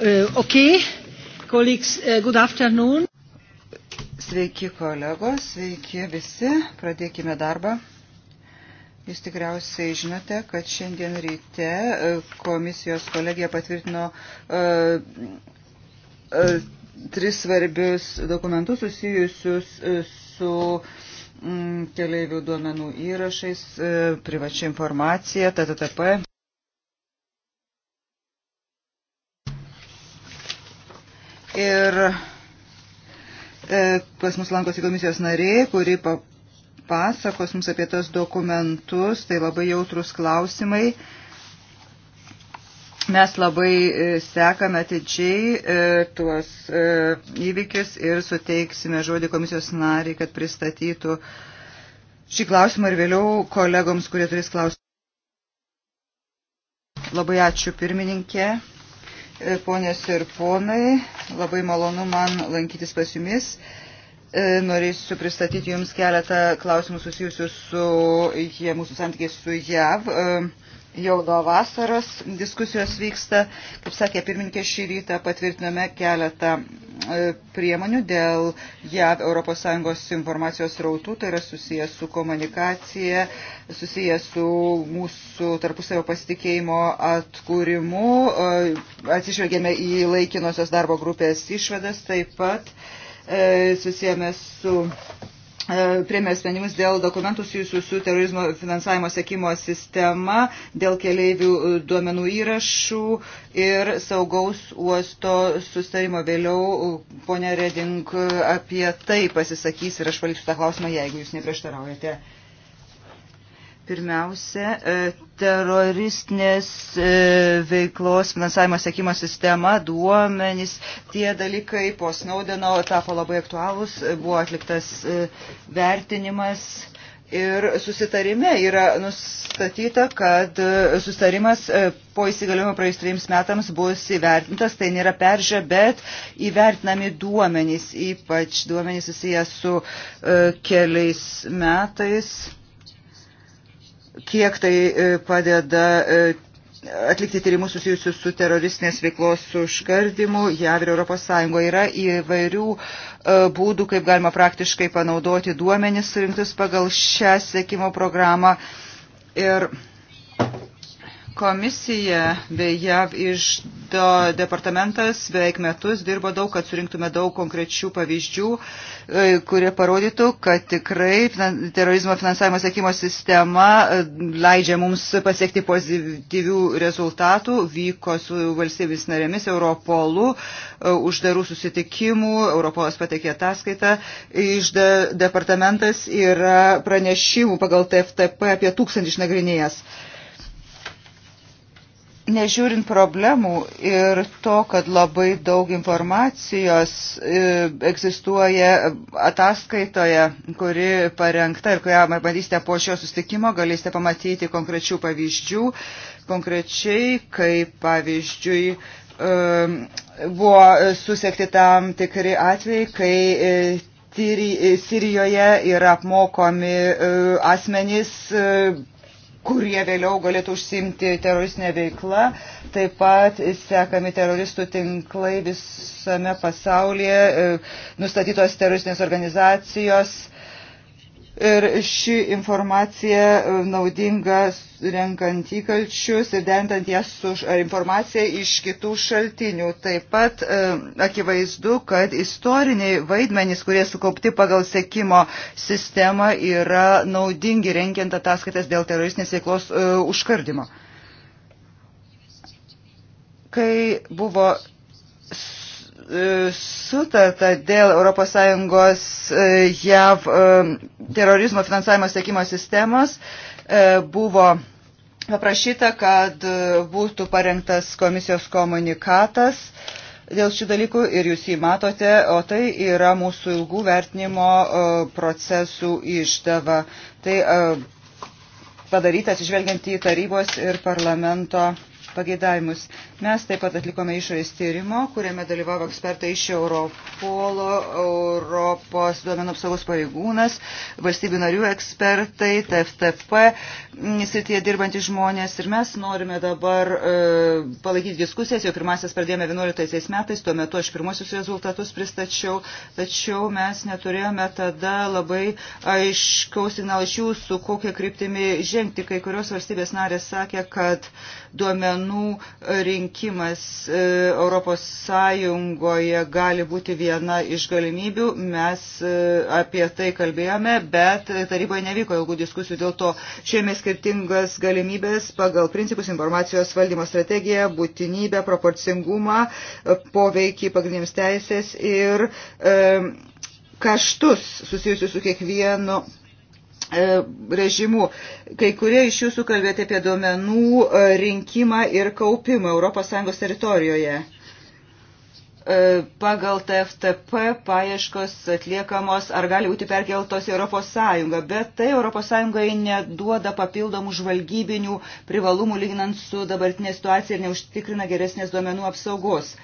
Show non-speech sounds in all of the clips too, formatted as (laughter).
Uh, okay. Colleagues, uh, good afternoon. Sveiki kolegos, sveiki visi, pradėkime darbą. Jūs tikriausiai žinote, kad šiandien ryte eh, komisijos kolegija patvirtino uh, uh, tris svarbius dokumentus susijusius uh, su mm, um, keliaivių duomenų įrašais, uh, privačia informacija, TTP. pas mus lankosi komisijos narė, kuri papasakos mums apie tos dokumentus, tai labai jautrus klausimai. Mes labai e, sekame atidžiai e, tuos e, įvykius ir suteiksime žodį komisijos nariai, kad pristatytų šį klausimą ir vėliau kolegoms, kurie turės klausimą. Labai ačiū pirmininkė, ponės ir ponai, labai malonu man lankytis pas jumis. E, norėsiu pristatyti Jums keletą klausimų susijusių su jie, mūsų santykiai su JAV. E, jau nuo vasaros diskusijos vyksta. Kaip sakė pirmininkė, šį rytą patvirtiname keletą e, priemonių dėl JAV ES informacijos rautų. Tai yra susijęs su komunikacija, susijęs su mūsų tarpusavio pasitikėjimo atkūrimu. Atsižvelgėme į laikinosios darbo grupės išvadas taip pat E, susijęme su e, priemė sprendimus dėl dokumentų susijusių su terorizmo finansavimo sekimo sistema, dėl keleivių e, duomenų įrašų ir saugaus uosto sustarimo. Vėliau ponia Reding apie tai pasisakys ir aš paliksiu tą klausimą, jeigu jūs neprieštaraujate. Pirmiausia, e, teroristinės e, veiklos finansavimo sėkimo sistema, duomenys, tie dalykai po Snaudeno tapo labai aktualūs, buvo atliktas e, vertinimas ir susitarime yra nustatyta, kad susitarimas po įsigaliojimo praėjus trims metams bus įvertintas, tai nėra peržė, bet įvertinami duomenys, ypač duomenys susijęs su keliais metais kiek tai e, padeda e, atlikti tyrimus susijusius su teroristinės veiklos užkardimu. JAV ir ES yra įvairių e, būdų, kaip galima praktiškai panaudoti duomenis surinktus pagal šią sėkimo programą. Ir Komisija bei JAV išdo departamentas beveik metus dirbo daug, kad surinktume daug konkrečių pavyzdžių, e, kurie parodytų, kad tikrai terorizmo finansavimo sėkimo sistema e, leidžia mums pasiekti pozityvių rezultatų. Vyko su valstybės narėmis Europolu e, uždarų susitikimų, Europolas patekė ataskaitą. Išdo departamentas yra pranešimų pagal TFTP apie tūkstantį išnagrinėjęs. Nežiūrint problemų ir to, kad labai daug informacijos e, egzistuoja ataskaitoje, kuri parengta ir kurią bandysite po šio sustikimo, galėsite pamatyti konkrečių pavyzdžių, konkrečiai kaip pavyzdžiui e, buvo susekti tam tikri atvejai, kai e, Sirijoje yra apmokomi asmenys kurie vėliau galėtų užsimti teroristinę veiklą. Taip pat sekami teroristų tinklai visame pasaulyje, e, nustatytos teroristinės organizacijos Ir ši informacija e, naudinga renkant įkalčius ir dentant jas su informacija iš kitų šaltinių. Taip pat e, akivaizdu, kad istoriniai vaidmenys, kurie sukaupti pagal sekimo sistemą, yra naudingi renkiant ataskaitas dėl teroristinės veiklos e, užkardimo. Kai buvo E, sutarta dėl ES e, JAV e, terorizmo finansavimo sėkimo sistemos buvo paprašyta, kad būtų parengtas komisijos komunikatas dėl šių dalykų ir jūs jį matote, o tai yra mūsų ilgų vertinimo procesų išdava. Tai padarytas išvelgiant į tarybos ir parlamento pageidavimus. Mes taip pat atlikome išorės tyrimo, kuriame dalyvavo ekspertai iš Europolo, Europos duomenų apsaugos pareigūnas, valstybių narių ekspertai, TFTP, mm, srityje dirbantys žmonės. Ir mes norime dabar e, palaikyti diskusijas. Jau pirmasis pradėjome 11 metais, tuo metu aš pirmosius rezultatus pristačiau, tačiau mes neturėjome tada labai aiškaus signalų iš jūsų, kokią kryptimį žengti. Kai kurios valstybės narės sakė, kad e, duomenų rinkimas ES gali būti viena iš galimybių. Mes e, apie tai kalbėjome, bet taryboje nevyko ilgų diskusijų, dėl to šiame skirtingas galimybės pagal principus informacijos valdymo strategiją, būtinybę, proporcingumą, poveikį pagrindiniams teisės ir e, kaštus susijusius su kiekvienu E, režimų. Kai kurie iš jūsų kalbėjote apie duomenų e, rinkimą ir kaupimą ES teritorijoje. E, pagal TFTP paieškos atliekamos ar gali būti perkeltos į ES, bet tai ES neduoda papildomų žvalgybinių privalumų lyginant su dabartinė situacija ir neužtikrina geresnės duomenų apsaugos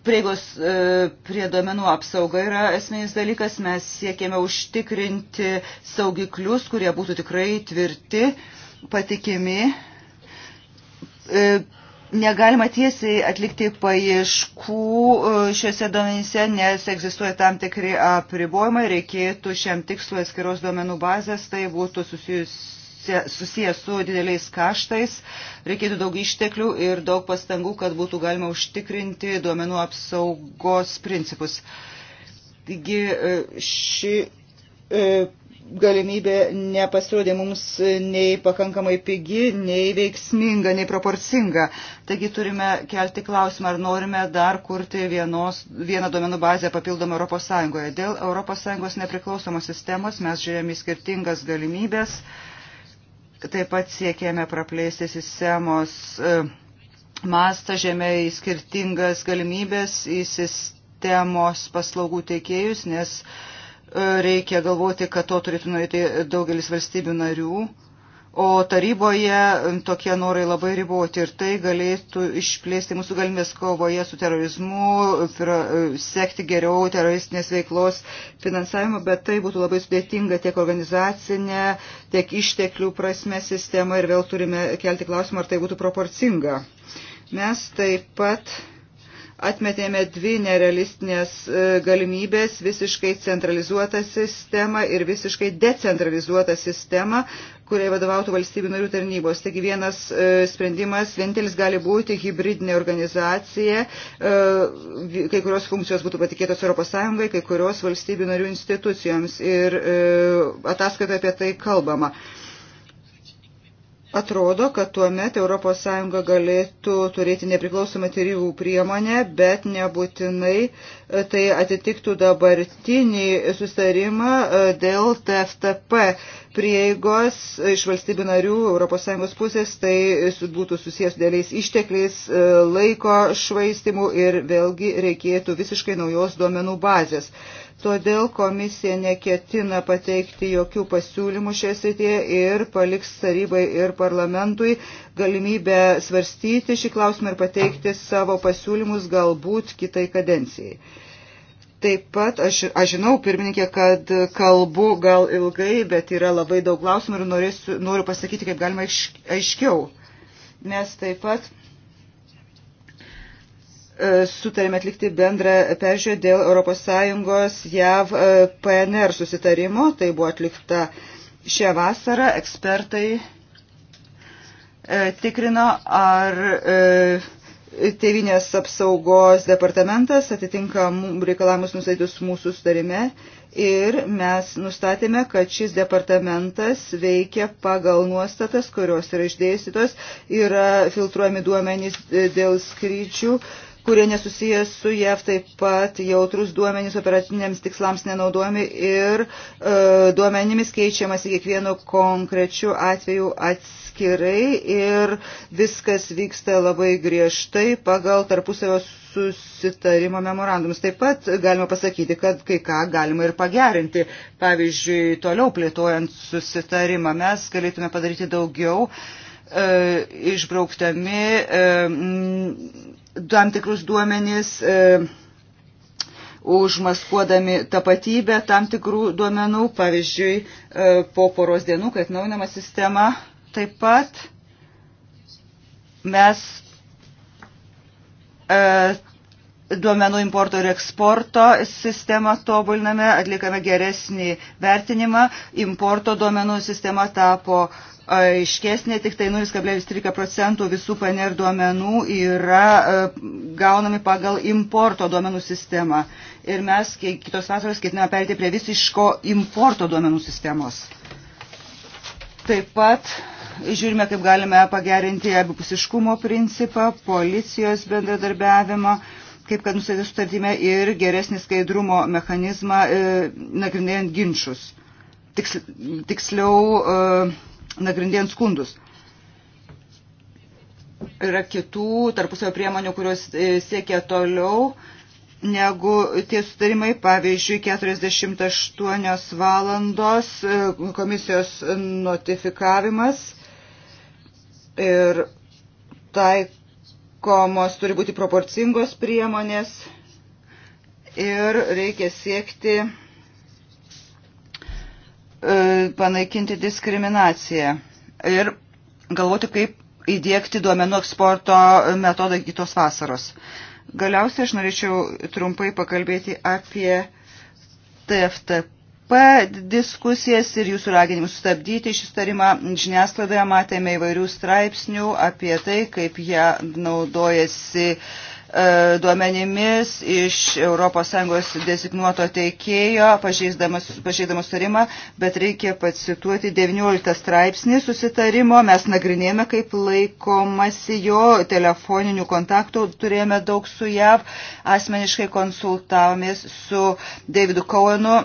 Prieigos e, prie duomenų apsauga yra esminis dalykas. Mes siekėme užtikrinti saugiklius, kurie būtų tikrai tvirti, patikimi. E, negalima tiesiai atlikti paieškų e, šiuose duomenyse, nes egzistuoja tam tikri apribojimai, reikėtų šiam tikslui atskiros duomenų bazės, tai būtų susijus susijęs su dideliais kaštais, reikėtų daug išteklių ir daug pastangų, kad būtų galima užtikrinti duomenų apsaugos principus. Taigi e, ši e, galimybė nepasirodė mums nei pakankamai pigi, nei veiksminga, nei proporcinga. Taigi turime kelti klausimą, ar norime dar kurti vienos, vieną duomenų bazę papildomą ES. Dėl ES nepriklausomos sistemos mes žiūrėjome skirtingas galimybės. Uh, Taip pat siekėme praplėsti sistemos e, mastą žemė į skirtingas galimybės į sistemos paslaugų teikėjus, nes e, reikia galvoti, kad to turėtų nueiti daugelis valstybių narių O taryboje tokie norai labai riboti ir tai galėtų išplėsti mūsų galimės kovoje su terorizmu, e, sekti geriau teroristinės veiklos finansavimą, bet tai būtų labai sudėtinga tiek organizacinė, tiek išteklių prasme sistema ir vėl turime kelti klausimą, ar tai būtų proporcinga. Mes taip pat atmetėme dvi nerealistinės e, galimybės - visiškai centralizuotą sistemą ir visiškai decentralizuotą sistemą, kuriai vadovautų valstybių narių tarnybos. Taigi vienas e, sprendimas, vienintelis gali būti hybridinė organizacija, e, kai kurios funkcijos būtų patikėtos ES, kai kurios valstybių narių institucijoms ir e, ataskaitoje apie tai kalbama. Atrodo, kad tuo met ES galėtų turėti nepriklausomą tyrimų priemonę, bet nebūtinai e, tai atitiktų dabartinį sustarimą e, dėl TFTP prieigos iš valstybių narių ES pusės, tai būtų susijęs dėliais ištekliais, e, laiko švaistimų ir vėlgi reikėtų visiškai naujos duomenų bazės. Todėl komisija neketina pateikti jokių pasiūlymų šioje srityje ir paliks tarybai ir parlamentui galimybę svarstyti šį klausimą ir pateikti savo pasiūlymus galbūt kitai kadencijai. Taip pat aš, aš žinau, pirmininkė, kad kalbu gal ilgai, bet yra labai daug klausimų ir norėsiu, noriu pasakyti, kaip galima aiškiau. Mes taip pat E, sutarėme atlikti bendrą peržiūrę dėl ES JAV e, PNR susitarimo. Tai buvo atlikta šią vasarą. Ekspertai e, tikrino, ar Tevinės apsaugos departamentas atitinka reikalavimus nusaitus mūsų sutarime ir mes nustatėme, kad šis departamentas veikia pagal nuostatas, kurios yra išdėstytos, yra filtruojami duomenys dėl skrydžių kurie nesusijęs su JAV, taip pat jautrus duomenys operatiniams tikslams nenaudojami ir e, duomenimis keičiamasi kiekvienu konkrečiu atveju atskirai ir viskas vyksta labai griežtai pagal tarpusavio susitarimo memorandumus. Taip pat galima pasakyti, kad kai ką galima ir pagerinti. Pavyzdžiui, toliau plėtojant susitarimą mes galėtume padaryti daugiau e, išbrauktami e, tam tikrus duomenys, e, užmaskuodami tapatybę tam tikrų duomenų, pavyzdžiui, e, po poros dienų, kai atnaujinama sistema, taip pat mes e, duomenų importo ir eksporto sistemą tobuliname, atlikame geresnį vertinimą. Importo duomenų sistema tapo uh, aiškesnė, tik tai 0,13 procentų visų PNR duomenų yra e, gaunami pagal importo duomenų sistemą. Ir mes kitos vasaros ketiname perėti prie visiško importo duomenų sistemos. Taip pat žiūrime, kaip galime pagerinti abipusiškumo principą, policijos bendradarbiavimą kaip kad nustatė sutartime ir geresnį skaidrumo mechanizmą e, nagrinėjant ginčius. Tiks, tiksliau e, nagrindėjant skundus. Yra kitų tarpusavio priemonių, kurios e, siekia toliau negu tie sutarimai, pavyzdžiui, 48 valandos e, komisijos notifikavimas ir taikomos turi būti proporcingos priemonės ir reikia siekti E, panaikinti diskriminaciją ir galvoti, kaip įdėkti duomenų eksporto metodą kitos vasaros. Galiausiai aš norėčiau trumpai pakalbėti apie TFTP diskusijas ir jūsų raginimus sustabdyti šį starimą. Žiniasklaidoje matėme įvairių straipsnių apie tai, kaip jie naudojasi uh, E, duomenimis iš ES designuoto teikėjo, pažeidamas sutarimą, bet reikia pacituoti 19 straipsnį susitarimo. Mes nagrinėjame, kaip laikomasi jo telefoninių kontaktų, turėjome daug su JAV, asmeniškai konsultavomės su Davidu Kauenu.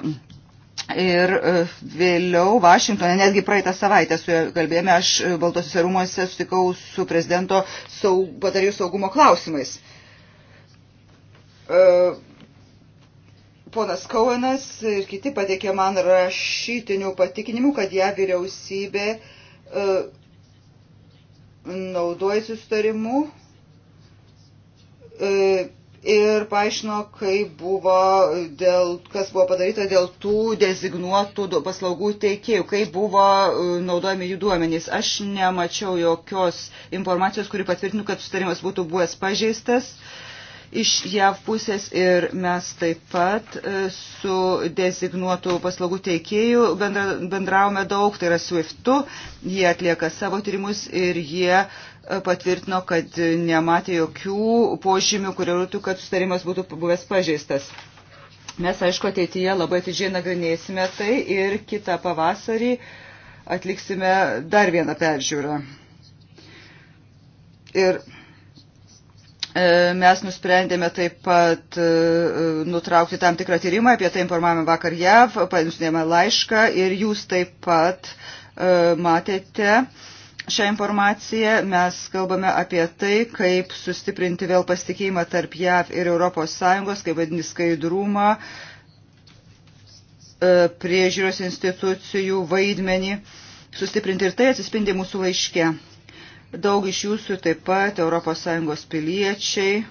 Ir e, vėliau Vašingtonė, netgi praeitą savaitę su juo kalbėjome, aš e, Baltosiuose rūmuose sutikau su prezidento saug, patarijų saugumo klausimais. Uh, E, ponas Kauenas ir kiti pateikė man rašytinių patikinimų, kad ją vyriausybė e, naudojasi sustarimu e, ir paaiškino, kaip buvo, dėl, kas buvo padaryta dėl tų dezignuotų paslaugų teikėjų, kaip buvo naudojami jų duomenys. Aš nemačiau jokios informacijos, kuri patvirtinu, kad sustarimas būtų buvęs pažeistas. Uh, iš JAV pusės ir mes taip pat e, su designuotų paslaugų teikėjų bendra, bendraume daug, tai yra SWIFT-u, jie atlieka savo tyrimus ir jie e, patvirtino, kad nematė jokių požymių, kurie rūtų, kad sustarimas būtų buvęs pažeistas. Mes, aišku, ateityje labai atidžiai nagrinėsime tai ir kitą pavasarį atliksime dar vieną peržiūrą. Ir E, mes nusprendėme taip pat e, nutraukti tam tikrą tyrimą, apie tai informavome vakar JAV, pasiuntėme laišką ir jūs taip pat e, matėte šią informaciją. Mes kalbame apie tai, kaip sustiprinti vėl pasitikėjimą tarp JAV ir ES, kaip vadinį skaidrumą, priežiūros institucijų vaidmenį sustiprinti ir tai atsispindi mūsų laiške. Daug iš jūsų taip pat ES piliečiai.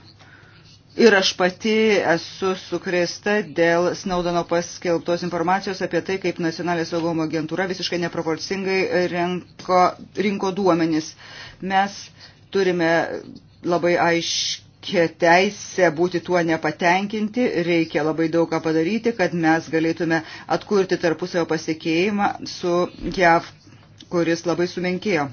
Ir aš pati esu sukrėsta dėl Snaudono paskelbtos informacijos apie tai, kaip nacionalinė saugumo agentūra visiškai neproporcingai rinko, rinko duomenis. Mes turime labai aiškiai tokia teisė būti tuo nepatenkinti, reikia labai daug ką padaryti, kad mes galėtume atkurti tarpusavio pasikeimą su JAV, kuris labai sumenkėjo.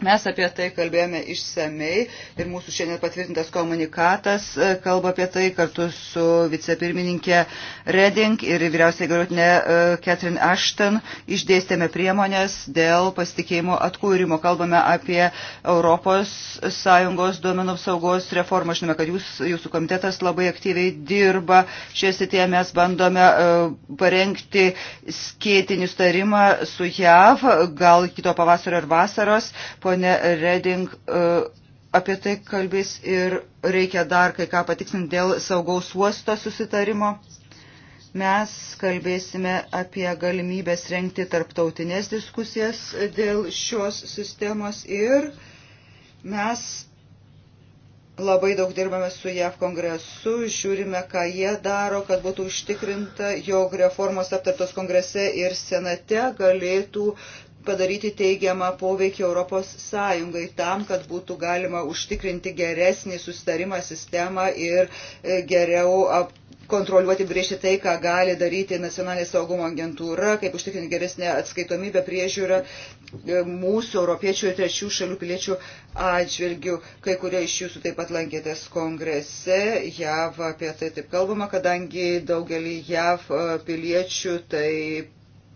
Mes apie tai kalbėjome išsamei ir mūsų šiandien patvirtintas komunikatas e, kalba apie tai kartu su vicepirmininkė Reding ir vyriausiai garotinė e, Catherine Ashton išdėstėme priemonės dėl pasitikėjimo atkūrimo. Kalbame apie ES duomenų apsaugos reformą. Žinome, kad jūs, jūsų komitetas labai aktyviai dirba. Šioje srityje mes bandome e, parengti skėtinį starimą su JAV, gal kito pavasario ir vasaros. Po ponė Reding e, apie tai kalbės ir reikia dar kai ką patikslinti dėl saugaus uosto susitarimo. Mes kalbėsime apie galimybės renkti tarptautinės diskusijas dėl šios sistemos ir mes labai daug dirbame su JAV kongresu, žiūrime, ką jie daro, kad būtų užtikrinta, jog reformos aptartos kongrese ir senate galėtų padaryti teigiamą poveikį Europos Sąjungai tam, kad būtų galima užtikrinti geresnį sustarimą sistemą ir e, geriau kontroliuoti brėžti tai, ką gali daryti nacionalinė saugumo agentūra, kaip užtikrinti geresnę atskaitomybę priežiūrą e, mūsų europiečių ir trečių šalių piliečių atžvilgių. Kai kurie iš jūsų taip pat lankėtės kongrese, JAV apie tai taip kalbama, kadangi daugelį JAV e, piliečių tai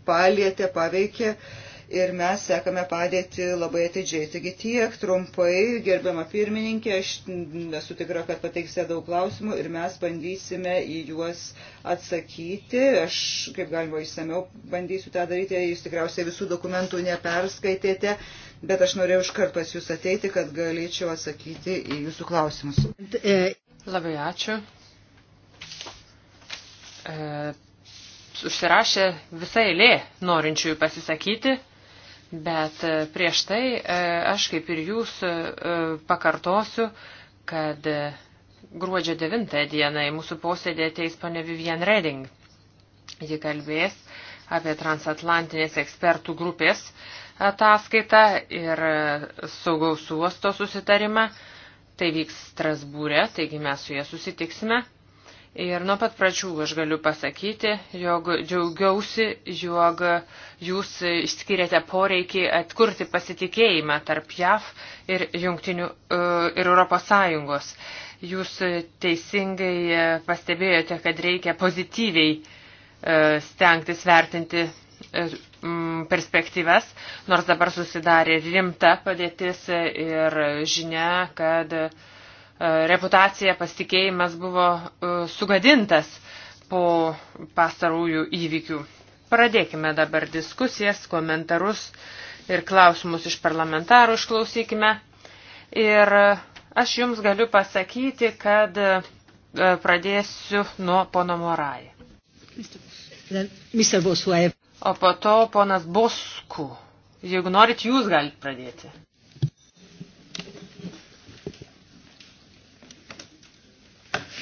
palietė, paveikė. Uh, ir mes sekame padėti labai atidžiai. Taigi tiek trumpai, gerbiama pirmininkė, aš esu tikra, kad pateiksite daug klausimų ir mes bandysime į juos atsakyti. Aš kaip galima išsameu bandysiu tą daryti, jūs tikriausiai visų dokumentų neperskaitėte, bet aš norėjau iškart pas jūs ateiti, kad galėčiau atsakyti į jūsų klausimus. Labai ačiū. E, užsirašė visai lė norinčiųjų pasisakyti. Bet e, prieš tai e, aš kaip ir jūs e, pakartosiu, kad gruodžio 9 dieną į mūsų posėdį ateis ponė Vivian Reding. Ji kalbės apie transatlantinės ekspertų grupės ataskaitą ir saugaus uosto susitarimą. Tai vyks Strasbūrė, taigi mes su jie susitiksime. Ir nuo pat pradžių aš galiu pasakyti, jog džiaugiausi, jog jūs išskiriate poreikį atkurti pasitikėjimą tarp JAV ir, jungtinių, e, ir Europos Sąjungos. Jūs teisingai pastebėjote, kad reikia pozityviai e, stengtis vertinti e, perspektyves, nors dabar susidarė rimta padėtis ir žinia, kad uh, E, reputacija, pasitikėjimas buvo e, sugadintas po pastarųjų įvykių. Pradėkime dabar diskusijas, komentarus ir klausimus iš parlamentarų išklausykime. Ir aš jums galiu pasakyti, kad e, pradėsiu nuo pono Morai. O po to ponas Bosku. Jeigu norit, jūs galite pradėti.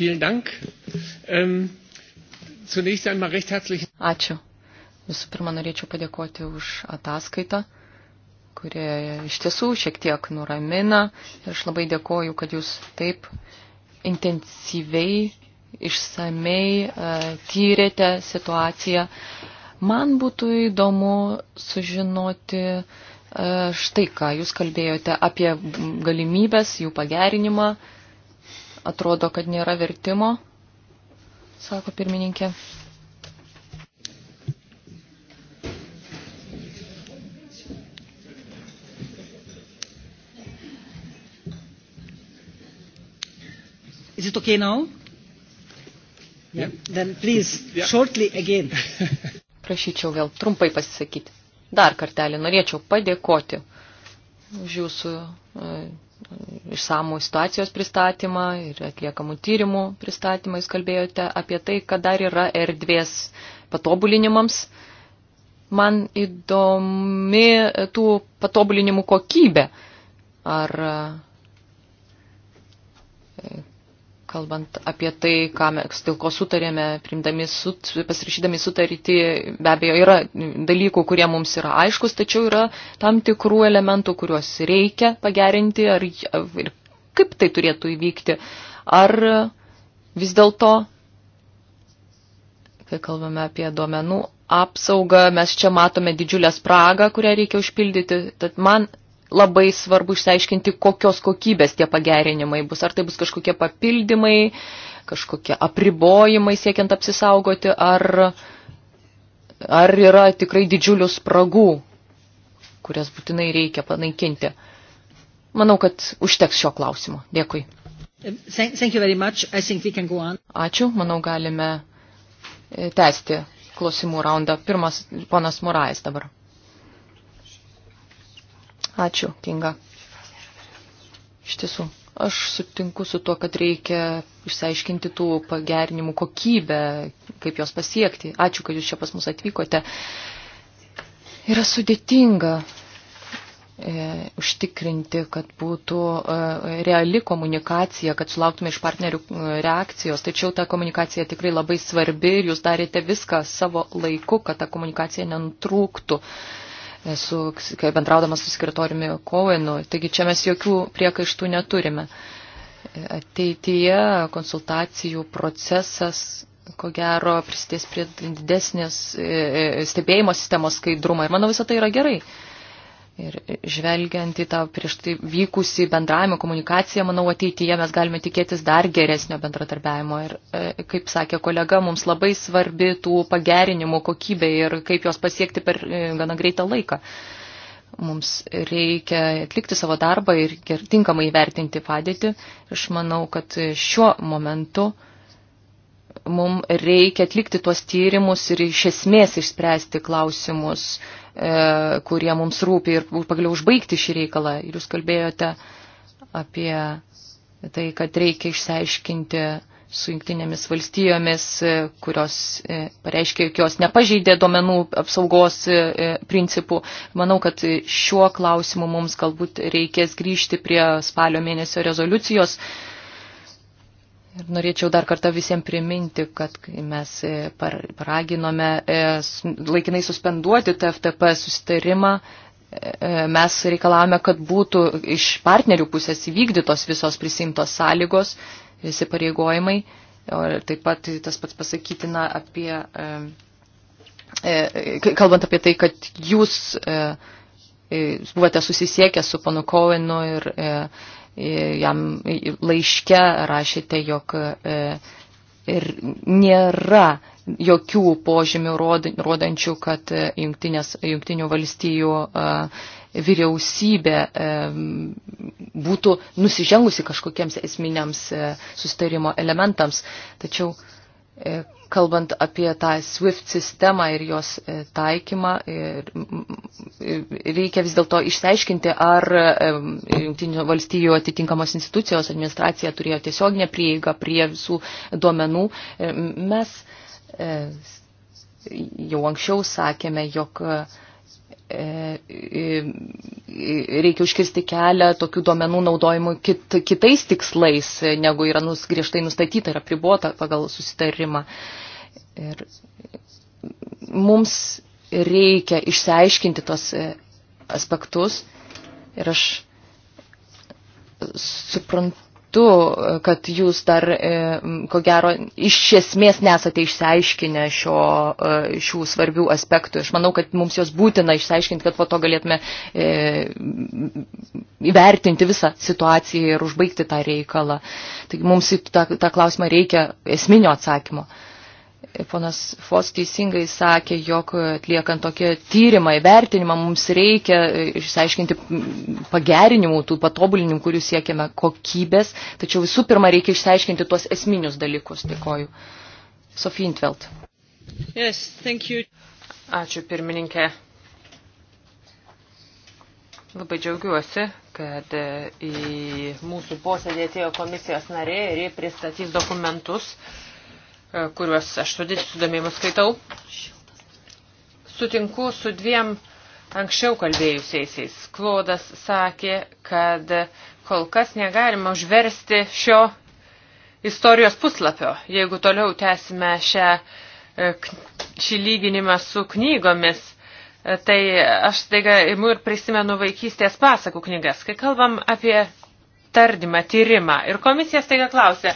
vielen Dank. Ähm, zunächst einmal recht herzlichen Ačiū. Visų pirma, norėčiau padėkoti už ataskaitą, kurie iš tiesų šiek tiek nuramina. Ir aš labai dėkoju, kad jūs taip intensyviai, išsamei uh, tyrėte situaciją. Man būtų įdomu sužinoti uh, štai ką. Jūs kalbėjote apie galimybės, jų pagerinimą. Uh, Atrodo, kad nėra vertimo, sako pirmininkė. Is it okay now? Yeah. Then please, yeah. shortly again. (laughs) Prašyčiau vėl trumpai pasisakyti. Dar kartelį norėčiau padėkoti už jūsų uh, išsamų situacijos pristatymą ir atliekamų tyrimų pristatymą. Jūs kalbėjote apie tai, kad dar yra erdvės patobulinimams. Man įdomi tų patobulinimų kokybė. Ar kalbant apie tai, ką mes dėl ko sutarėme, sut, pasirašydami sutartį, be abejo, yra dalykų, kurie mums yra aiškus, tačiau yra tam tikrų elementų, kuriuos reikia pagerinti ar, ir kaip tai turėtų įvykti. Ar vis dėlto, kai kalbame apie duomenų apsaugą, mes čia matome didžiulę spragą, kurią reikia užpildyti. Tad man labai svarbu išsiaiškinti, kokios kokybės tie pagerinimai bus. Ar tai bus kažkokie papildymai, kažkokie apribojimai siekiant apsisaugoti, ar, ar yra tikrai didžiulių spragų, kurias būtinai reikia panaikinti. Manau, kad užteks šio klausimo. Dėkui. Thank you very much. I think we can go on. Ačiū. Manau, galime e, tęsti klausimų raundą. Pirmas ponas Morais dabar. Ačiū, Kinga. Iš tiesų, aš sutinku su tuo, kad reikia išsiaiškinti tų pagerinimų kokybę, kaip jos pasiekti. Ačiū, kad jūs čia pas mus atvykote. Yra sudėtinga e, užtikrinti, kad būtų e, reali komunikacija, kad sulauktume iš partnerių e, reakcijos. Tačiau ta komunikacija tikrai labai svarbi ir jūs darėte viską savo laiku, kad ta komunikacija nenutrūktų. E, su, kai bendraudamas su sekretoriumi Kovenu. Taigi čia mes jokių priekaištų neturime. Ateityje konsultacijų procesas ko gero prisidės prie didesnės e, e, stebėjimo sistemos skaidrumą. Ir manau, visą tai yra gerai. Ir žvelgiant į tą prieš tai vykusi bendravimą, komunikaciją, manau, ateityje mes galime tikėtis dar geresnio bendradarbiavimo. Ir, e, kaip sakė kolega, mums labai svarbi tų pagerinimų kokybė ir kaip jos pasiekti per e, gana greitą laiką. Mums reikia atlikti savo darbą ir tinkamai vertinti padėtį. Aš manau, kad šiuo momentu mums reikia atlikti tuos tyrimus ir iš esmės išspręsti klausimus E, kurie mums rūpi ir pagaliau užbaigti šį reikalą. Ir jūs kalbėjote apie tai, kad reikia išsiaiškinti su jungtinėmis valstijomis, e, kurios e, pareiškia, jog jos nepažeidė duomenų apsaugos principų. Manau, kad šiuo klausimu mums galbūt reikės grįžti prie spalio mėnesio rezoliucijos, Ir norėčiau dar kartą visiems priminti, kad mes e, paraginome e, laikinai suspenduoti TFTP susitarimą, e, mes reikalavome, kad būtų iš partnerių pusės įvykdytos visos prisimtos sąlygos, visi pareigojimai. Ir taip pat tas pats pasakytina apie, kalbant apie tai, kad jūs buvote susisiekę su panu Kovenu ir E, jam laiške rašėte, jog e, ir nėra jokių požymių rodančių, kad e, jungtinių valstijų vyriausybė būtų nusižengusi kažkokiems esminiams sustarimo elementams. Tačiau E, kalbant apie tą SWIFT sistemą ir jos e, taikymą, reikia vis dėlto išsiaiškinti, ar Junktinių valstybių atitinkamos institucijos administracija turėjo tiesioginę prieigą prie visų duomenų. E, mes jau anksčiau sakėme, jog E, e, reikia užkirsti kelią tokių duomenų naudojimui kit, kitais tikslais, negu yra nus, griežtai nustatyta ir apribuota pagal susitarimą. Ir mums reikia išsiaiškinti tos e, aspektus ir aš suprantu metu, kad jūs dar, e, ko gero, iš esmės nesate išsiaiškinę šio, e, šių svarbių aspektų. Aš manau, kad mums jos būtina išsiaiškinti, kad po to galėtume e, įvertinti visą situaciją ir užbaigti tą reikalą. Taigi mums į tą, tą klausimą reikia esminio atsakymo. Ponas Fos teisingai sakė, jog atliekant tokią tyrimą, įvertinimą, mums reikia e, išsiaiškinti pagerinimų, tų patobulinimų, kurių siekiame kokybės, tačiau visų pirma reikia išsiaiškinti tuos esminius dalykus. Dėkoju. Sofija Intveld. Yes, thank you. Ačiū pirmininkė. Labai džiaugiuosi, kad e, į mūsų posėdį atėjo komisijos narė ir jie pristatys dokumentus kuriuos aš su sudomėjimu skaitau. Sutinku su dviem anksčiau kalbėjusiais. Klodas sakė, kad kol kas negalima užversti šio istorijos puslapio, jeigu toliau tęsime šią, e, šį lyginimą su knygomis. E, tai aš staiga imu ir prisimenu vaikystės pasakų knygas, kai kalbam apie tardymą, tyrimą. Ir komisija staiga klausė,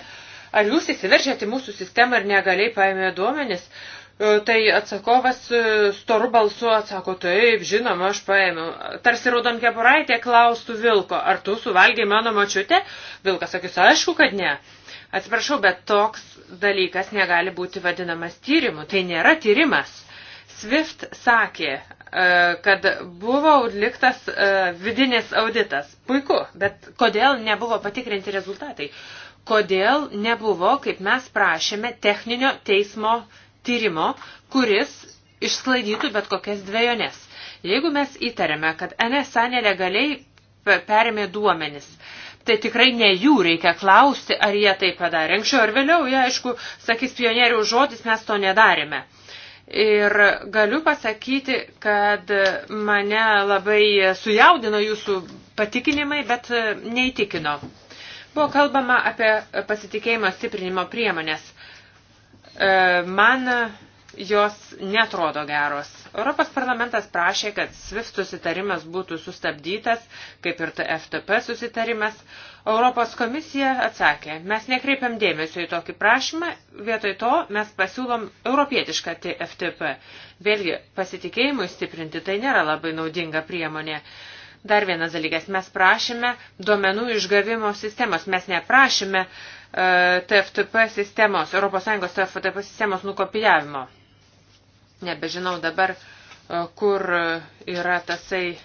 Ar jūs įsiveržėte į mūsų sistemą ir negaliai paėmė duomenis? E, tai atsakovas e, storu balsu atsako, taip, žinoma, aš paėmiau. Tarsi raudon kepuraitė klaustų Vilko, ar tu suvalgiai mano mačiutę? Vilkas sakys, aišku, kad ne. Atsiprašau, bet toks dalykas negali būti vadinamas tyrimu. Tai nėra tyrimas. Swift sakė, e, kad buvo atliktas vidinis auditas. Puiku, bet kodėl nebuvo patikrinti rezultatai? kodėl nebuvo, kaip mes prašėme, techninio teismo tyrimo, kuris išsklaidytų bet kokias dviejonės. Jeigu mes įtariame, kad NSA nelegaliai perėmė duomenis, tai tikrai ne jų reikia klausti, ar jie tai padarė. Anksčiau ar vėliau, jie aišku, sakys pionierių žodis, mes to nedarėme. Ir galiu pasakyti, kad mane labai sujaudino jūsų patikinimai, bet neįtikino. Buvo kalbama apie pasitikėjimo stiprinimo priemonės. E, man jos netrodo geros. Europos parlamentas prašė, kad SWIFT susitarimas būtų sustabdytas, kaip ir FTP susitarimas. Europos komisija atsakė, mes nekreipiam dėmesio į tokį prašymą, vietoj to mes pasiūlom europietišką FTP. Vėlgi, pasitikėjimui stiprinti tai nėra labai naudinga priemonė. Uh, Dar vienas dalykas, mes prašėme duomenų išgavimo sistemos, mes neprašėme uh, e, TFTP sistemos, ES TFTP sistemos nukopijavimo. Nebežinau dabar, e, kur yra tasai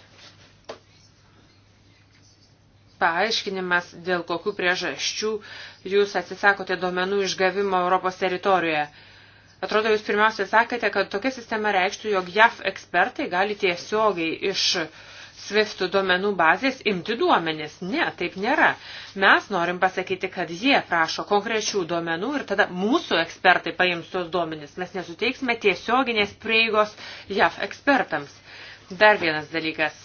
paaiškinimas, dėl kokių priežasčių jūs atsisakote duomenų išgavimo Europos teritorijoje. Atrodo, jūs pirmiausia sakėte, kad tokia sistema reikštų, jog JAF ekspertai gali tiesiogiai iš uh, SWIFT duomenų bazės imti duomenis. Ne, taip nėra. Mes norim pasakyti, kad jie prašo konkrečių duomenų ir tada mūsų ekspertai paims tos duomenis. Mes nesuteiksime tiesioginės prieigos JAF ekspertams. Dar vienas dalykas,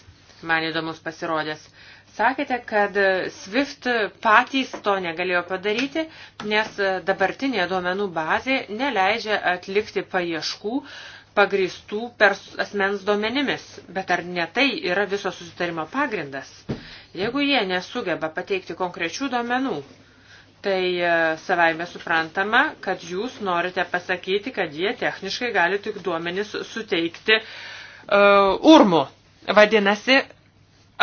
man įdomus pasirodęs. Sakėte, kad SWIFT patys to negalėjo padaryti, nes dabartinė duomenų bazė neleidžia atlikti paieškų uh, pagristų per asmens duomenimis, bet ar ne tai yra viso susitarimo pagrindas? Jeigu jie nesugeba pateikti konkrečių duomenų, tai e, savaime suprantama, kad jūs norite pasakyti, kad jie techniškai gali tik duomenis suteikti uh, urmu. Vadinasi,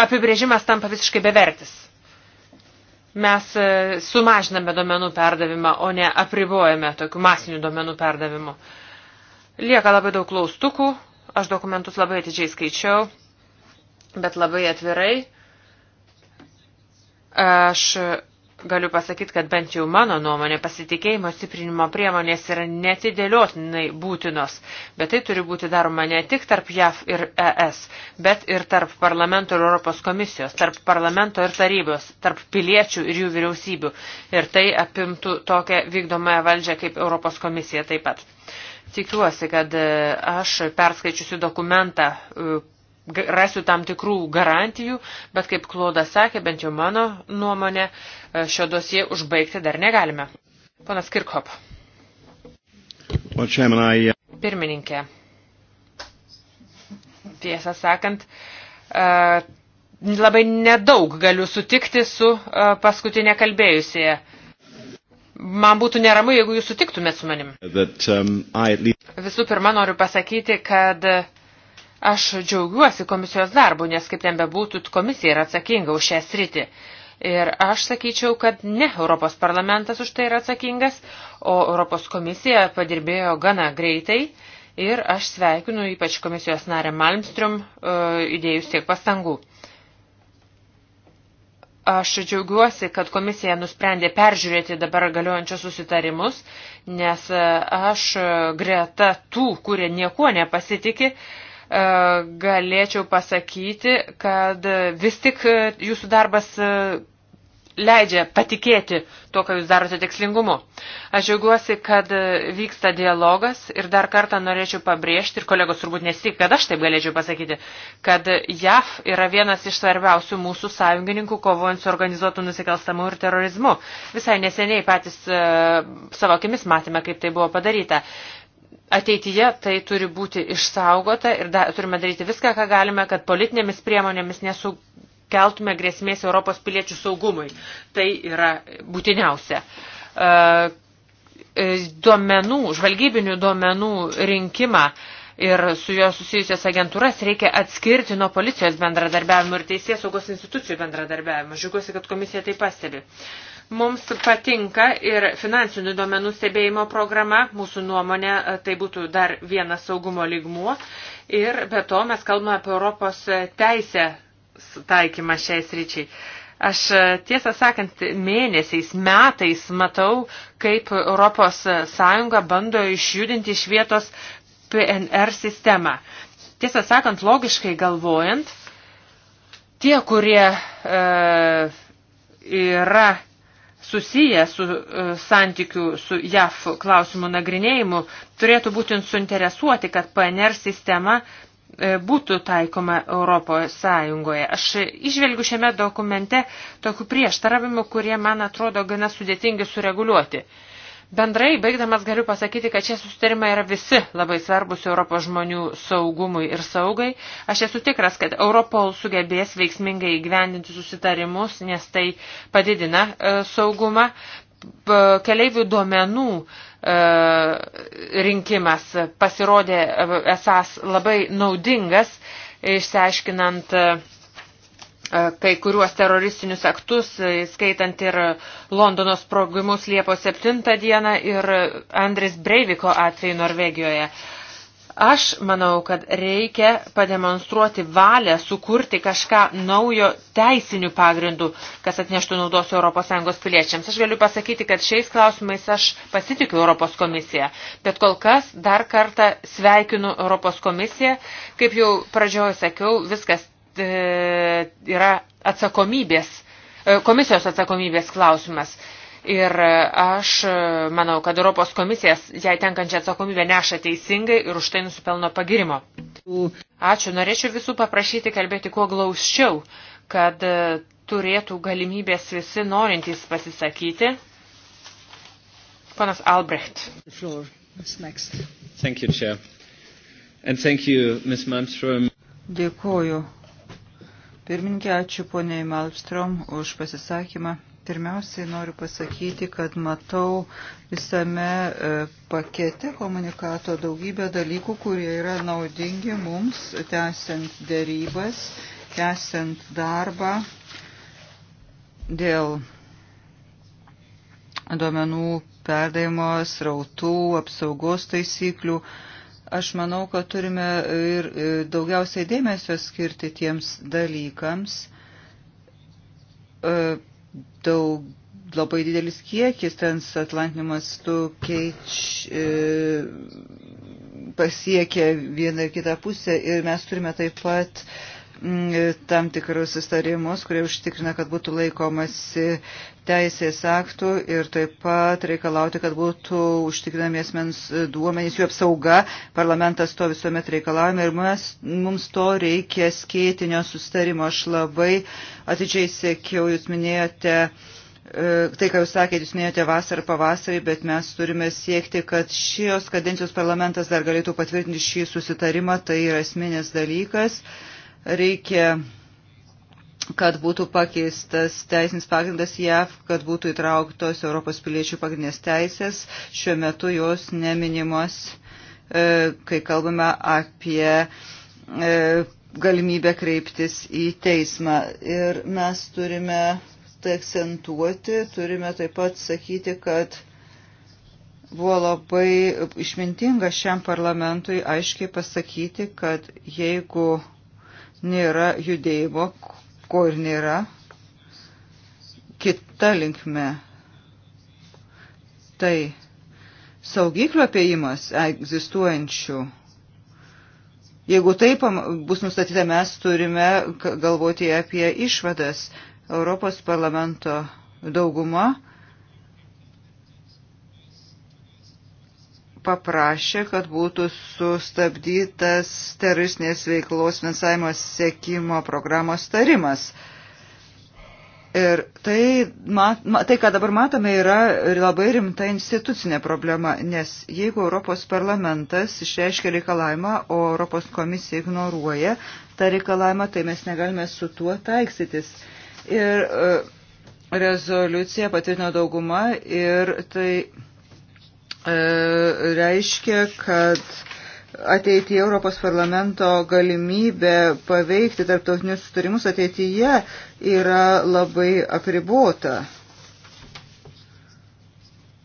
apibrėžimas tampa visiškai bevertis. Mes e, sumažiname duomenų perdavimą, o ne apribojame tokių masinių duomenų perdavimu. Uh, Lieka labai daug klaustukų, aš dokumentus labai atidžiai skaičiau, bet labai atvirai. Aš galiu pasakyti, kad bent jau mano nuomonė pasitikėjimo stiprinimo priemonės yra netidėliotinai būtinos, bet tai turi būti daroma ne tik tarp JAV ir ES, bet ir tarp parlamento ir Europos komisijos, tarp parlamento ir tarybos, tarp piliečių ir jų vyriausybių. Ir tai apimtų tokią vykdomąją valdžią kaip Europos komisija taip pat. Tikiuosi, kad e, aš perskaičiusiu dokumentą e, rasiu tam tikrų garantijų, bet kaip Klodas sakė, bent jau mano nuomonė, e, šio dosie užbaigti dar negalime. Ponas Kirkhop. Uh, Pirmininkė. Tiesą sakant, labai nedaug galiu sutikti su paskutinė kalbėjusėje man būtų neramu, jeigu jūs sutiktumėt su manim. That, um, I... Visų pirma, noriu pasakyti, kad aš džiaugiuosi komisijos darbu, nes kaip ten bebūtų, komisija yra atsakinga už šią sritį. Ir aš sakyčiau, kad ne Europos parlamentas už tai yra atsakingas, o Europos komisija padirbėjo gana greitai. Ir aš sveikinu ypač komisijos narę Malmström e, įdėjus tiek pastangų. Aš džiaugiuosi, kad komisija nusprendė peržiūrėti dabar galiojančius susitarimus, nes e, aš e, greta tų, kurie niekuo nepasitikė, e, galėčiau pasakyti, kad vis tik jūsų darbas leidžia patikėti tuo, ką jūs darote tikslingumu. Aš džiaugiuosi, kad vyksta dialogas ir dar kartą norėčiau pabrėžti, ir kolegos turbūt nesik, kad aš taip galėčiau pasakyti, kad JAF yra vienas iš svarbiausių mūsų sąjungininkų kovojant su organizuotų nusikalstamu ir terorizmu. Visai neseniai patys e, savo akimis matėme, kaip tai buvo padaryta ateityje tai turi būti išsaugota ir da, turime daryti viską, ką galime, kad politinėmis priemonėmis nesu, keltume grėsmės Europos piliečių saugumui. Tai yra būtiniausia. E, e, duomenų, žvalgybinių duomenų rinkimą ir su juo susijusias agentūras reikia atskirti nuo policijos bendradarbiavimo ir teisės saugos institucijų bendradarbiavimo. Žiūrėsiu, kad komisija tai pastebi. Mums patinka ir finansinių duomenų stebėjimo programa, mūsų nuomonė, e, tai būtų dar vienas saugumo lygmuo. Ir be to mes kalbame apie Europos teisę taikymą šiais ryčiai. Aš e, tiesą sakant, mėnesiais, metais matau, kaip ES bando išjudinti iš vietos PNR sistemą. Tiesą sakant, logiškai galvojant, tie, kurie e, yra susiję su e, santykių su JAF klausimų nagrinėjimu, turėtų būti suinteresuoti, kad PNR sistema E, būtų taikoma Europos Sąjungoje. Aš išvelgiu šiame dokumente tokių prieštaravimų, kurie man atrodo gana sudėtingi sureguliuoti. Bendrai, baigdamas galiu pasakyti, kad šie susitarimai yra visi labai svarbus Europos žmonių saugumui ir saugai. Aš esu tikras, kad Europol sugebės veiksmingai įgyvendinti susitarimus, nes tai padidina e, saugumą, keleivių duomenų e, rinkimas pasirodė esas labai naudingas, išsiaiškinant e, kai kuriuos teroristinius aktus, skaitant ir Londono sprogimus Liepos 7 dieną ir Andris Breiviko atveju Norvegijoje. Aš manau, kad reikia pademonstruoti valią sukurti kažką naujo teisinių pagrindų, kas atneštų naudos ES piliečiams. Aš galiu pasakyti, kad šiais klausimais aš pasitikiu Europos komisiją, bet kol kas dar kartą sveikinu Europos komisiją. Kaip jau pradžioje sakiau, viskas e, yra atsakomybės, e, komisijos atsakomybės klausimas. E, Ir e, aš e, manau, kad Europos komisijas jai tenkančią atsakomybę neša teisingai ir už tai nusipelno pagirimo. Ačiū. Norėčiau visų paprašyti kalbėti kuo glausčiau, kad e, turėtų galimybės visi norintys pasisakyti. Panas Albrecht. Thank you, Chair. And thank you, Ms. Malmström. Dėkuoju. Pirmininkė, ačiū poniai Malmström už pasisakymą. Pirmiausiai noriu pasakyti, kad matau visame e, pakete komunikato daugybę dalykų, kurie yra naudingi mums, tęsiant dėrybas, tęsiant darbą dėl duomenų perdavimo, srautų, apsaugos taisyklių. Aš manau, kad turime ir e, daugiausiai dėmesio skirti tiems dalykams e, daug, labai didelis kiekis transatlantinių mastų keič, e, pasiekia vieną ir kitą pusę ir mes turime taip pat m, mm, tam tikrus sustarimus, kurie užtikrina, kad būtų laikomasi teisės aktų ir taip pat reikalauti, kad būtų užtikrinami asmens duomenys, jų apsauga. Parlamentas to visuomet reikalavome ir mes, mums to reikia skėtinio sustarimo. Aš labai atidžiai sėkiau, jūs minėjote. E, tai, ką jūs sakėte, jūs minėjote vasarą, pavasarį, bet mes turime siekti, kad šios kadencijos parlamentas dar galėtų patvirtinti šį susitarimą, tai yra esminis dalykas. Reikia kad būtų pakeistas teisinis pagrindas JAV, kad būtų įtrauktos Europos piliečių pagrindinės teisės. Šiuo metu jos neminimos, e, kai kalbame apie e, galimybę kreiptis į teismą. Ir mes turime tai akcentuoti, turime taip pat sakyti, kad buvo labai išmintinga šiam parlamentui aiškiai pasakyti, kad jeigu nėra judėjimo, ko ir nėra, kita linkme. Tai saugyklio apėjimas egzistuojančių. Jeigu taip bus nustatyta, mes turime galvoti apie išvadas. Europos parlamento dauguma paprašė, kad būtų sustabdytas teroristinės veiklos finansavimo sėkimo programos tarimas. Ir tai, mat, tai, ką dabar matome, yra labai rimta institucinė problema, nes jeigu Europos parlamentas išreiškia reikalavimą, o Europos komisija ignoruoja tą reikalavimą, tai mes negalime su tuo taikstytis. Ir e, rezoliucija patvirtino dauguma ir tai E, reiškia, kad ateityje Europos parlamento galimybė paveikti tarptautinius sutarimus ateityje yra labai apribota.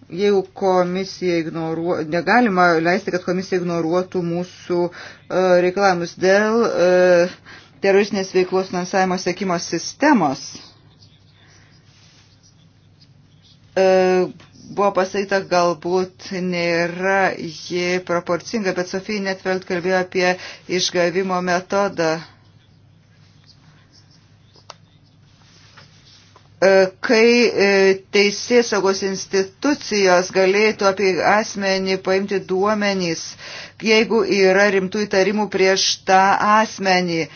Jeigu komisija ignoruo, negalima leisti, kad komisija ignoruotų mūsų uh, reikalavimus dėl uh, teroristinės veiklos finansavimo sekimo sistemos. Uh, buvo pasakyta, galbūt nėra ji proporcinga, bet Sofija Netveld kalbėjo apie išgavimo metodą. E, kai e, teisės saugos institucijos galėtų apie asmenį paimti duomenys, jeigu yra rimtų įtarimų prieš tą asmenį,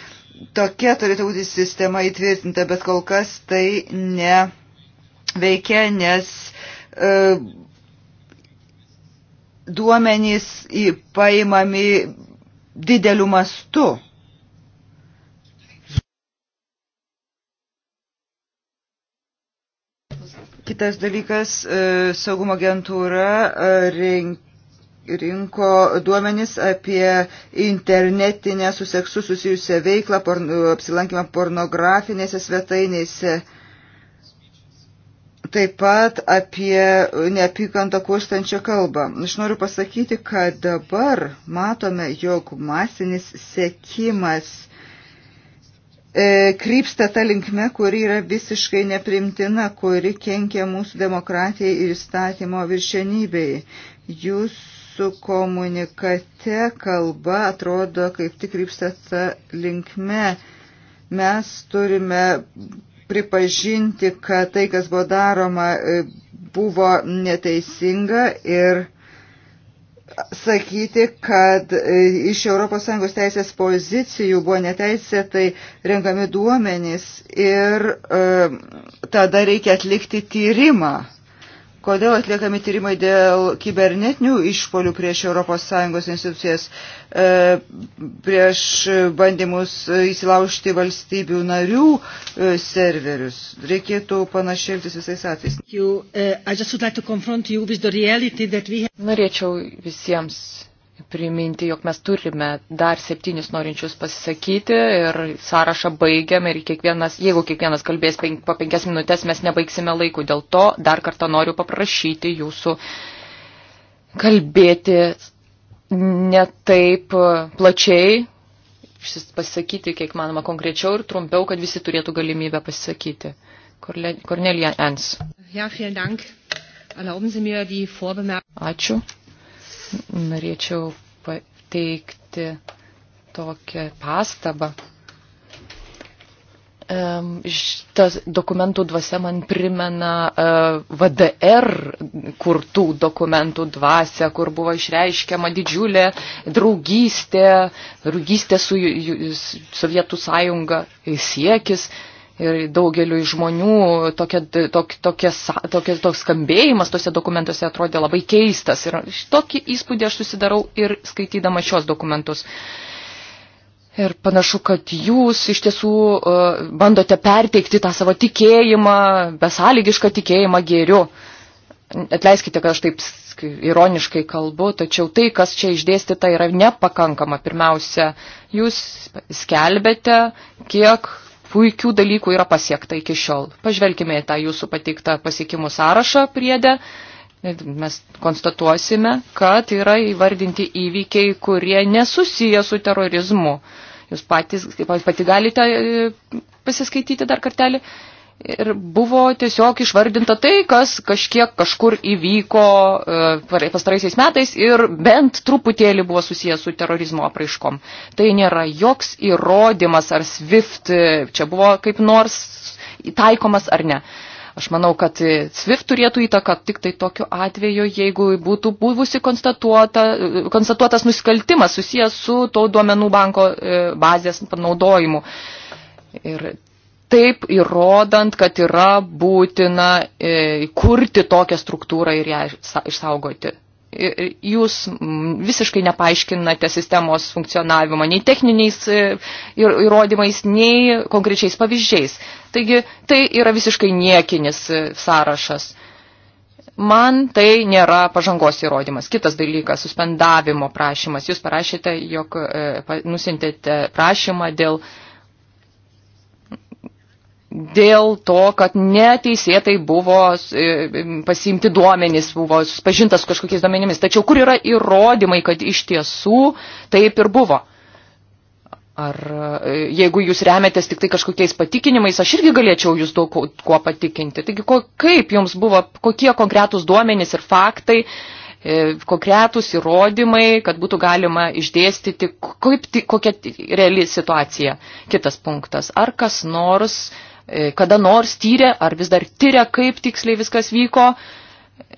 tokia turėtų būti sistema įtvirtinta, bet kol kas tai neveikia, nes uh, E, duomenys paimami dideliu mastu. Kitas dalykas, e, saugumo agentūra e, rink rinko duomenis apie internetinę su seksu susijusią veiklą, porno, apsilankymą pornografinėse svetainėse taip pat apie neapykantą koštančią kalbą. Aš noriu pasakyti, kad dabar matome, jog masinis sekimas e, krypsta tą linkme, kuri yra visiškai neprimtina, kuri kenkia mūsų demokratijai ir įstatymo viršenybei. Jūsų komunikate kalba atrodo kaip tik krypsta tą linkme. Mes turime pripažinti, kad tai, kas buvo daroma, e, buvo neteisinga ir sakyti, kad e, iš ES teisės pozicijų buvo neteisėtai renkami duomenys ir e, tada reikia atlikti tyrimą Kodėl atliekami tyrimai dėl kibernetinių išpolių prieš ES institucijas, e, prieš bandymus įsilaužti valstybių narių e, serverius? Reikėtų panašiai elgtis visais atvejais. Uh, Norėčiau visiems priminti, jog mes turime dar septynis norinčius pasisakyti ir sąrašą baigiam ir kiekvienas, jeigu kiekvienas kalbės penk, po penkias minutės, mes nebaigsime laikų. Dėl to dar kartą noriu paprašyti jūsų kalbėti ne taip plačiai, pasisakyti kiek manoma konkrečiau ir trumpiau, kad visi turėtų galimybę pasisakyti. Kornelija Ens. Ja, vielen Dank. Erlauben Sie mir die Vorbemerkung. Ačiū norėčiau pateikti tokią pastabą. Šitas dokumentų dvasia man primena e, VDR kurtų dokumentų dvasia, kur buvo išreiškiama didžiulė draugystė, draugystė su Sovietų sąjunga siekis ir daugeliu žmonių tokia, tok, tokia, tokia, toks skambėjimas tose dokumentuose atrodė labai keistas. Ir tokį įspūdį aš susidarau ir skaitydama šios dokumentus. Ir panašu, kad jūs iš tiesų uh, bandote perteikti tą savo tikėjimą, besąlygišką tikėjimą gėriu. Atleiskite, kad aš taip ironiškai kalbu, tačiau tai, kas čia išdėstyta, yra nepakankama. Pirmiausia, jūs skelbėte, kiek puikių dalykų yra pasiekta iki šiol. Pažvelkime į tą jūsų patiktą pasiekimų sąrašą priedę. Mes konstatuosime, kad yra įvardinti įvykiai, kurie nesusiję su terorizmu. Jūs patys, pati galite e, pasiskaityti dar kartelį. Ir buvo tiesiog išvardinta tai, kas kažkiek kažkur įvyko e, pastaraisiais metais ir bent truputėlį buvo susijęs su terorizmo apraiškom. Tai nėra joks įrodymas ar SWIFT e, čia buvo kaip nors taikomas ar ne. Aš manau, kad e, SWIFT turėtų įtaką tik tai tokiu atveju, jeigu būtų buvusi konstatuota, konstatuotas nusikaltimas susijęs su to duomenų banko bazės panaudojimu. Ir taip įrodant, kad yra būtina e, kurti tokią struktūrą ir ją išsaugoti. E, e, jūs visiškai nepaaiškinate sistemos funkcionavimo nei techniniais įrodymais, nei konkrečiais pavyzdžiais. Taigi tai yra visiškai niekinis sąrašas. Man tai nėra pažangos įrodymas. Kitas dalykas - suspendavimo prašymas. Jūs parašėte, jog nusintėte prašymą dėl uh, dėl to, kad neteisėtai buvo e, pasiimti duomenys, buvo susipažintas kažkokiais duomenimis. Tačiau kur yra įrodymai, kad iš tiesų taip ir buvo? Ar e, jeigu jūs remiatės tik tai kažkokiais patikinimais, aš irgi galėčiau jūs daug kuo patikinti. Taigi, ko, kaip jums buvo, kokie konkretūs duomenys ir faktai, e, konkretūs įrodymai, kad būtų galima išdėstyti, kaip, kokia reali situacija. Kitas punktas. Ar kas nors uh, E, kada nors tyrė ar vis dar tyrė, kaip tiksliai viskas vyko,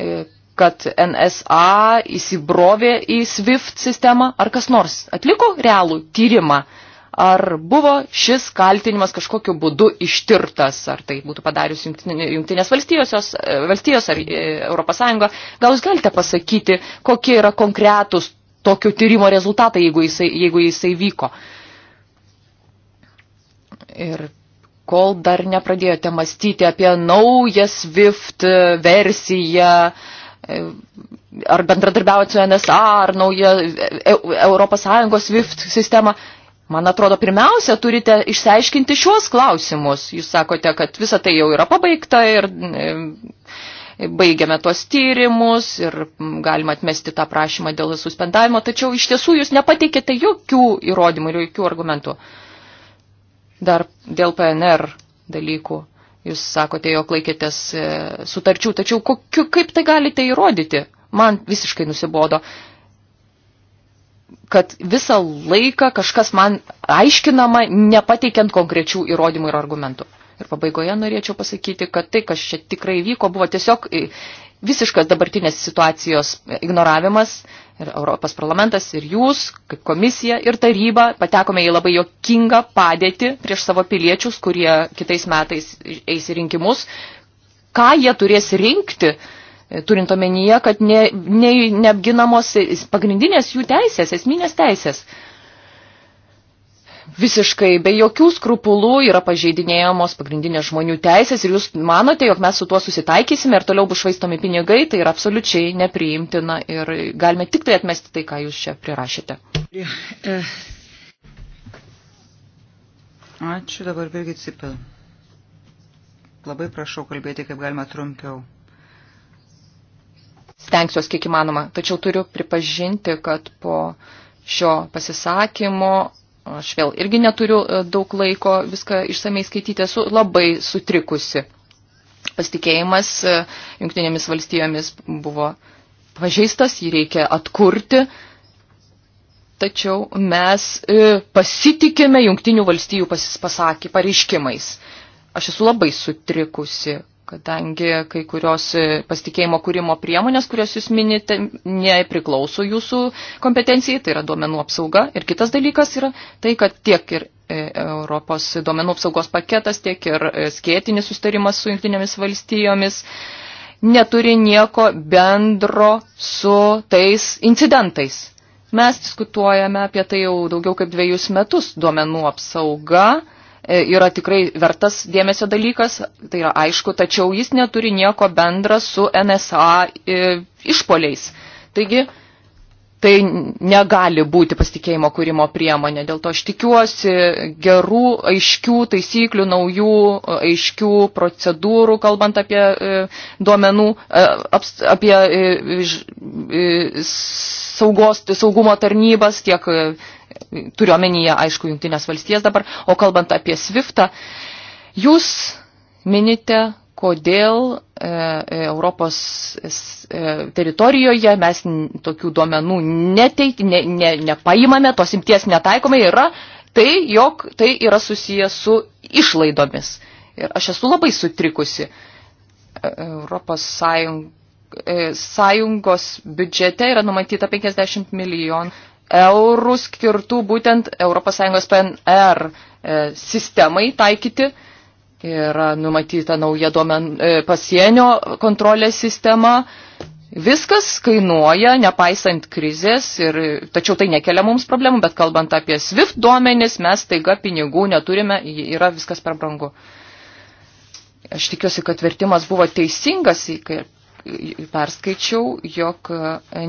e, kad NSA įsibrovė į SWIFT sistemą, ar kas nors atliko realų tyrimą, ar buvo šis kaltinimas kažkokiu būdu ištirtas, ar tai būtų padarius Jungtinės valstijos, e, valstijos ar Europos Sąjunga. Gal jūs galite pasakyti, kokie yra konkretus tokio tyrimo rezultatai, jeigu jisai, jeigu jisai vyko. Ir kol dar nepradėjote mąstyti apie naują SWIFT e, versiją, e, ar bendradarbiauti su NSA, ar naują e, Europos Sąjungos SWIFT sistemą. Man atrodo, pirmiausia, turite išsiaiškinti šiuos klausimus. Jūs sakote, kad visa tai jau yra pabaigta ir baigiame tuos tyrimus ir galima atmesti tą prašymą dėl suspendavimo, tačiau iš tiesų jūs nepateikėte jokių įrodymų ir jokių argumentų. Uh, Dar dėl PNR dalykų. Jūs sakote, jog laikėtės e, sutarčių, tačiau kokiu, kaip tai galite įrodyti? Man visiškai nusibodo, kad visą laiką kažkas man aiškinama, nepateikiant konkrečių įrodymų ir argumentų. Ir pabaigoje norėčiau pasakyti, kad tai, kas čia tikrai vyko, buvo tiesiog e, visiškas dabartinės situacijos e, ignoravimas, ir Europos parlamentas, ir jūs, kaip komisija, ir taryba patekome į labai jokingą padėtį prieš savo piliečius, kurie kitais metais eis į rinkimus. Ką jie turės rinkti, e, turint omenyje, kad ne, ne, neapginamos pagrindinės jų teisės, esminės teisės visiškai be jokių skrupulų yra pažeidinėjamos pagrindinės žmonių teisės ir jūs manote, jog mes su tuo susitaikysime ir toliau bus švaistomi pinigai, tai yra absoliučiai nepriimtina ir galime tik tai atmesti tai, ką jūs čia prirašėte. Eh, ačiū dabar Birgit Cipel. Labai prašau kalbėti kaip galima trumpiau. Stengsiuos kiek įmanoma, tačiau turiu pripažinti, kad po šio pasisakymo Aš vėl irgi neturiu e, daug laiko viską išsamei skaityti, esu labai sutrikusi. Pasitikėjimas e, jungtinėmis valstijomis buvo pažeistas, jį reikia atkurti, tačiau mes e, pasitikime jungtinių valstijų pasisakį pareiškimais. Aš esu labai sutrikusi, kadangi kai kurios e, pasitikėjimo kūrimo priemonės, kurios jūs minite, nepriklauso jūsų kompetencijai, tai yra duomenų apsauga. Ir kitas dalykas yra tai, kad tiek ir e, Europos duomenų apsaugos paketas, tiek ir e, skėtinis sustarimas su jungtinėmis valstijomis neturi nieko bendro su tais incidentais. Mes diskutuojame apie tai jau daugiau kaip dviejus metus duomenų apsauga E, yra tikrai vertas dėmesio dalykas, tai yra aišku, tačiau jis neturi nieko bendra su NSA e, išpoliais. Taigi, tai negali būti pasitikėjimo kūrimo priemonė. Dėl to aš tikiuosi gerų, aiškių taisyklių, naujų, e, aiškių procedūrų, kalbant apie duomenų, apie saugos, saugumo tarnybas, tiek turiuomenyje, aišku, jungtinės valstijas dabar, o kalbant apie SWIFTą, jūs minite, kodėl e, e Europos e, teritorijoje mes tokių duomenų neteit, ne, ne, nepaimame, tos imties netaikome, yra tai, jog tai yra susiję su išlaidomis. Ir aš esu labai sutrikusi. E, Europos sąjung, e, sąjungos biudžete yra numatyta 50 milijonų eurų skirtų būtent ES PNR e, sistemai taikyti. Yra numatyta nauja duomen, e, pasienio kontrolės sistema. Viskas kainuoja, nepaisant krizės, ir, tačiau tai nekelia mums problemų, bet kalbant apie SWIFT duomenis, mes taiga pinigų neturime, yra viskas per brangu. Aš tikiuosi, kad vertimas buvo teisingas, kai perskaičiau, jog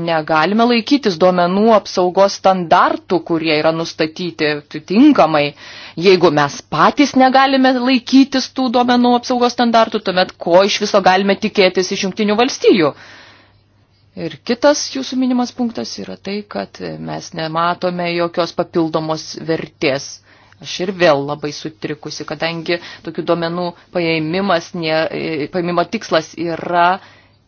negalime laikytis duomenų apsaugos standartų, kurie yra nustatyti tinkamai. Jeigu mes patys negalime laikytis tų duomenų apsaugos standartų, tuomet ko iš viso galime tikėtis iš jungtinių valstijų? Ir kitas jūsų minimas punktas yra tai, kad mes nematome jokios papildomos vertės Aš ir vėl labai sutrikusi, kadangi tokių duomenų paėmimas, ne, paėmimo tikslas yra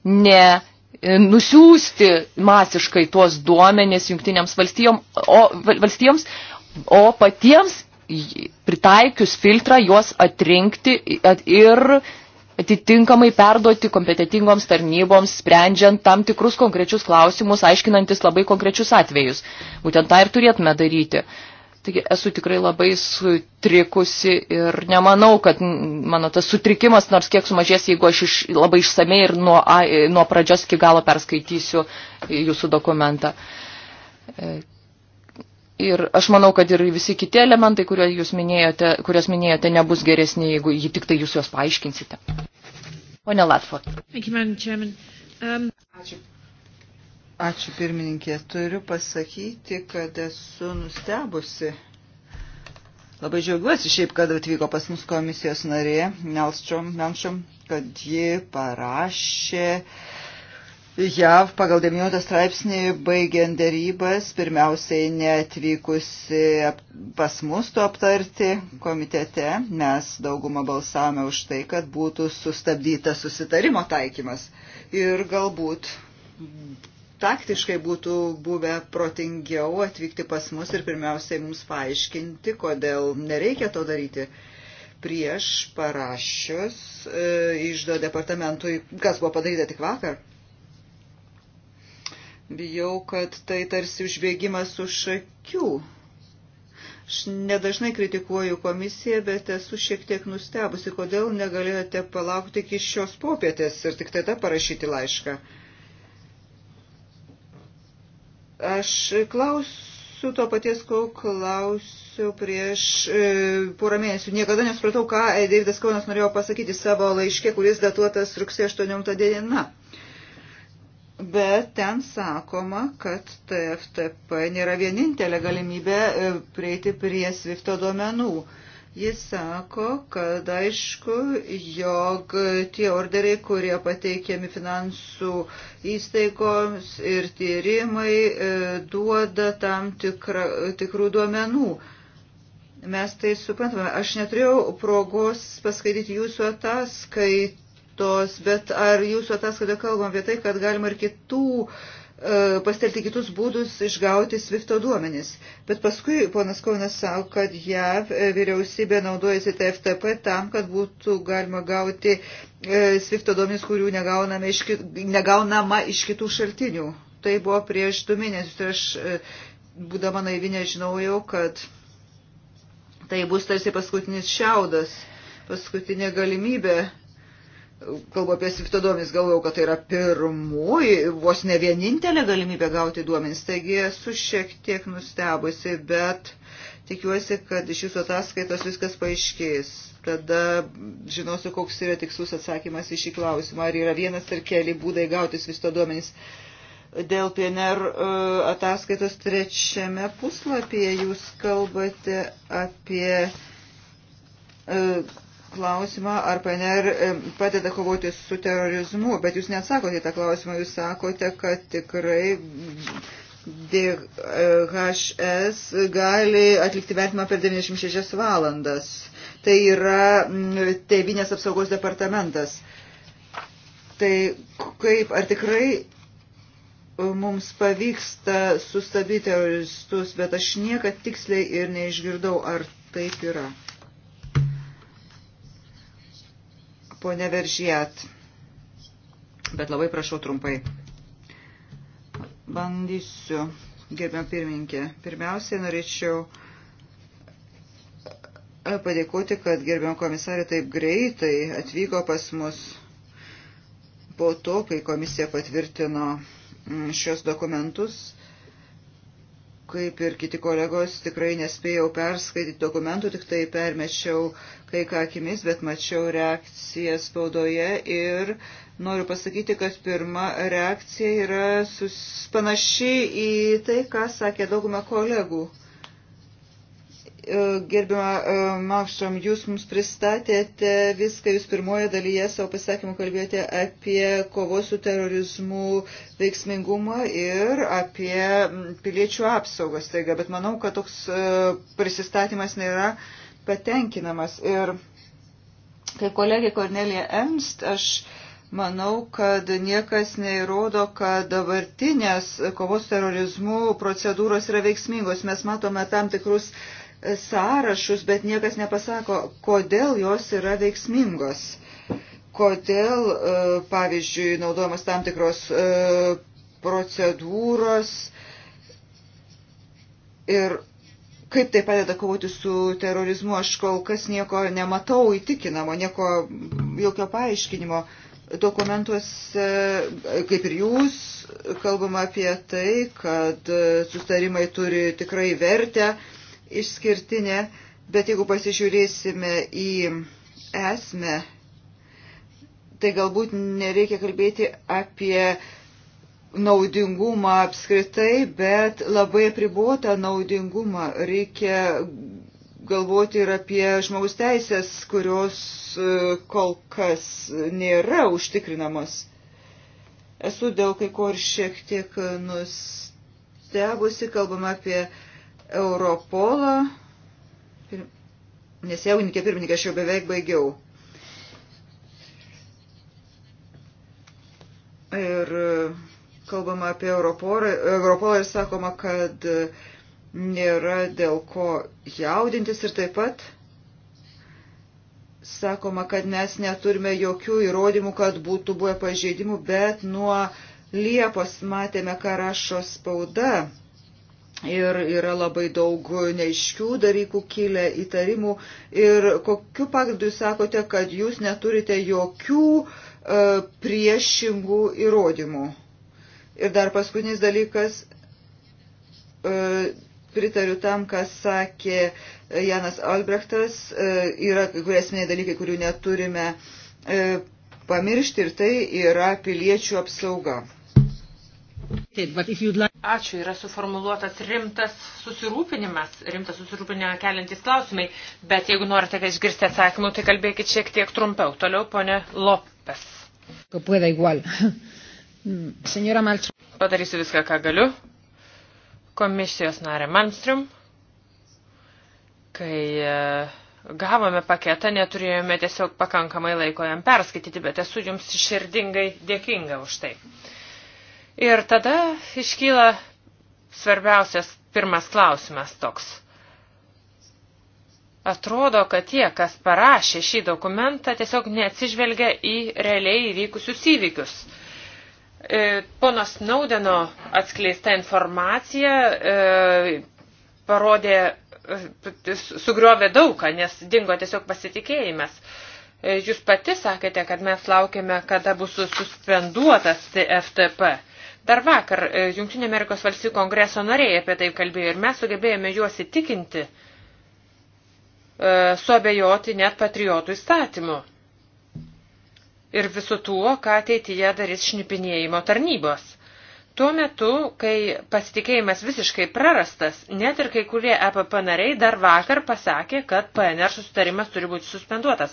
ne e, nusiųsti masiškai tuos duomenis jungtinėms valstijom, o, valstijoms, o patiems pritaikius filtrą juos atrinkti ir atitinkamai perduoti kompetitingoms tarnyboms, sprendžiant tam tikrus konkrečius klausimus, aiškinantis labai konkrečius atvejus. Būtent tą ir turėtume daryti. Taigi esu tikrai labai sutrikusi ir nemanau, kad mano tas sutrikimas nors kiek sumažės, jeigu aš iš, labai išsamei ir nuo, nuo pradžios iki galo perskaitysiu jūsų dokumentą. E, ir aš manau, kad ir visi kiti elementai, kuriuos jūs minėjote, kuriuos minėjote nebus geresni, jeigu jį tik tai jūs juos paaiškinsite. Pone Latford. Um, Ačiū. Ačiū pirmininkė. Turiu pasakyti, kad esu nustebusi. Labai džiaugiuosi šiaip, kad atvyko pas mus komisijos narė Nelstrom, Nelstrom, kad ji parašė JAV pagal 19 straipsnį baigiant dėrybas, pirmiausiai neatvykusi pas mus to aptarti komitete, mes daugumą balsavome už tai, kad būtų sustabdytas susitarimo taikymas. Ir galbūt taktiškai būtų buvę protingiau atvykti pas mus ir pirmiausiai mums paaiškinti, kodėl nereikia to daryti. Prieš parašius e, išdo departamentui, kas buvo padaryta tik vakar. Bijau, kad tai tarsi užbėgimas už akių. Aš nedažnai kritikuoju komisiją, bet esu šiek tiek nustebusi, kodėl negalėjote palaukti iki šios popietės ir tik tada parašyti laišką. E, Aš klausiu to paties, ko klausiu prieš e, porą mėnesių. Niekada nesupratau, ką Davidas Kaunas norėjo pasakyti savo laiške, kuris datuotas rugsėjo 18 diena. Bet ten sakoma, kad TFTP nėra vienintelė galimybė e, prieiti prie Svifto duomenų. E, Jis sako, kad aišku, jog tie orderiai, kurie pateikiami finansų įstaigoms ir tyrimai, e, duoda tam tikra, tikrų duomenų. Mes tai suprantame. Aš neturėjau progos paskaityti jūsų ataskaitos, bet ar jūsų ataskaitoje kalbam apie tai, kad galima ir kitų E, pastelti kitus būdus išgauti Swifto duomenis. Bet paskui ponas Kaunas sako, kad JAV e, vyriausybė naudojasi TFTP tam, kad būtų galima gauti e, Swifto duomenis, kurių iš, negaunama iš kitų šaltinių. Tai buvo prieš du mėnesius ir aš, būdama naivinė, žinojau, kad tai bus tarsi paskutinis šiaudas, paskutinė galimybė kalbu apie SWIFT duomenys, galvojau, kad tai yra pirmoji, vos ne vienintelė galimybė gauti duomenys, taigi esu šiek tiek nustebusi, bet tikiuosi, kad iš jūsų ataskaitos viskas paaiškės. Tada žinosiu, koks yra tikslus atsakymas į šį klausimą, ar yra vienas ar keli būdai gauti SWIFT duomenys. Dėl PNR e, ataskaitos trečiame puslapyje jūs kalbate apie e, klausimą, ar PNR e, padeda kovoti su terorizmu, bet jūs neatsakote tą klausimą, jūs sakote, kad tikrai DHS gali atlikti vertimą per 96 valandas. Tai yra Tėvinės apsaugos departamentas. Tai kaip, ar tikrai e, mums pavyksta sustabdyti teroristus, bet aš niekad tiksliai ir neišgirdau, ar taip yra. Pone Veržijat, bet labai prašau trumpai. Bandysiu, gerbiam pirmininkė. Pirmiausiai norėčiau e, padėkoti, kad gerbiam komisarė taip greitai atvyko pas mus po to, kai komisija patvirtino mm, šios dokumentus kaip ir kiti kolegos, tikrai nespėjau perskaityti dokumentų, tik tai permečiau kai ką akimis, bet mačiau reakciją spaudoje ir noriu pasakyti, kad pirma reakcija yra sus... panaši į tai, ką sakė dauguma kolegų. E, Gerbima e, Makštrom, jūs mums pristatėte viską, jūs pirmoje dalyje savo pasakymų kalbėjote apie kovos su terorizmu veiksmingumą ir apie piliečių apsaugos taiga, bet manau, kad toks e, prisistatymas nėra patenkinamas. Ir kaip kolegė Kornelija Emst, aš manau, kad niekas neįrodo, kad dabartinės kovos terorizmų procedūros yra veiksmingos. Mes matome tam tikrus sąrašus, bet niekas nepasako, kodėl jos yra veiksmingos, kodėl, e, pavyzdžiui, naudojamas tam tikros e, procedūros ir kaip tai padeda kovoti su terorizmu, aš kol kas nieko nematau įtikinamo, nieko, jokio paaiškinimo. Dokumentuose, kaip ir jūs, kalbama apie tai, kad sustarimai turi tikrai vertę, išskirtinė, bet jeigu pasižiūrėsime į esmę, tai galbūt nereikia kalbėti apie naudingumą apskritai, bet labai pribuotą naudingumą. Reikia galvoti ir apie žmogus teisės, kurios e, kol kas nėra užtikrinamos. Esu dėl kai ko ir šiek tiek nustebusi, kalbama apie Europolą, nes jauninkė pirmininkė aš jau beveik baigiau. Ir e, kalbama apie Europolą, Europolą ir sakoma, kad e, nėra dėl ko jaudintis ir taip pat sakoma, kad mes neturime jokių įrodymų, kad būtų buvę pažeidimų, bet nuo Liepos matėme, ką rašo spauda Ir yra labai daug neiškių dalykų kilę įtarimų. Ir kokiu pagrindu jūs sakote, kad jūs neturite jokių e, priešingų įrodymų? Ir dar paskutinis dalykas. E, pritariu tam, kas sakė Janas Albrechtas. E, yra kai kurie esminiai dalykai, kurių neturime e, pamiršti ir tai yra piliečių apsauga. Ačiū, yra suformuluotas rimtas susirūpinimas, rimtas susirūpinimą keliantis klausimai, bet jeigu norite išgirsti atsakymų, tai kalbėkit šiek tiek trumpiau. Toliau, ponė Lopes. (laughs) Padarysiu viską, ką galiu. Komisijos narė Malmström, kai e, gavome paketą, neturėjome tiesiog pakankamai laiko jam perskaityti, bet esu jums širdingai dėkinga už tai. Uh, Ir tada iškyla svarbiausias pirmas klausimas toks. Atrodo, kad tie, kas parašė šį dokumentą, tiesiog neatsižvelgia į realiai įvykusius įvykius. E, Pono Snaudeno atskleista informacija e, parodė, e, sugriovė daugą, nes dingo tiesiog pasitikėjimas. Jūs pati sakėte, kad mes laukiame, kada bus suspenduotas TFTP. Dar vakar e, Junktinė Amerikos valstybių kongreso norėjai apie tai kalbėjo ir mes sugebėjome juos įtikinti e, suabejoti net patriotų įstatymu. Ir visu tuo, ką ateityje darys šnipinėjimo tarnybos. Tuo metu, kai pasitikėjimas visiškai prarastas, net ir kai kurie EPP nariai dar vakar pasakė, kad PNR susitarimas turi būti suspenduotas.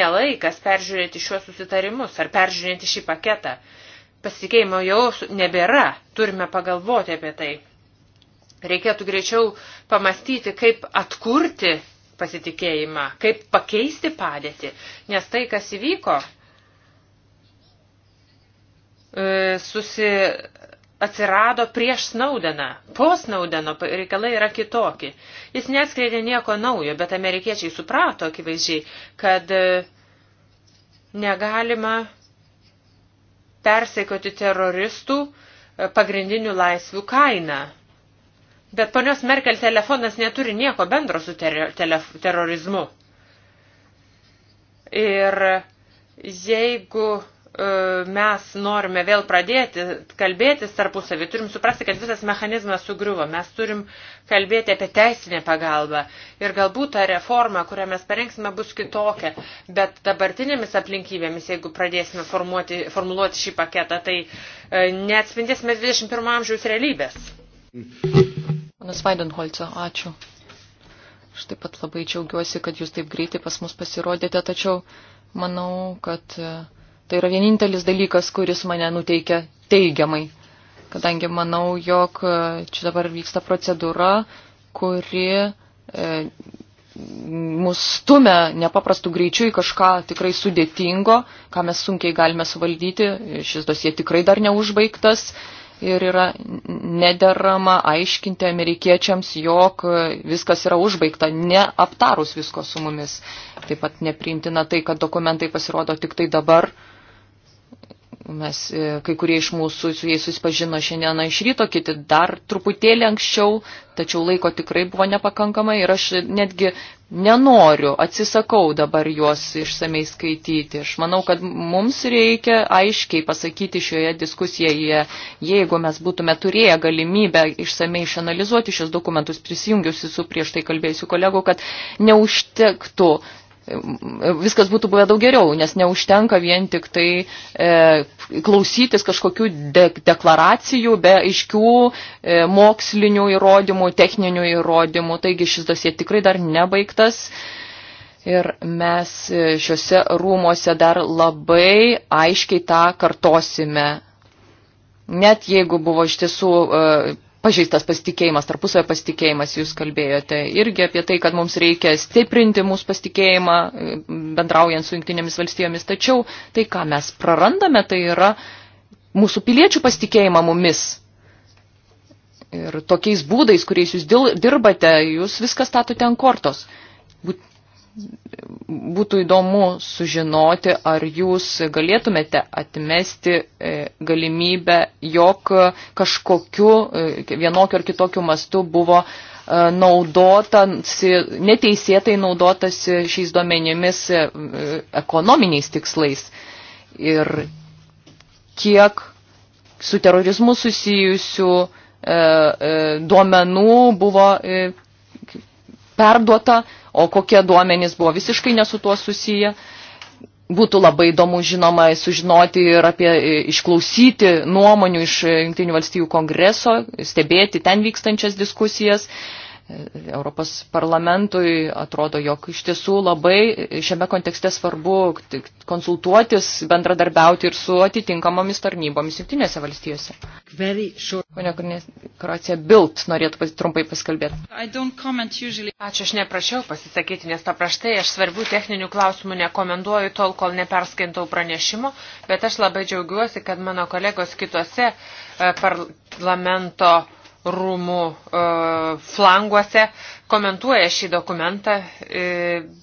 Nelaikas peržiūrėti šiuos susitarimus ar peržiūrėti šį paketą. Pasikeimo jau nebėra, turime pagalvoti apie tai. Reikėtų greičiau pamastyti, kaip atkurti pasitikėjimą, kaip pakeisti padėtį, nes tai, kas įvyko, e, susi atsirado prieš Snaudeną. Po Snaudeno reikalai yra kitokie. Jis neatskleidė nieko naujo, bet amerikiečiai suprato akivaizdžiai, kad e, negalima persekioti teroristų e, pagrindinių laisvių kainą. Bet ponios Merkel telefonas neturi nieko bendro su ter terorizmu. Ir jeigu E, mes norime vėl pradėti kalbėtis tarpusavį, turim suprasti, kad visas mechanizmas sugriuvo. Mes turim kalbėti apie teisinę pagalbą ir galbūt ta reforma, kurią mes parengsime, bus kitokia. Bet dabartinėmis aplinkybėmis, jeigu pradėsime formuoti, formuluoti šį paketą, tai e, neatspindėsime 21 amžiaus realybės. Panas Vaidenholco, ačiū. Aš taip pat labai džiaugiuosi, kad jūs taip greitai pas mus pasirodėte, tačiau manau, kad uh, Tai yra vienintelis dalykas, kuris mane nuteikia teigiamai, kadangi manau, jog e, čia dabar vyksta procedūra, kuri e, mus stumia nepaprastų greičių į kažką tikrai sudėtingo, ką mes sunkiai galime suvaldyti. Šis dosie tikrai dar neužbaigtas ir yra nederama aiškinti amerikiečiams, jog viskas yra užbaigta, neaptarus visko su mumis. Taip pat nepriimtina tai, kad dokumentai pasirodo tik tai dabar. Mes, e, kai kurie iš mūsų su jais susipažino šiandieną iš ryto, kiti dar truputėlį anksčiau, tačiau laiko tikrai buvo nepakankamai ir aš netgi nenoriu, atsisakau dabar juos išsamei skaityti. Aš manau, kad mums reikia aiškiai pasakyti šioje diskusijoje, jeigu mes būtume turėję galimybę išsamei išanalizuoti šios dokumentus, prisijungiusi su prieš tai kalbėjusiu kolegu, kad neužtektų viskas būtų buvę daug geriau, nes neužtenka vien tik tai e, klausytis kažkokių de deklaracijų be aiškių e, mokslinių įrodymų, techninių įrodymų. Taigi šis dosie tikrai dar nebaigtas. Ir mes e, šiuose rūmuose dar labai aiškiai tą kartosime. Net jeigu buvo iš tiesų e, pažeistas pasitikėjimas, tarpusavio pasitikėjimas, jūs kalbėjote irgi apie tai, kad mums reikia stiprinti mūsų pasitikėjimą bendraujant su jungtinėmis valstijomis, tačiau tai, ką mes prarandame, tai yra mūsų piliečių pasitikėjimą mumis. Ir tokiais būdais, kuriais jūs dirbate, jūs viską statote ant kortos būtų įdomu sužinoti, ar jūs galėtumėte atmesti e, galimybę, jog kažkokiu e, vienokiu ar kitokiu mastu buvo e, naudota, neteisėtai naudotasi šiais duomenimis ekonominiais tikslais. Ir kiek su terorizmu susijusių duomenų buvo perduota o kokie duomenys buvo visiškai nesu tuo susiję. Būtų labai įdomu, žinoma, sužinoti ir apie e, išklausyti nuomonių iš e, Junktinių valstybių kongreso, stebėti ten vykstančias diskusijas. Uh, Europos parlamentui atrodo, jog iš tiesų labai šiame kontekste svarbu konsultuotis, bendradarbiauti ir su atitinkamomis tarnybomis jungtinėse valstijose. Pone Kroacija Bilt norėtų trumpai paskalbėti. Ačiū, aš neprašiau pasisakyti, nes paprastai aš svarbių techninių klausimų nekomenduoju tol, kol neperskaintau pranešimo, bet aš labai džiaugiuosi, kad mano kolegos kitose e, parlamento rūmų e, flanguose komentuoja šį dokumentą, e,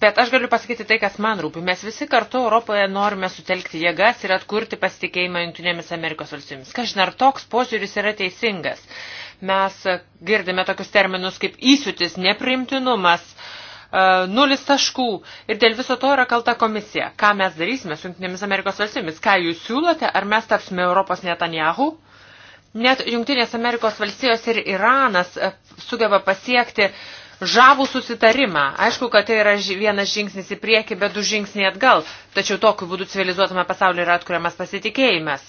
bet aš galiu pasakyti tai, kas man rūpi. Mes visi kartu Europoje norime sutelkti jėgas ir atkurti pasitikėjimą Junktinėmis Amerikos valstybėmis. Kažin ar toks požiūris yra teisingas. Mes girdime tokius terminus kaip įsiutis, nepriimtinumas, e, nulis taškų ir dėl viso to yra kalta komisija. Ką mes darysime su Junktinėmis Amerikos valstybėmis? Ką jūs siūlote? Ar mes tapsime Europos Netanyahu? Net Junktinės Amerikos valstijos ir Iranas e, sugeba pasiekti žavų susitarimą. Aišku, kad tai yra vienas žingsnis į priekį, bet du žingsniai atgal. Tačiau tokiu būdu civilizuotame pasaulyje yra atkuriamas pasitikėjimas.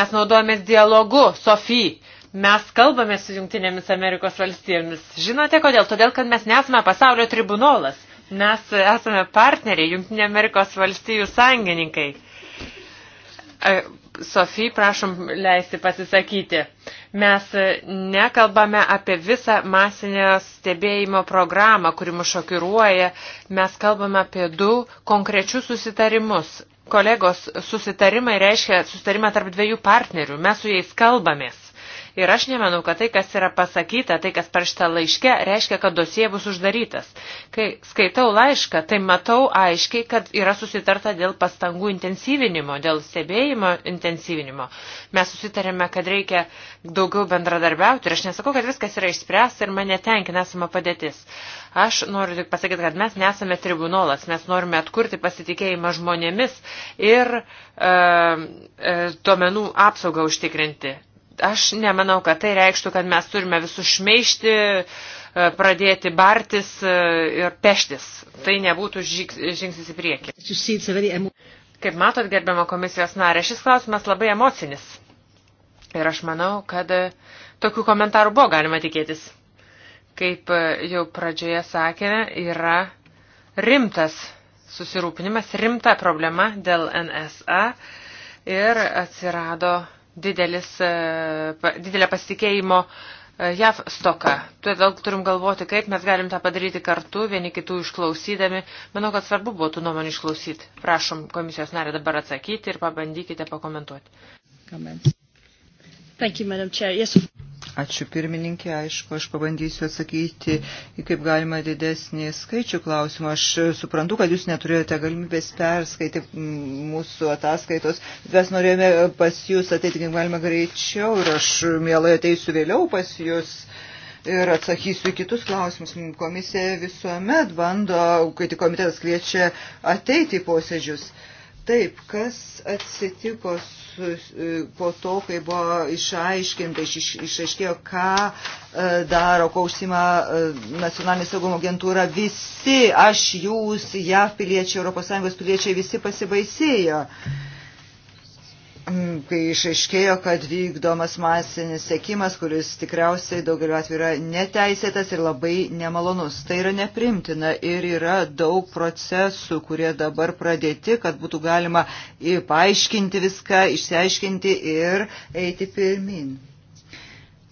Mes naudojamės dialogu, Sofija. Mes kalbame su Junktinėmis Amerikos valstijomis. Žinote kodėl? Todėl, kad mes nesame pasaulio tribunolas. Mes e, esame partneriai, Junktinė Amerikos valstijų sąjungininkai. Sofija, prašom leisti pasisakyti. Mes e, nekalbame apie visą masinio stebėjimo programą, kuri mus šokiruoja. Mes kalbame apie du konkrečius susitarimus. Kolegos, susitarimai reiškia susitarimą tarp dviejų partnerių. Mes su jais kalbamės. Ir aš nemanau, kad tai, kas yra pasakyta, tai, kas parašta laiške, reiškia, kad dosie bus uždarytas. Kai skaitau laišką, tai matau aiškiai, kad yra susitarta dėl pastangų intensyvinimo, dėl stebėjimo intensyvinimo. Mes susitarėme, kad reikia daugiau bendradarbiauti ir aš nesakau, kad viskas yra išspręsta ir mane tenkina esama padėtis. Aš noriu tik pasakyti, kad mes nesame tribunolas, mes norime atkurti pasitikėjimą žmonėmis ir e, e, duomenų apsaugą užtikrinti. Aš nemanau, kad tai reikštų, kad mes turime visus šmeišti, e, pradėti bartis e, ir peštis. Tai nebūtų žingsnis į priekį. Kaip matot, gerbiamo komisijos narė, šis klausimas labai emocinis. Ir aš manau, kad e, tokių komentarų buvo galima tikėtis. Kaip jau pradžioje sakėme, yra rimtas susirūpinimas, rimta problema dėl NSA ir atsirado didelis, e, didelė pasitikėjimo e, JAV stoka. Todėl turim galvoti, kaip mes galim tą padaryti kartu, vieni kitų išklausydami. Manau, kad svarbu buvo tų nuomonių išklausyti. Prašom komisijos narę dabar atsakyti ir pabandykite pakomentuoti. Comments. Thank you, Madam Chair. Yes. Ačiū pirmininkė, aišku, aš pabandysiu atsakyti į kaip galima didesnį skaičių klausimą. Aš suprantu, kad jūs neturėjote galimybės perskaityti mūsų ataskaitos. Mes norėjome pas jūs ateiti kaip galima greičiau ir aš mielai ateisiu vėliau pas jūs. Ir atsakysiu į kitus klausimus. Komisija visuomet bando, kai tik komitetas kviečia, ateiti į posėdžius. Uh, Taip, kas atsitiko su, e, po to, kai buvo išaiškinta, iš, išaiškėjo, ką e, daro, ko užsima e, nacionalinė saugumo agentūra, visi, aš, jūs, JAV piliečiai, ES piliečiai, visi pasibaisėjo. E, Mm, kai išaiškėjo, kad vykdomas masinis sekimas, kuris tikriausiai daugeliu atveju yra neteisėtas ir labai nemalonus. Tai yra neprimtina ir yra daug procesų, kurie dabar pradėti, kad būtų galima paaiškinti viską, išsiaiškinti ir eiti pirmin.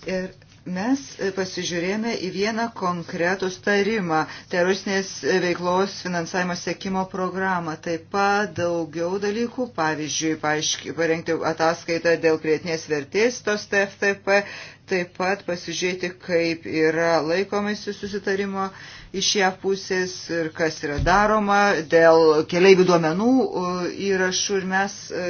Ir Mes e, pasižiūrėjome į vieną konkretų starimą - teroristinės veiklos finansavimo sėkimo programą. Taip pat daugiau dalykų, pavyzdžiui, paaiški, parengti ataskaitą dėl prietinės vertės tos TFTP, taip pat pasižiūrėti, kaip yra laikomasi susitarimo iš ją pusės ir kas yra daroma dėl keliaivių duomenų e, įrašų ir mes e,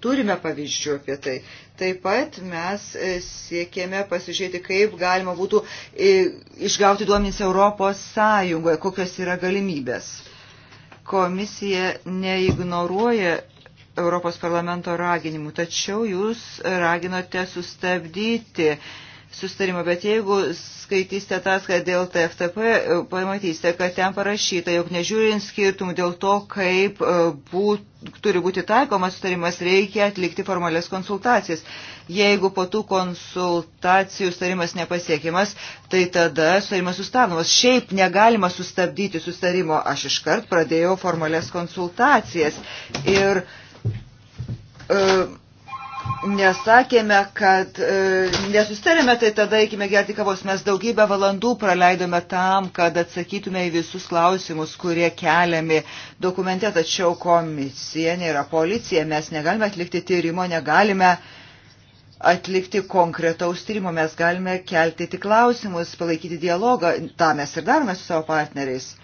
turime pavyzdžių apie tai. Taip pat mes e, siekėme pasižiūrėti, kaip galima būtų e, išgauti duomenys Europos Sąjungoje, kokios yra galimybės. Komisija neignoruoja Europos parlamento raginimų, tačiau jūs raginote sustabdyti uh, sustarimo, bet jeigu skaitysite ataskaitą dėl TFTP, e, pamatysite, kad ten parašyta, jog nežiūrint skirtumų dėl to, kaip e, būt, turi būti taikomas sustarimas, reikia atlikti formalias konsultacijas. Jeigu po tų konsultacijų sustarimas nepasiekimas, tai tada sustarimas sustabdomas. Šiaip negalima sustabdyti sustarimo. Aš iškart pradėjau formalias konsultacijas. Ir, uh, nesakėme, kad e, nesustarėme, tai tada eikime gerti kavos. Mes daugybę valandų praleidome tam, kad atsakytume į visus klausimus, kurie keliami dokumente, tačiau komisija nėra policija, mes negalime atlikti tyrimo, negalime atlikti konkretaus tyrimo, mes galime kelti tik klausimus, palaikyti dialogą, tą mes ir darome su savo partneriais.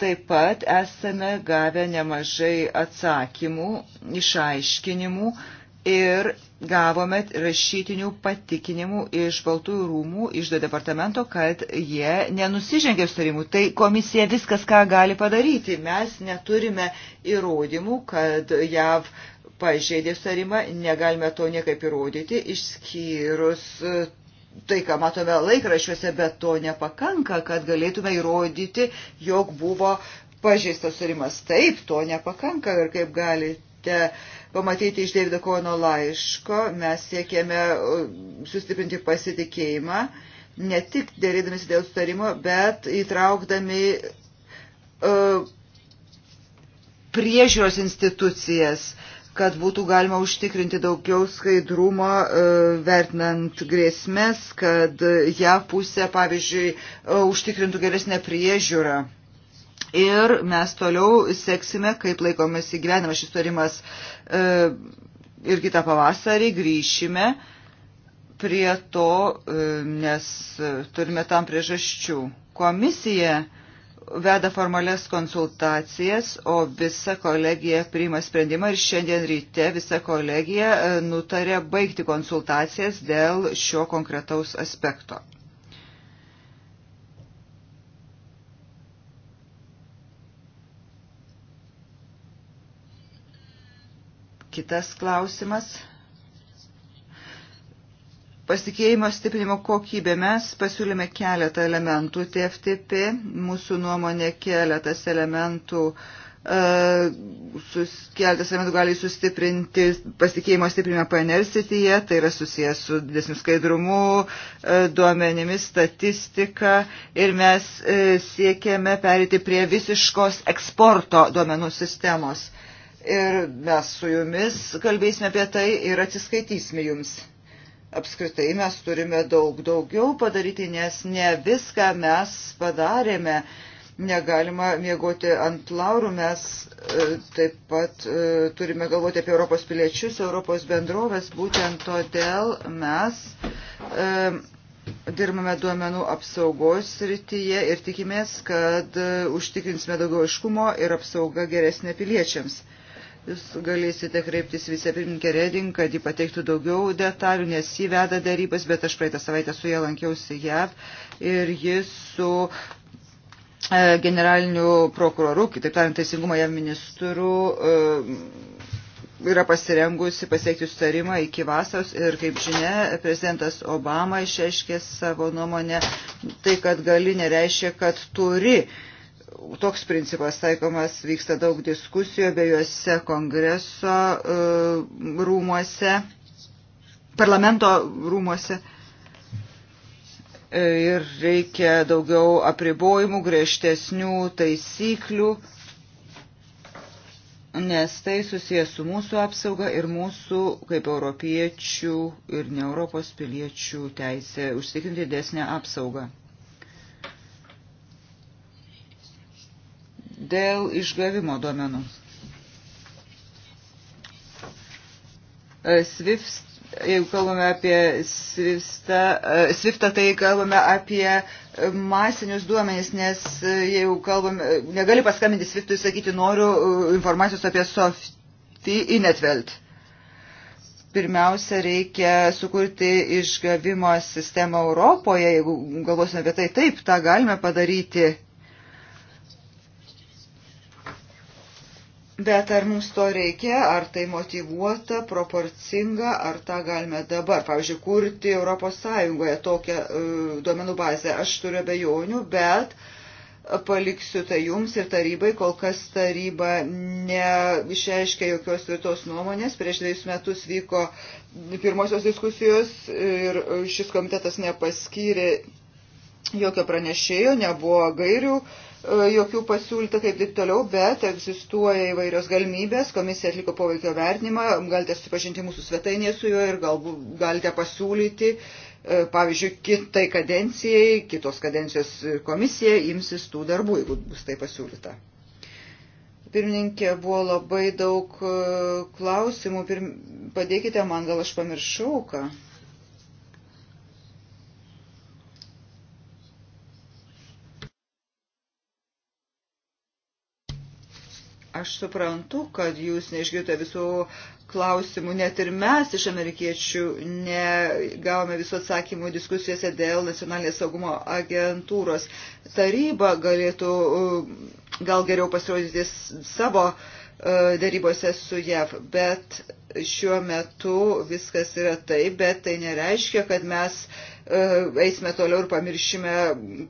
Taip pat esame gavę nemažai atsakymų, išaiškinimų, ir gavome rašytinių patikinimų iš Baltųjų rūmų, iš D departamento, kad jie nenusižengė sutarimų. Tai komisija viskas, ką gali padaryti. Mes neturime įrodymų, kad JAV pažeidė sutarimą, negalime to niekaip įrodyti, išskyrus e, tai, ką matome laikrašiuose, bet to nepakanka, kad galėtume įrodyti, jog buvo pažeistas sutarimas. Taip, to nepakanka ir kaip galite pamatyti iš Davido Kono laiško. Mes siekėme uh, sustiprinti pasitikėjimą, ne tik dėrėdamėsi dėl sutarimo, bet įtraukdami uh, priežiūros institucijas, kad būtų galima užtikrinti daugiau skaidrumo uh, vertinant grėsmės, kad uh, ją pusė, pavyzdžiui, užtikrintų geresnę priežiūrą ir mes toliau seksime, kaip laikomas įgyvenimas šis tarimas e, ir kitą pavasarį grįšime prie to, e, nes turime tam priežasčių. Komisija veda formalias konsultacijas, o visa kolegija priima sprendimą ir šiandien ryte visa kolegija e, nutarė baigti konsultacijas dėl šio konkretaus aspekto. Kitas klausimas. Pasikeimo stiprinimo kokybė. Mes pasiūlėme keletą elementų TFTP. Mūsų nuomonė keletas elementų uh, sus, keltas elementų gali sustiprinti pasitikėjimo stiprinimą PNR srityje, tai yra susijęs su didesniu skaidrumu, e, duomenimis, statistika ir mes e, siekiame perėti prie visiškos eksporto duomenų sistemos ir mes su jumis kalbėsime apie tai ir atsiskaitysime jums. Apskritai mes turime daug daugiau padaryti, nes ne viską mes padarėme. Negalima miegoti ant laurų, mes e, taip pat e, turime galvoti apie Europos piliečius, Europos bendrovės, būtent todėl mes e, dirbame duomenų apsaugos srityje ir tikimės, kad užtikrinsime daugiau aiškumo ir apsauga geresnė piliečiams. Jūs galėsite kreiptis vicepirmininkė Reding, kad jį pateiktų daugiau detalių, nes jį veda darybas, bet aš praeitą savaitę su ją lankiausi JAV ir jis su e, generaliniu prokuroru, kitaip tariant, teisingumo jam ministru e, yra pasirengusi pasiekti sustarimą iki vasaros ir, kaip žinia, prezidentas Obama išreiškė savo nuomonę, tai, kad gali nereiškia, kad turi toks principas taikomas, vyksta daug diskusijų abiejose kongreso e, rūmuose, parlamento rūmuose. E, ir reikia daugiau apribojimų, griežtesnių taisyklių, nes tai susijęs su mūsų apsauga ir mūsų kaip europiečių ir ne Europos piliečių teisė užtikrinti didesnę apsaugą. Dėl išgavimo duomenų. E, SWIFT, jeigu kalbame apie SWIFTą, e, SWIFTą tai kalbame apie masinius duomenys, nes e, jeigu kalbame, negali paskambinti SWIFTui sakyti, noriu informacijos apie Softi Inetvelt pirmiausia, reikia sukurti išgavimo sistemą Europoje. Jeigu galvosime apie tai, taip, tą galime padaryti Bet ar mums to reikia, ar tai motivuota, proporcinga, ar tą galime dabar, pavyzdžiui, kurti Europos Sąjungoje tokią uh, duomenų bazę, aš turiu abejonių, bet paliksiu tai jums ir tarybai, kol kas taryba neišreiškia jokios tvirtos nuomonės. Prieš dviejus metus vyko pirmosios diskusijos ir šis komitetas nepaskyrė jokio pranešėjo, nebuvo gairių, e, jokių pasiūlyta kaip taip toliau, bet egzistuoja įvairios galimybės, komisija atliko poveikio vertinimą, galite susipažinti mūsų svetainėje su juo ir galbūt galite pasiūlyti, e, pavyzdžiui, kitai kadencijai, kitos kadencijos komisija imsis tų darbų, jeigu bus tai pasiūlyta. Pirmininkė, buvo labai daug e, klausimų, Pirm... padėkite man, gal aš pamiršau ką. Aš suprantu, kad jūs neišgirdote visų klausimų, net ir mes iš amerikiečių negavome visų atsakymų diskusijose dėl nacionalinės saugumo agentūros. Taryba galėtų uh, gal geriau pasirodyti savo uh, E, darybose su JAV, bet šiuo metu viskas yra taip, bet tai nereiškia, kad mes e, eisime toliau ir pamiršime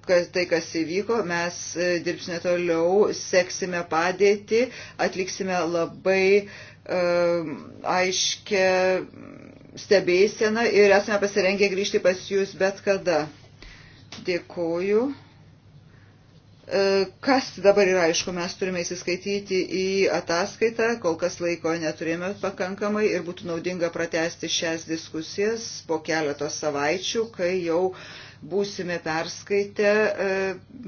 kas, tai, kas įvyko, mes e, dirbsime toliau, seksime padėti, atliksime labai um, aiškę stebėseną ir esame pasirengę grįžti pas jūs bet kada. Dėkoju. E, kas dabar yra aišku, mes turime įsiskaityti į ataskaitą, kol kas laiko neturėjome pakankamai ir būtų naudinga pratesti šias diskusijas po keletos savaičių, kai jau būsime perskaitę e,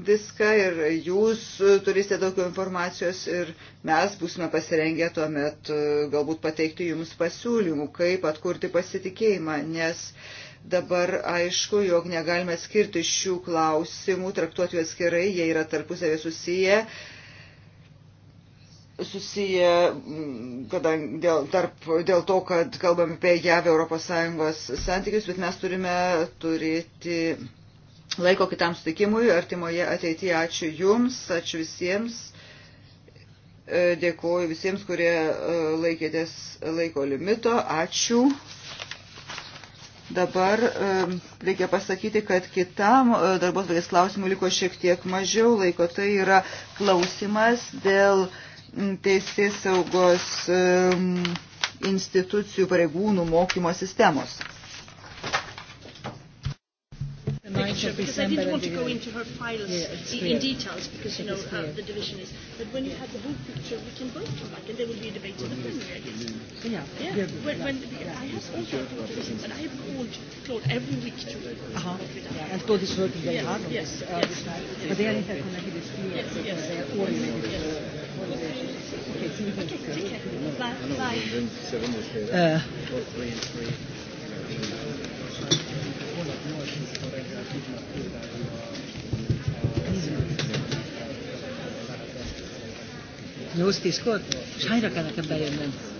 viską ir jūs turite daugiau informacijos ir mes būsime pasirengę tuomet e, galbūt pateikti jums pasiūlymų, kaip atkurti pasitikėjimą, nes uh, Dabar aišku, jog negalime skirti šių klausimų, traktuoti juos skirai, jie yra tarpusavė susiję susiję mm, kadangi dėl, tarp, dėl to, kad kalbam apie JAV ES santykius, bet mes turime turėti laiko kitam sutikimui artimoje ateityje. Ačiū Jums, ačiū visiems. E, dėkuoju visiems, kurie e, laikėtės laiko limito. Ačiū. Dabar reikia pasakyti, kad kitam e, darbos varės klausimui liko šiek tiek mažiau laiko. Tai yra klausimas dėl teisės saugos institucijų pareigūnų mokymo sistemos. sure, because I didn't want to go into her files yeah, in details, because, you know, how the division is. But when you have the whole picture, we can both come back, and there will be a debate in the plenary, I guess. Yeah. yeah. yeah. When, when, yeah. I have also called divisions, and I have called Claude every week to uh-huh. yeah. And Claude is working very yeah. hard on yes. this. Uh, yes. this yes. But they are interconnected, it's clear, yes. because yes. they are coordinated. Yes. Okay, see you okay, take care. Bye. Bye. Uh, Jó, tízkor? És hányra kellene bejönnöm?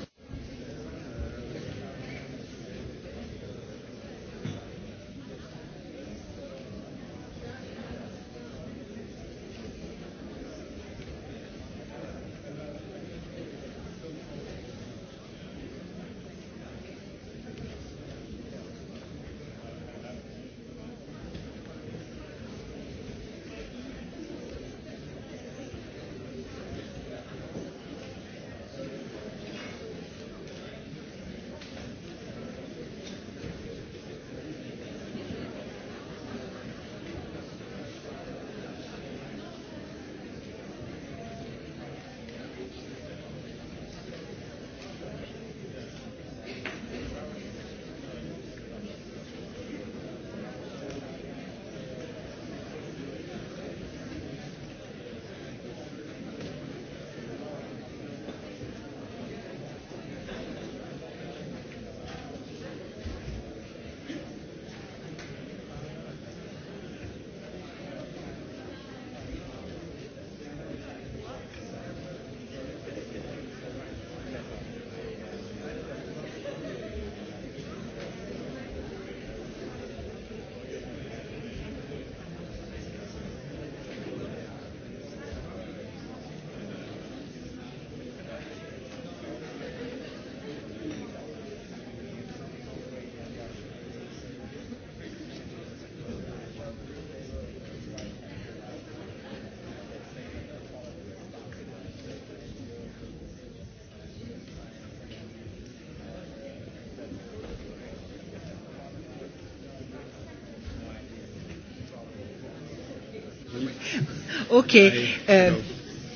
Okay. Uh,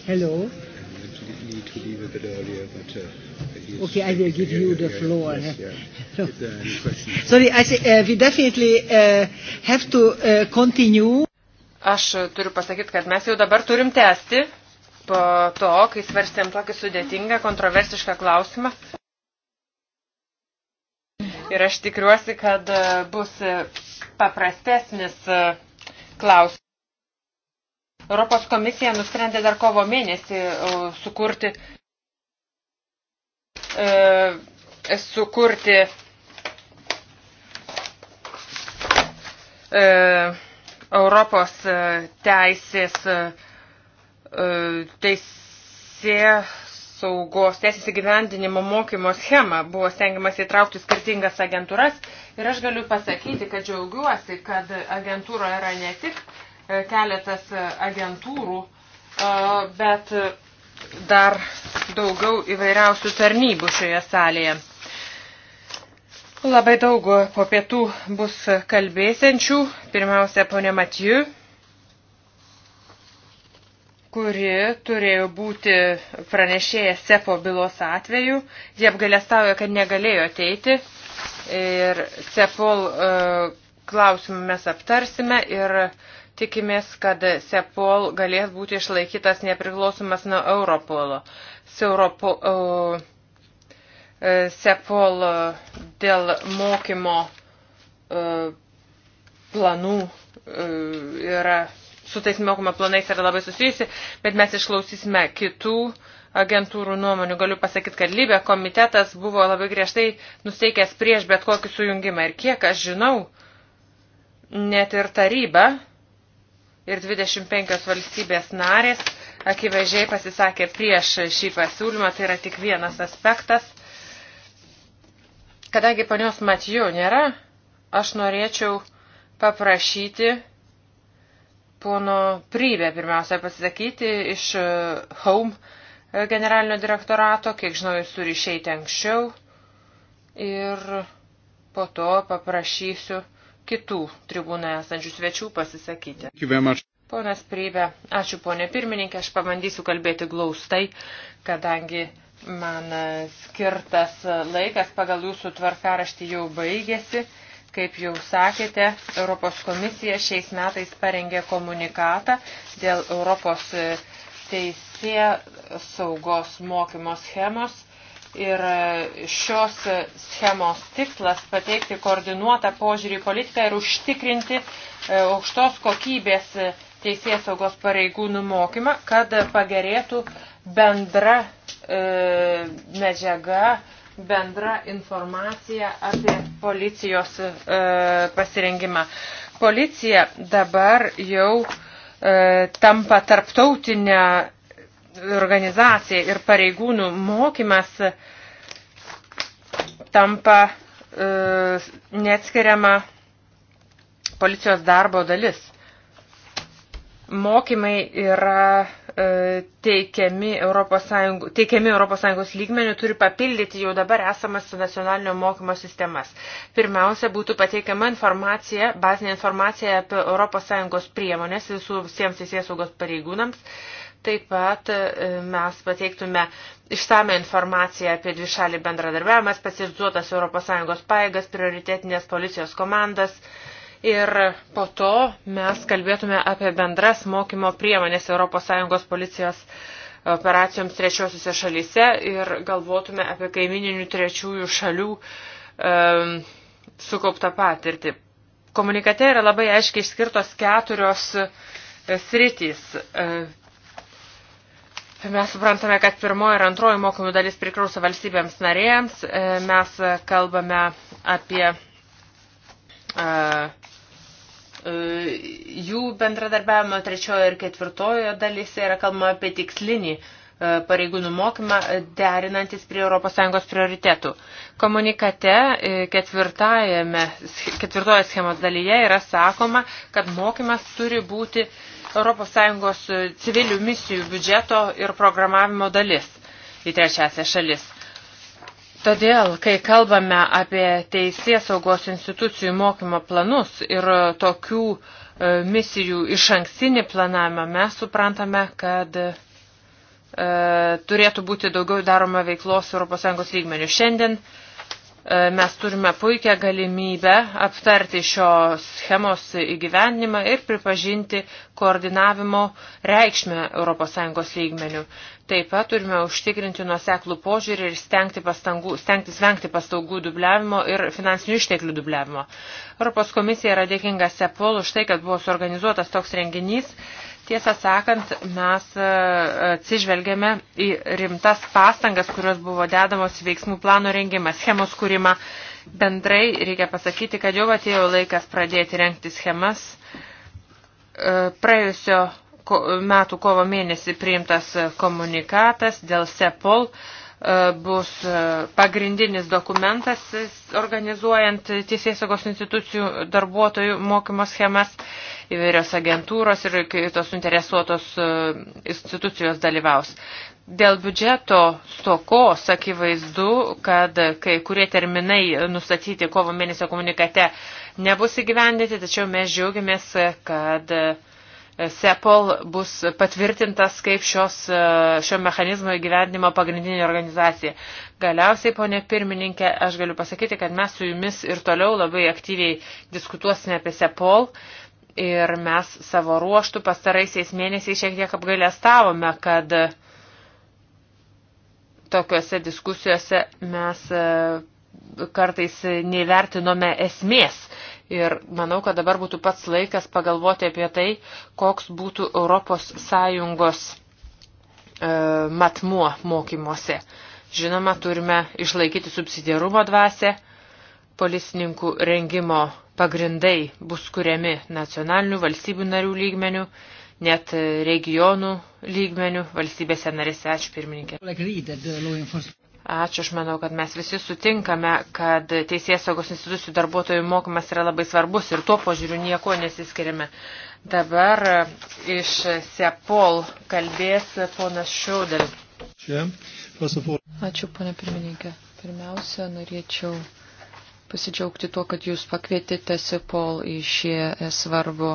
hello. I need to leave a bit earlier, but. Uh, Okay, I will give you the floor. Yes, yeah. so, (laughs) Is there any questions? Sorry, I say, uh, we definitely uh, have to uh, continue. Aš turiu pasakyti, kad mes jau dabar turim tęsti po to, kai svarstėm tokį sudėtingą, kontroversišką klausimą. Ir aš tikiuosi, kad uh, bus uh, paprastesnis uh, klausimas. Europos komisija nusprendė dar kovo mėnesį e, sukurti, e, sukurti e, Europos e, teisės e, teisė saugos, teisės įgyvendinimo mokymo schemą. Buvo stengiamas įtraukti skirtingas agentūras ir aš galiu pasakyti, kad džiaugiuosi, kad agentūra yra ne tik uh, E, keletas e, agentūrų, e, bet dar daugiau įvairiausių tarnybų šioje salėje. Labai daug po pietų bus kalbėsiančių. Pirmiausia, ponė Matiju, kuri turėjo būti pranešėję Sepo bylos atveju. Jie apgalėstavo, kad negalėjo ateiti. Ir Cepol klausimą mes aptarsime ir uh, Tikimės, kad SEPOL galės būti išlaikytas nepriklausomas nuo Europolo. Europo, uh, e, SEPOL e, dėl mokymo uh, planų uh, yra, su tais mokymo planais yra labai susijusi, bet mes išklausysime kitų agentūrų nuomonių. Galiu pasakyti, kad Libė komitetas buvo labai griežtai nusteikęs prieš bet kokį sujungimą. Ir kiek aš žinau, net ir taryba ir 25 valstybės narės akivaizdžiai pasisakė prieš šį pasiūlymą, tai yra tik vienas aspektas. Kadangi panios Matijų nėra, aš norėčiau paprašyti pono Prybė pirmiausia pasisakyti iš e, Home generalinio direktorato, kiek žinau, jis turi išeiti anksčiau. Ir po to paprašysiu kitų tribūnoje esančių svečių pasisakyti. Ponas Prybė, ačiū ponė pirmininkė, aš pabandysiu kalbėti glaustai, kadangi man skirtas laikas pagal jūsų tvarkaraštį jau baigėsi. Kaip jau sakėte, Europos komisija šiais metais parengė komunikatą dėl Europos teisė saugos mokymo schemos Ir e, šios schemos tikslas pateikti koordinuotą požiūrį į politiką ir užtikrinti e, aukštos kokybės teisės saugos pareigūnų mokymą, kad pagerėtų bendra e, medžiaga, bendra informacija apie policijos e, pasirengimą. Policija dabar jau e, tampa tarptautinę organizacija ir pareigūnų mokymas tampa e, neatskiriama policijos darbo dalis. Mokymai yra e, teikiami ES, teikiami ES lygmenių, turi papildyti jau dabar esamas nacionalinio mokymo sistemas. Pirmiausia, būtų pateikiama informacija, bazinė informacija apie ES priemonės visų, visiems teisės saugos pareigūnams, Taip pat e, mes pateiktume išsame informaciją apie dvišalį bendradarbiavimą, specializuotas ES paėgas, prioritetinės policijos komandas. Ir po to mes kalbėtume apie bendras mokymo priemonės ES policijos operacijoms trečiosiuose šalyse ir galvotume apie kaimininių trečiųjų šalių um, sukauptą patirtį. Komunikate yra labai aiškiai išskirtos keturios e, sritys. Uh, Mes suprantame, kad pirmoji ir antroji mokymų dalis priklauso valstybėms narėjams. E, mes kalbame apie e, e, jų bendradarbiavimo trečiojo ir ketvirtojo dalyse yra kalbama apie tikslinį pareigūnų mokymą derinantis prie ES prioritetų. Komunikate ketvirtoje schemos dalyje yra sakoma, kad mokymas turi būti uh, ES e, civilių misijų biudžeto ir programavimo dalis į trečiasią šalis. Todėl, kai kalbame apie teisės saugos institucijų mokymo planus ir tokių e, misijų iš ankstinį planavimą, mes suprantame, kad e, turėtų būti daugiau daroma veiklos ES lygmenių. Šiandien e, E, mes turime puikią galimybę aptarti šios schemos įgyvendinimą ir pripažinti koordinavimo reikšmę ES lygmenių. Taip pat turime užtikrinti nuoseklų požiūrį ir stengti pastangų, stengtis vengti pastangų dubliavimo ir finansinių išteklių dubliavimo. Europos komisija yra dėkinga SEPOL už tai, kad buvo suorganizuotas toks renginys Tiesą sakant, mes e, atsižvelgėme į rimtas pastangas, kurios buvo dedamos veiksmų plano rengimą, schemos kūrimą. Bendrai reikia pasakyti, kad jau atėjo laikas pradėti renkti schemas. E, praėjusio metų kovo mėnesį priimtas komunikatas dėl SEPOL E, bus e, pagrindinis dokumentas e, organizuojant teisėsaugos institucijų darbuotojų mokymo schemas. Įvairios agentūros ir kitos interesuotos institucijos dalyvaus. Dėl biudžeto stokos akivaizdu, kad kai kurie terminai nustatyti kovo mėnesio komunikate nebus įgyvendyti, tačiau mes džiaugiamės, kad uh, SEPOL bus patvirtintas kaip šios, e, šio mechanizmo įgyvendimo pagrindinė organizacija. Galiausiai, ponė pirmininkė, aš galiu pasakyti, kad mes su jumis ir toliau labai aktyviai diskutuosime apie SEPOL. Ir mes savo ruoštų pastaraisiais mėnesiais šiek tiek apgailestavome, kad tokiuose diskusijose mes e, kartais nevertinome esmės. Ir manau, kad dabar būtų pats laikas pagalvoti apie tai, koks būtų Europos Sąjungos e, matmuo mokymuose. Žinoma, turime išlaikyti subsidiarumo dvasę, policininkų rengimo pagrindai bus kuriami nacionalinių valstybių narių lygmenių, net regionų lygmenių valstybėse narėse. Ačiū pirmininkė. Ačiū, aš manau, kad mes visi sutinkame, kad teisės saugos institucijų darbuotojų mokymas yra labai svarbus ir tuo požiūriu nieko nesiskiriame. Dabar iš Sepol kalbės ponas Šiaudel. Ačiū, ponė pirmininkė. Pirmiausia, norėčiau pasidžiaugti tuo, kad jūs pakvietėte Sepol į šį svarbų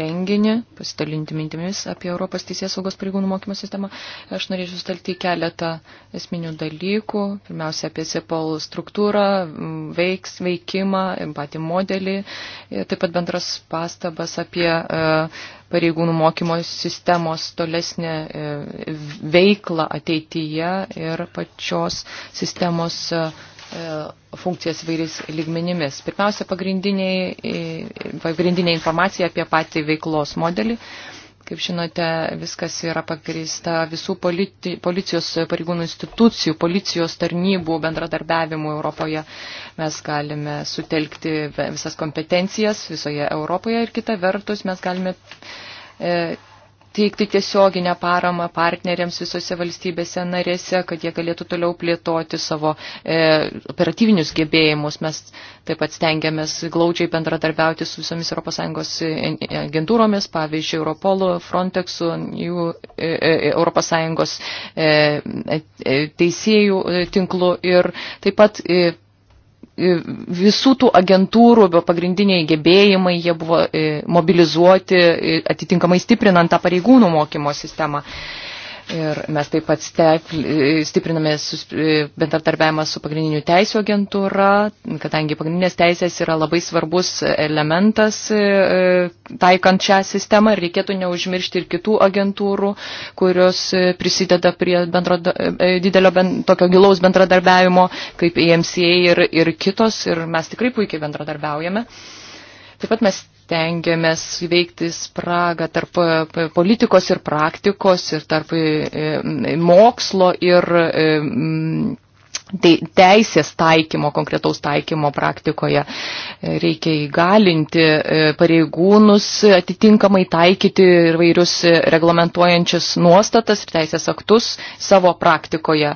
renginį, pasidalinti mintimis apie Europos teisės saugos pareigūnų mokymo sistemą. Aš norėčiau stalti keletą esminių dalykų. Pirmiausia, apie Sepol struktūrą, veiks, veikimą, patį modelį, taip pat bendras pastabas apie e, pareigūnų mokymo sistemos tolesnę e, veiklą ateityje ir pačios sistemos e, E, funkcijas vairiais lygmenimis. Pirmiausia, e, pagrindinė informacija apie patį veiklos modelį. Kaip žinote, viskas yra pagrįsta visų politi, policijos pareigūnų institucijų, policijos tarnybų bendradarbiavimų Europoje. Mes galime sutelkti visas kompetencijas visoje Europoje ir kita vertus mes galime e, teikti tiesioginę paramą partneriams visose valstybėse narėse, kad jie galėtų toliau plėtoti savo e, operatyvinius gebėjimus. Mes taip pat stengiamės glaudžiai bendradarbiauti su visomis ES agentūromis, pavyzdžiui, Europolu, Frontexu, jų, e, e, ES e, e teisėjų e, tinklu ir taip pat. E, E, visų tų agentūrų pagrindiniai gebėjimai, jie buvo e, mobilizuoti e, atitinkamai stiprinant tą pareigūnų mokymo sistemą. Ir mes taip pat stipriname bendradarbiavimą su pagrindinių teisų agentūra, kadangi pagrindinės teisės yra labai svarbus elementas e, taikant šią sistemą ir reikėtų neužmiršti ir kitų agentūrų, kurios e, prisideda prie bendro, e, didelio ben, tokio gilaus bendradarbiavimo, kaip EMCA ir, ir kitos, ir mes tikrai puikiai bendradarbiaujame. Taip pat mes tengiamės veikti spragą tarp e, politikos ir praktikos ir tarp e, e, mokslo ir teisės taikymo, konkretaus taikymo praktikoje. Reikia įgalinti pareigūnus atitinkamai taikyti ir vairius reglamentuojančius nuostatas ir teisės aktus savo praktikoje.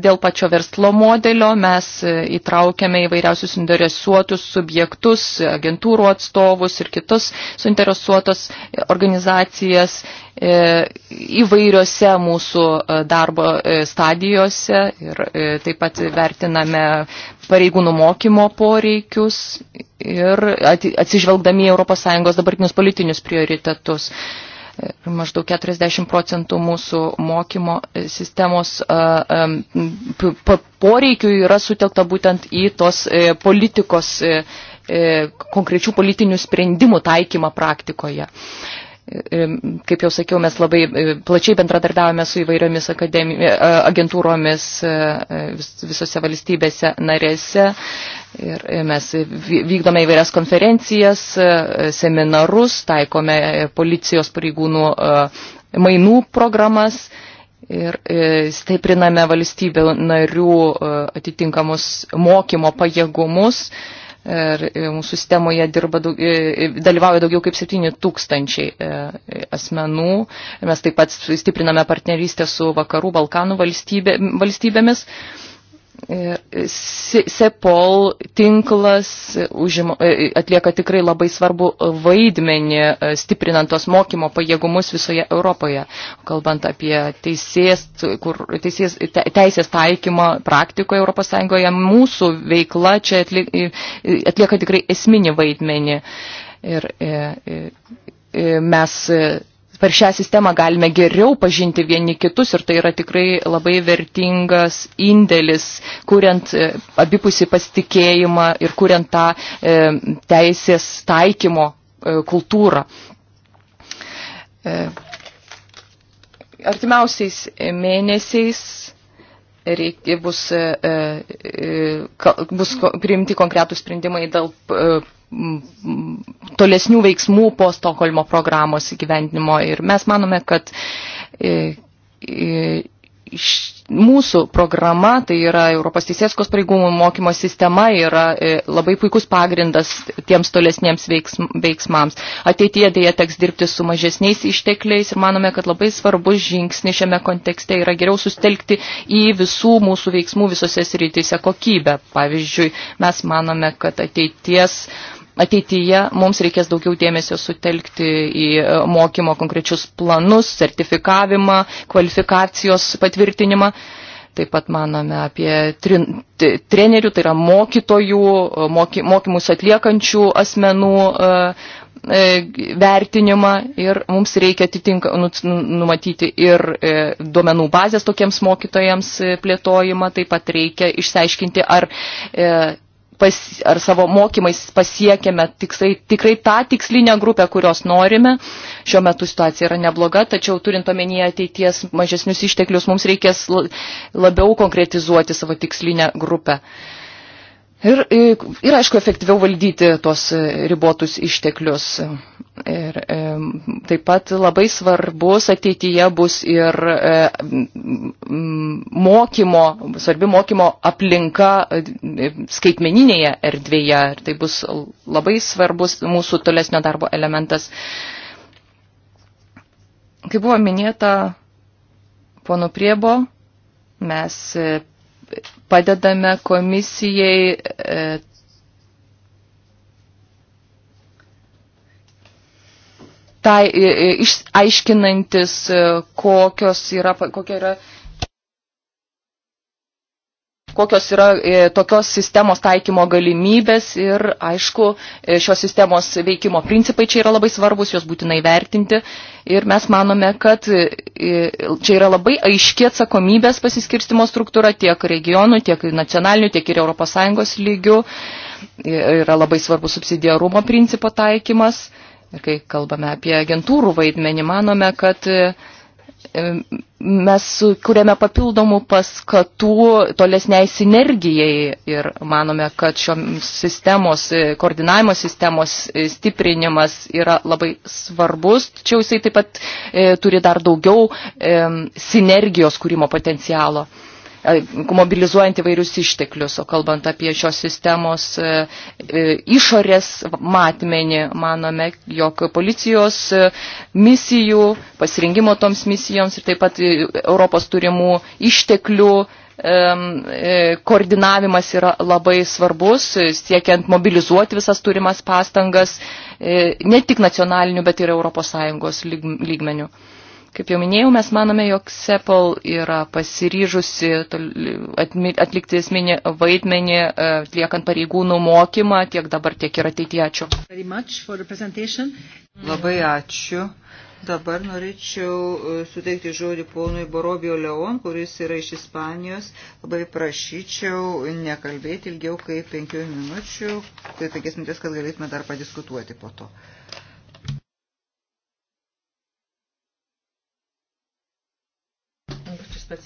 Dėl pačio verslo modelio mes e, įtraukiame įvairiausius interesuotus subjektus, agentūrų atstovus ir kitus suinteresuotos e, organizacijas e, įvairiose mūsų darbo stadijose ir taip pat vertiname pareigūnų mokymo poreikius ir atsižvelgdami į ES dabartinius politinius prioritetus. Maždaug 40 procentų mūsų mokymo sistemos poreikių yra sutelkta būtent į tos e, politikos, e, e, konkrečių politinių sprendimų taikymą praktikoje. E, kaip jau sakiau, mes labai e, plačiai bendradarbiavome su įvairiomis e, agentūromis visose valstybėse narėse ir mes vykdome įvairias konferencijas, seminarus, taikome policijos pareigūnų mainų programas ir stipriname valstybių narių atitinkamus mokymo pajėgumus Ir e, mūsų sistemoje dirba, daug, e, e, dalyvauja daugiau kaip 7 tūkstančiai asmenų. Mes taip pat stipriname partnerystę su vakarų Balkanų valstybė, valstybėmis. E, SEPOL tinklas užima, e, atlieka tikrai labai svarbu vaidmenį, e, stiprinant tos mokymo pajėgumus visoje Europoje, kalbant apie teisės, kur, teisės, te, teisės taikymą praktikoje Europos Sąjungoje. Mūsų veikla čia atlieka tikrai esminį vaidmenį. Ir, ir, ir mes per šią sistemą galime geriau pažinti vieni kitus ir tai yra tikrai labai vertingas indėlis, kuriant e, abipusį pasitikėjimą ir kuriant tą e, teisės taikymo e, kultūrą. Artimiausiais mėnesiais reik, bus, bus priimti konkretų sprendimai dėl Mm, tolesnių veiksmų po Stokholmo programos įgyvendinimo. Ir mes manome, kad e, e, mūsų programa, tai yra Europos teisėskos pareigūnų mokymo sistema, yra e, labai puikus pagrindas tiems tolesniems veiksmams. Ateityje dėja teks dirbti su mažesniais ištekliais ir manome, kad labai svarbus žingsnis šiame kontekste yra geriau sustelkti į visų mūsų veiksmų visose srityse kokybę. Pavyzdžiui, mes manome, kad ateities ateityje mums reikės daugiau dėmesio sutelkti į e, mokymo konkrečius planus, sertifikavimą, kvalifikacijos patvirtinimą. Taip pat manome apie trin, trenerių, tai yra mokytojų, e, moky, mokymus atliekančių asmenų e, vertinimą ir mums reikia atitinka, nu, nu, numatyti ir duomenų bazės tokiems mokytojams plėtojimą, taip pat reikia išsiaiškinti, ar pas, ar savo mokymais pasiekėme tiksai, tikrai tą tikslinę grupę, kurios norime. Šiuo metu situacija yra nebloga, tačiau turint omenyje ateities mažesnius išteklius, mums reikės labiau konkretizuoti savo tikslinę grupę. Uh, Ir, e, ir aišku, efektyviau valdyti tuos e, ribotus išteklius. Ir e, taip pat labai svarbus ateityje bus ir e, mokymo, svarbi mokymo aplinka e, skaitmeninėje erdvėje. Ir tai bus labai svarbus mūsų tolesnio darbo elementas. Kaip buvo minėta, pono Priebo, mes padedame komisijai e, tai, e, e iš, aiškinantis, e, kokios yra, kokia yra kokios yra e, tokios sistemos taikymo galimybės ir, aišku, e, šios sistemos veikimo principai čia yra labai svarbus, jos būtinai vertinti. Ir mes manome, kad e, čia yra labai aiški atsakomybės pasiskirstimo struktūra tiek regionų, tiek nacionalinių, tiek ir ES lygių. Yra labai svarbus subsidiarumo principo taikymas. Ir kai kalbame apie agentūrų vaidmenį, manome, kad mes kuriame papildomų paskatų tolesniai sinergijai ir manome, kad šioms sistemos, koordinavimo sistemos stiprinimas yra labai svarbus, tačiau jisai taip pat e, turi dar daugiau e, sinergijos kūrimo potencialo. E, E, mobilizuojant įvairius išteklius, o kalbant apie šios sistemos e, e, išorės matmenį, manome, jog policijos misijų, pasirinkimo toms misijoms ir taip pat Europos turimų išteklių koordinavimas yra labai svarbus, siekiant mobilizuoti visas turimas pastangas ne tik nacionaliniu, bet ir ES lygmeniu. Kaip jau minėjau, mes manome, jog CEPOL yra pasiryžusi atlikti esminį vaidmenį, e, atliekant pareigūnų mokymą tiek dabar, tiek ir ateityje. Ačiū. Labai ačiū. Dabar norėčiau e, suteikti žodį ponui Borobio Leon, kuris yra iš Ispanijos. Labai prašyčiau nekalbėti ilgiau kaip penkių minučių, tai penkias minutės, kad galėtume dar padiskutuoti po to.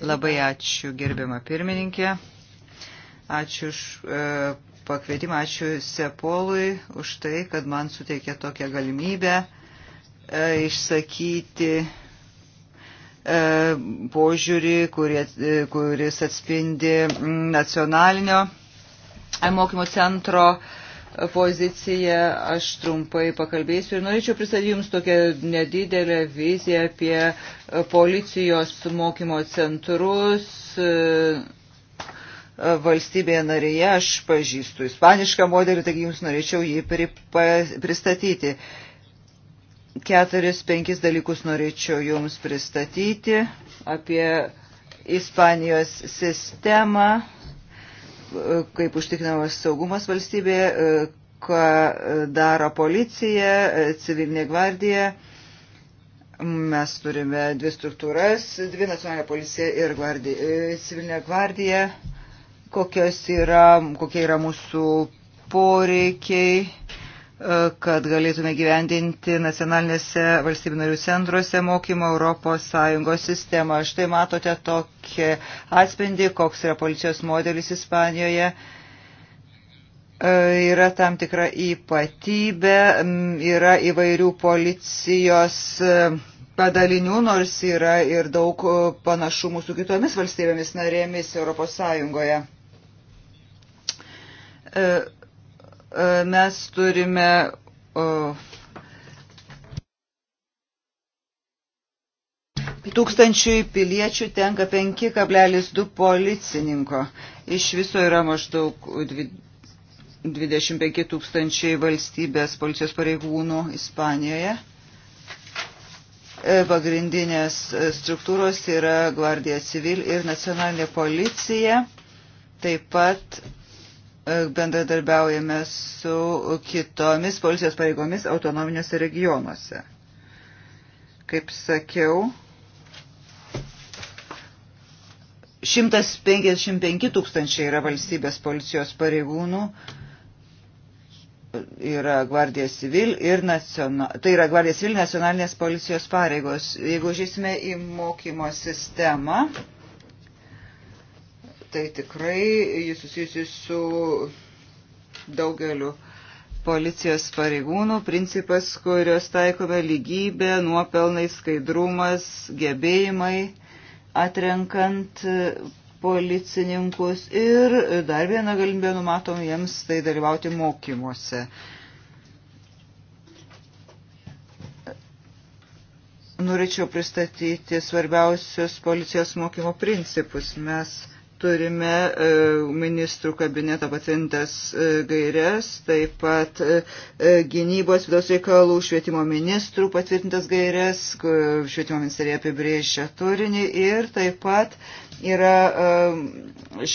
Labai ačiū gerbiamą pirmininkę. Ačiū už e, pakvietimą, ačiū Sepolui už tai, kad man suteikė tokią galimybę e, išsakyti e, požiūrį, kurie, e, kuris atspindi nacionalinio e, mokymo centro e, poziciją aš trumpai pakalbėsiu ir norėčiau pristatyti Jums tokią nedidelę viziją apie policijos mokymo centrus e, valstybėje narėje. Aš pažįstu ispanišką modelį, taigi Jums norėčiau jį pristatyti. Keturis, penkis dalykus norėčiau Jums pristatyti apie Ispanijos sistemą kaip užtikrinamas saugumas valstybėje, ką daro policija, civilinė gvardija. Mes turime dvi struktūras, dvi nacionalinė policija ir gvardija, civilinė gvardija, kokios yra, kokie yra mūsų poreikiai kad galėtume gyvendinti nacionalinėse valstybių narių centruose mokymo ES sistemą. Štai matote tokį atspindį, koks yra policijos modelis Ispanijoje. E, yra tam tikra ypatybė, yra įvairių policijos e, padalinių, nors yra ir daug e, panašumų su kitomis valstybėmis narėmis ES mes turime Tūkstančiui piliečių tenka 5,2 policininko. Iš viso yra maždaug 25 tūkstančiai valstybės policijos pareigūnų Ispanijoje. E, pagrindinės struktūros yra Guardia Civil ir nacionalinė policija. Taip pat E, bendradarbiaujame su kitomis policijos pareigomis autonominiuose regionuose. Kaip sakiau, 155 tūkstančiai yra valstybės policijos pareigūnų, yra Gvardija Civil ir nacional, tai yra Gvardija Civil nacionalinės policijos pareigos. Jeigu žiūrėsime į mokymo sistemą, tai tikrai jis susijusi su daugeliu policijos pareigūnų principas, kurios taikome lygybė, nuopelnai, skaidrumas, gebėjimai atrenkant policininkus ir dar vieną galimybę numatom jiems tai dalyvauti mokymuose. Norėčiau pristatyti svarbiausius policijos mokymo principus. Mes Turime e, ministrų kabineto patvirtintas e, gairias, taip pat e, gynybos vidaus reikalų švietimo ministrų patvirtintas gairias, švietimo ministerija apibrėžia turinį ir taip pat yra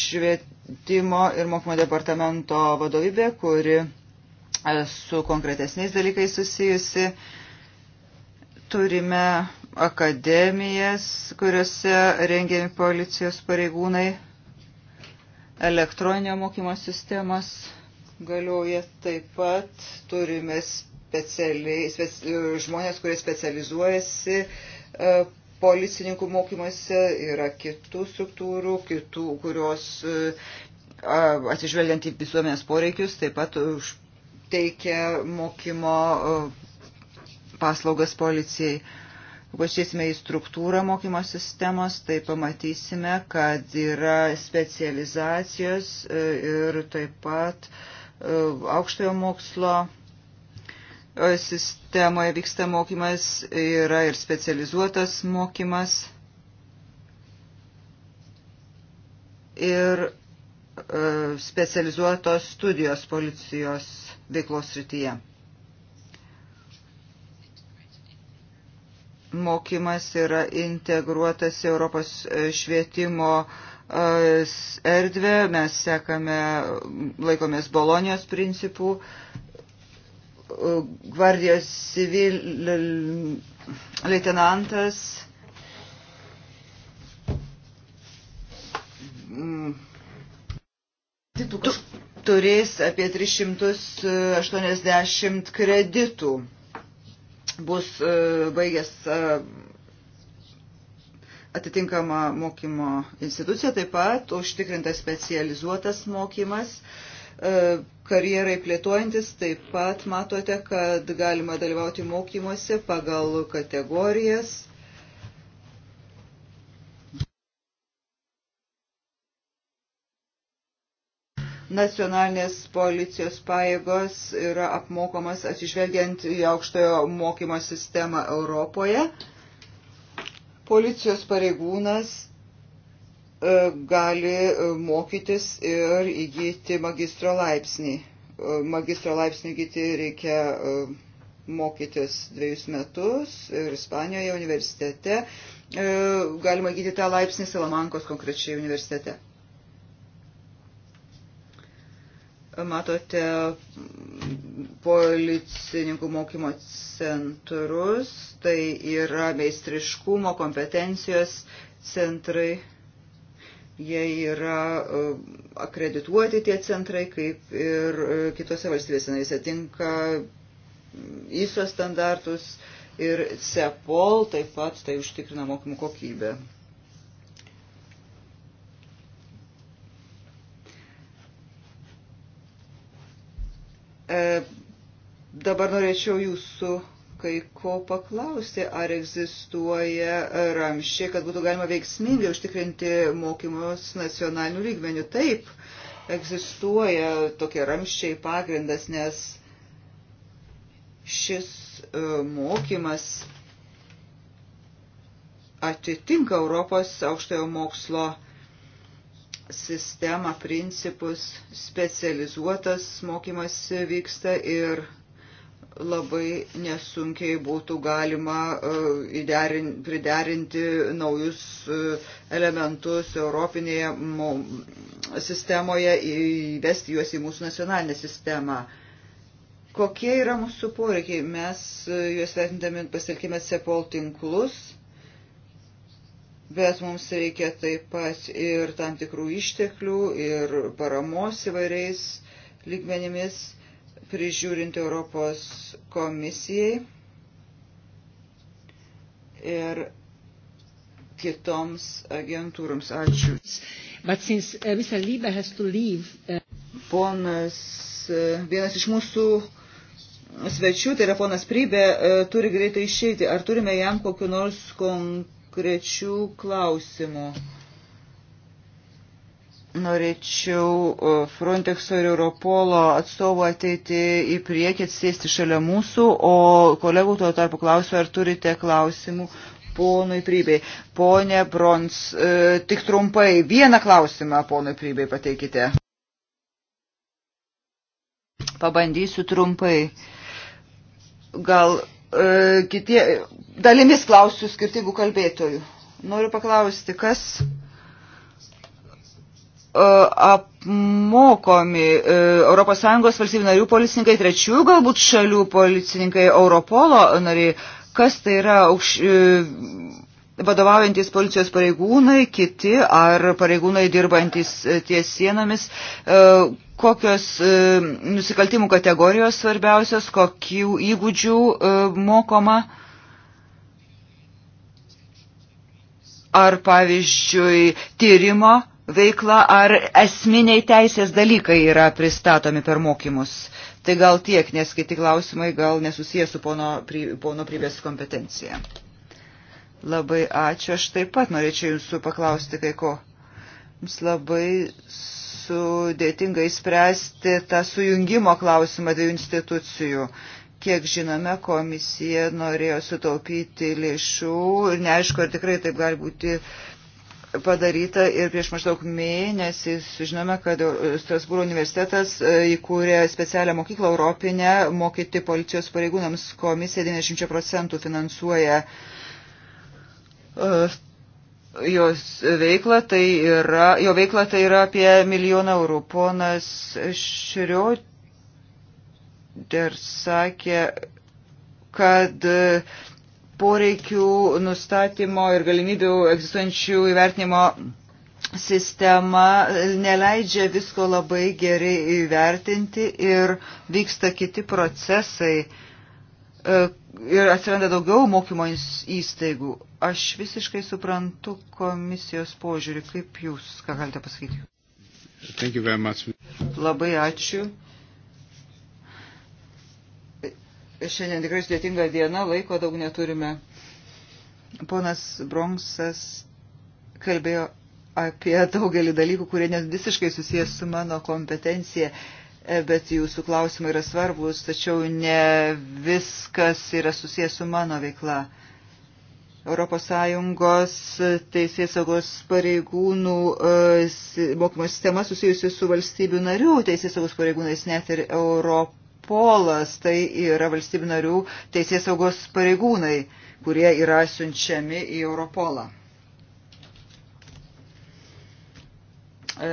švietimo ir mokymo departamento vadovybė, kuri su konkretesniais dalykais susijusi. Turime akademijas, kuriuose rengiami policijos pareigūnai Elektroninio mokymo sistemos galioja taip pat. Turime specialiai, speci, žmonės, kurie specializuojasi e, policininkų mokymuose, yra kitų struktūrų, kitų, kurios e, atsižvelgiant į visuomenės poreikius, taip pat teikia mokymo e, paslaugas policijai. Pažiūrėsime į struktūrą mokymo sistemos, tai pamatysime, kad yra specializacijos e, ir taip pat e, aukštojo mokslo e, sistemoje vyksta mokymas, yra ir specializuotas mokymas. Ir specializuotos studijos policijos veiklos rytyje. mokymas yra integruotas Europos e, švietimo e, erdvę, mes sekame, laikomės Bolonijos principų, e, gvardijos civil leitenantas turės apie 380 kreditų bus e, baigęs e, atitinkamą mokymo instituciją, taip pat užtikrintas specializuotas mokymas e, karjerai plėtojantis, taip pat matote, kad galima dalyvauti mokymuose pagal kategorijas Nacionalinės policijos pajėgos yra apmokomas atsižvelgiant į aukštojo mokymo sistemą Europoje. Policijos pareigūnas e, gali e, mokytis ir įgyti magistro laipsnį. E, magistro laipsnį įgyti reikia mokytis dviejus metus ir Ispanijoje universitete. Galima įgyti tą laipsnį Salamankos konkrečiai universitete. matote policininkų mokymo centrus, tai yra meistriškumo kompetencijos centrai. Jie yra e, akredituoti tie centrai, kaip ir e, kitose valstybėse narėse tinka mm, ISO standartus ir CEPOL taip pat tai užtikrina mokymų kokybę. E, dabar norėčiau jūsų kai ko paklausti, ar egzistuoja ramščiai, kad būtų galima veiksmingai užtikrinti mokymus nacionalinių lygmenių. Taip, egzistuoja tokie ramščiai pagrindas, nes šis e, mokymas atitinka Europos aukštojo mokslo sistemą, principus, specializuotas mokymas vyksta ir labai nesunkiai būtų galima e, įderin, priderinti naujus e, elementus Europinėje sistemoje, įvesti juos į mūsų nacionalinę sistemą. Kokie yra mūsų poreikiai? Mes e, juos vertindami pasitelkime CEPOL tinklus bet mums reikia taip pat ir tam tikrų išteklių ir paramos įvairiais lygmenimis prižiūrint Europos komisijai ir kitoms agentūroms. Ačiū. But since uh, Mr. Liebe has to leave, uh... Ponas, uh, vienas iš mūsų svečių, tai yra ponas Prybė, uh, turi greitai išeiti. Ar turime jam kokiu nors konkrečiu konkrečių klausimų. Norėčiau Frontexo ir Europolo atstovų ateiti į priekį, atsėsti šalia mūsų, o kolegų tuo tarpu klausiu, ar turite klausimų ponui Prybei. Pone Brons, e, tik trumpai vieną klausimą ponui Prybei pateikite. Pabandysiu trumpai. Gal E, kitie, dalimis klausiu skirtingų kalbėtojų. Noriu paklausti, kas e, apmokomi ES valstybių narių policininkai, trečių galbūt šalių policininkai, Europolo nariai, kas tai yra aukš, e, vadovaujantis policijos pareigūnai, kiti ar pareigūnai dirbantis e, ties sienomis, e, kokios e, nusikaltimų kategorijos svarbiausios, kokių įgūdžių mokoma. Ar pavyzdžiui tyrimo veikla, ar esminiai teisės dalykai yra pristatomi per mokymus. Tai gal tiek, nes kiti klausimai gal nesusijęs su pono, pono privės kompetencija. Labai ačiū. Aš taip pat norėčiau jūsų paklausti kai ko. Jums labai sudėtinga įspręsti tą sujungimo klausimą dviejų institucijų. Kiek žinome, komisija norėjo sutaupyti lėšų ir neaišku, ar tikrai taip gali būti padaryta ir prieš maždaug mėnesį sužinome, kad Strasbūro universitetas e, įkūrė specialią mokyklą Europinę mokyti policijos pareigūnams. Komisija 90 procentų finansuoja uh, Uh, jos veikla tai yra, jo veikla tai yra apie milijoną eurų. Ponas Šrioder sakė, kad uh, poreikių nustatymo ir galimybių egzistuojančių įvertinimo sistema neleidžia visko labai gerai įvertinti ir vyksta kiti procesai uh, ir atsiranda daugiau mokymo įstaigų. Aš visiškai suprantu komisijos požiūrį, kaip jūs, ką galite pasakyti. Labai ačiū. Šiandien tikrai sudėtinga diena, laiko daug neturime. Ponas Bronksas kalbėjo apie daugelį dalykų, kurie net visiškai susijęs su mano kompetencija, bet jūsų klausimai yra svarbus, tačiau ne viskas yra susijęs su mano veikla. ES teisės saugos pareigūnų e, mokymo sistema susijusi su valstybių narių teisės saugos pareigūnais, net ir Europolas, tai yra valstybių narių teisės saugos pareigūnai, kurie yra siunčiami į Europolą. E,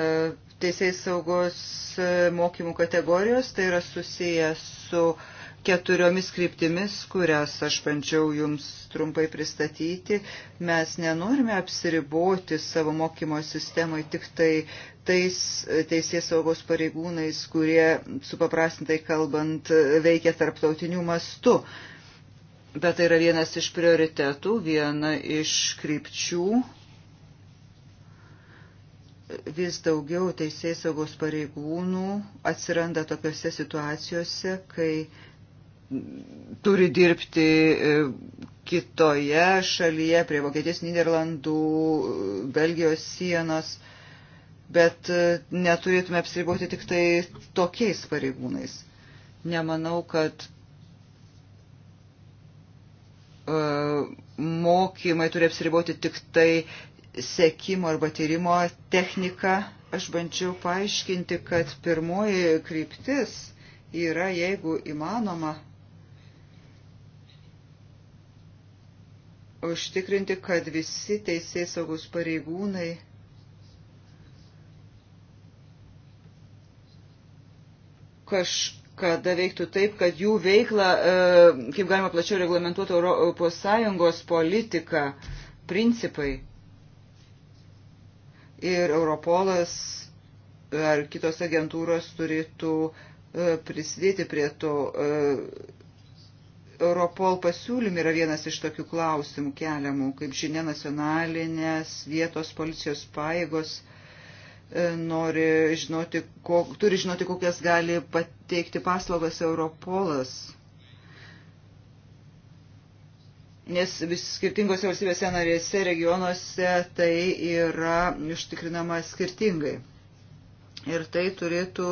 teisės saugos e, mokymų kategorijos tai yra susijęs su uh, keturiomis kryptimis, kurias aš bandžiau jums trumpai pristatyti. Mes nenorime apsiriboti savo mokymo sistemai tik tai tais teisės saugos pareigūnais, kurie, supaprastintai kalbant, veikia tarptautiniu mastu. Bet tai yra vienas iš prioritetų, viena iš krypčių vis daugiau teisės saugos pareigūnų atsiranda tokiuose situacijose, kai turi dirbti e, kitoje šalyje, prie Vokietijos, Niderlandų, e, Belgijos sienos, bet e, neturėtume apsiriboti tik tai tokiais pareigūnais. Nemanau, kad mokymai turi apsiriboti tik tai sekimo arba tyrimo technika. Aš bandžiau paaiškinti, kad pirmoji kryptis yra, jeigu įmanoma, užtikrinti, kad visi teisės saugus pareigūnai kažkada veiktų taip, kad jų veiklą, e, kaip galima plačiau reglamentuoti Europos Sąjungos politiką, principai. Ir Europolas ar kitos agentūros turėtų e, prisidėti prie to e, Europol pasiūlymai yra vienas iš tokių klausimų keliamų, kaip žinia, nacionalinės vietos policijos pajėgos e, nori žinoti, kok, turi žinoti, kokias gali pateikti paslaugas Europolas. Nes vis skirtingose valstybėse narėse, regionuose tai yra užtikrinama skirtingai. Ir tai turėtų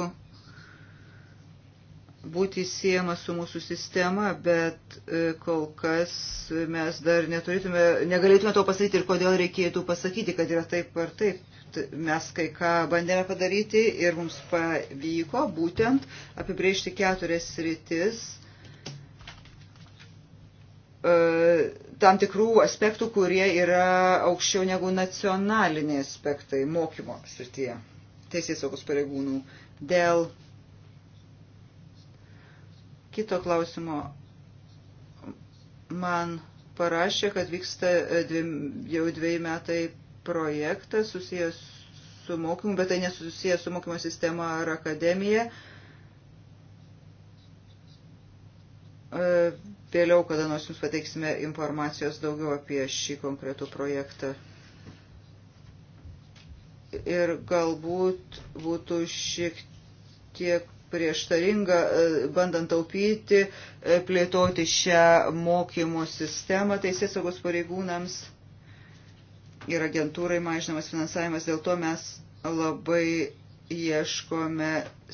būti siejama su mūsų sistema, bet e, kol kas mes dar neturėtume, negalėtume to pasakyti ir kodėl reikėtų pasakyti, kad yra taip ar taip. Mes kai ką bandėme padaryti ir mums pavyko būtent apibriežti keturias rytis e, tam tikrų aspektų, kurie yra aukščiau negu nacionaliniai aspektai mokymo srityje teisės saugos pareigūnų dėl kito klausimo man parašė, kad vyksta e, dvi, jau dviejų metai projektas susijęs su mokymu, bet tai nesusijęs su mokymo sistema ar akademija. E, vėliau, kada nors jums pateiksime informacijos daugiau apie šį konkretų projektą. Ir galbūt būtų šiek tiek prieštaringa, e, bandant taupyti, e, plėtoti šią mokymo sistemą teisėsaugos pareigūnams ir agentūrai mažinamas finansavimas. Dėl to mes labai ieškome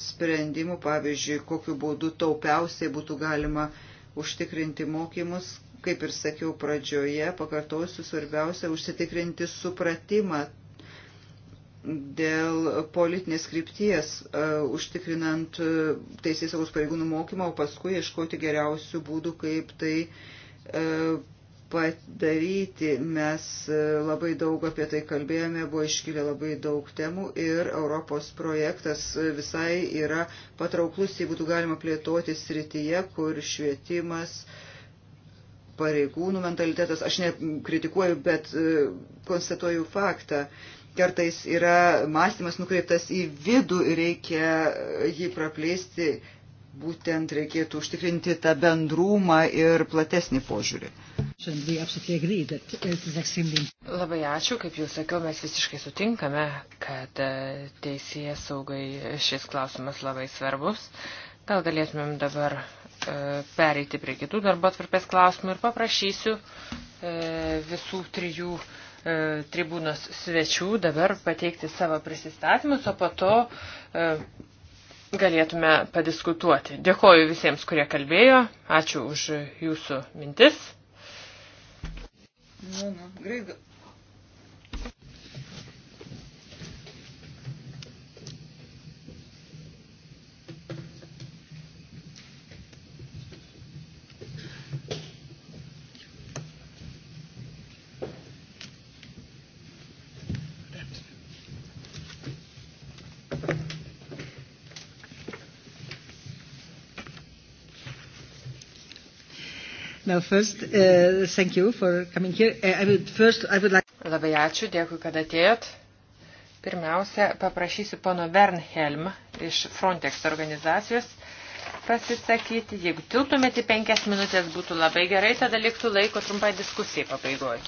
sprendimų, pavyzdžiui, kokiu būdu taupiausiai būtų galima užtikrinti mokymus, kaip ir sakiau pradžioje, pakartosiu svarbiausia, užsitikrinti supratimą dėl politinės krypties, e, užtikrinant e, teisės savus pareigūnų mokymą, o paskui ieškoti geriausių būdų, kaip tai e, padaryti. Mes labai daug apie tai kalbėjome, buvo iškilę labai daug temų ir Europos projektas visai yra patrauklus, jei būtų galima plėtoti srityje, kur švietimas, pareigūnų mentalitetas, aš nekritikuoju, bet konstatuoju faktą. Uh, kartais yra mąstymas nukreiptas į vidų ir reikia jį praplėsti, būtent reikėtų užtikrinti tą bendrumą ir platesnį požiūrį. Labai ačiū, kaip jau sakiau, mes visiškai sutinkame, kad teisėje saugai šis klausimas labai svarbus. Gal galėtumėm dabar e, pereiti prie kitų darbo atvarpės klausimų ir paprašysiu e, visų trijų e, tribūnos svečių dabar pateikti savo prisistatymus, o po to e, galėtume padiskutuoti. Dėkoju visiems, kurie kalbėjo. Ačiū už jūsų mintis. Nu, nu, greitai. No, first, uh, thank you for coming here. Uh, I would, first, I would like... Labai ačiū, dėkui, kad atėjot. Pirmiausia, paprašysiu pono Wernhelm iš Frontex organizacijos pasisakyti. Jeigu tiltumėt į penkias minutės, būtų labai gerai, tada liktų laiko trumpai diskusijai pabaigoje.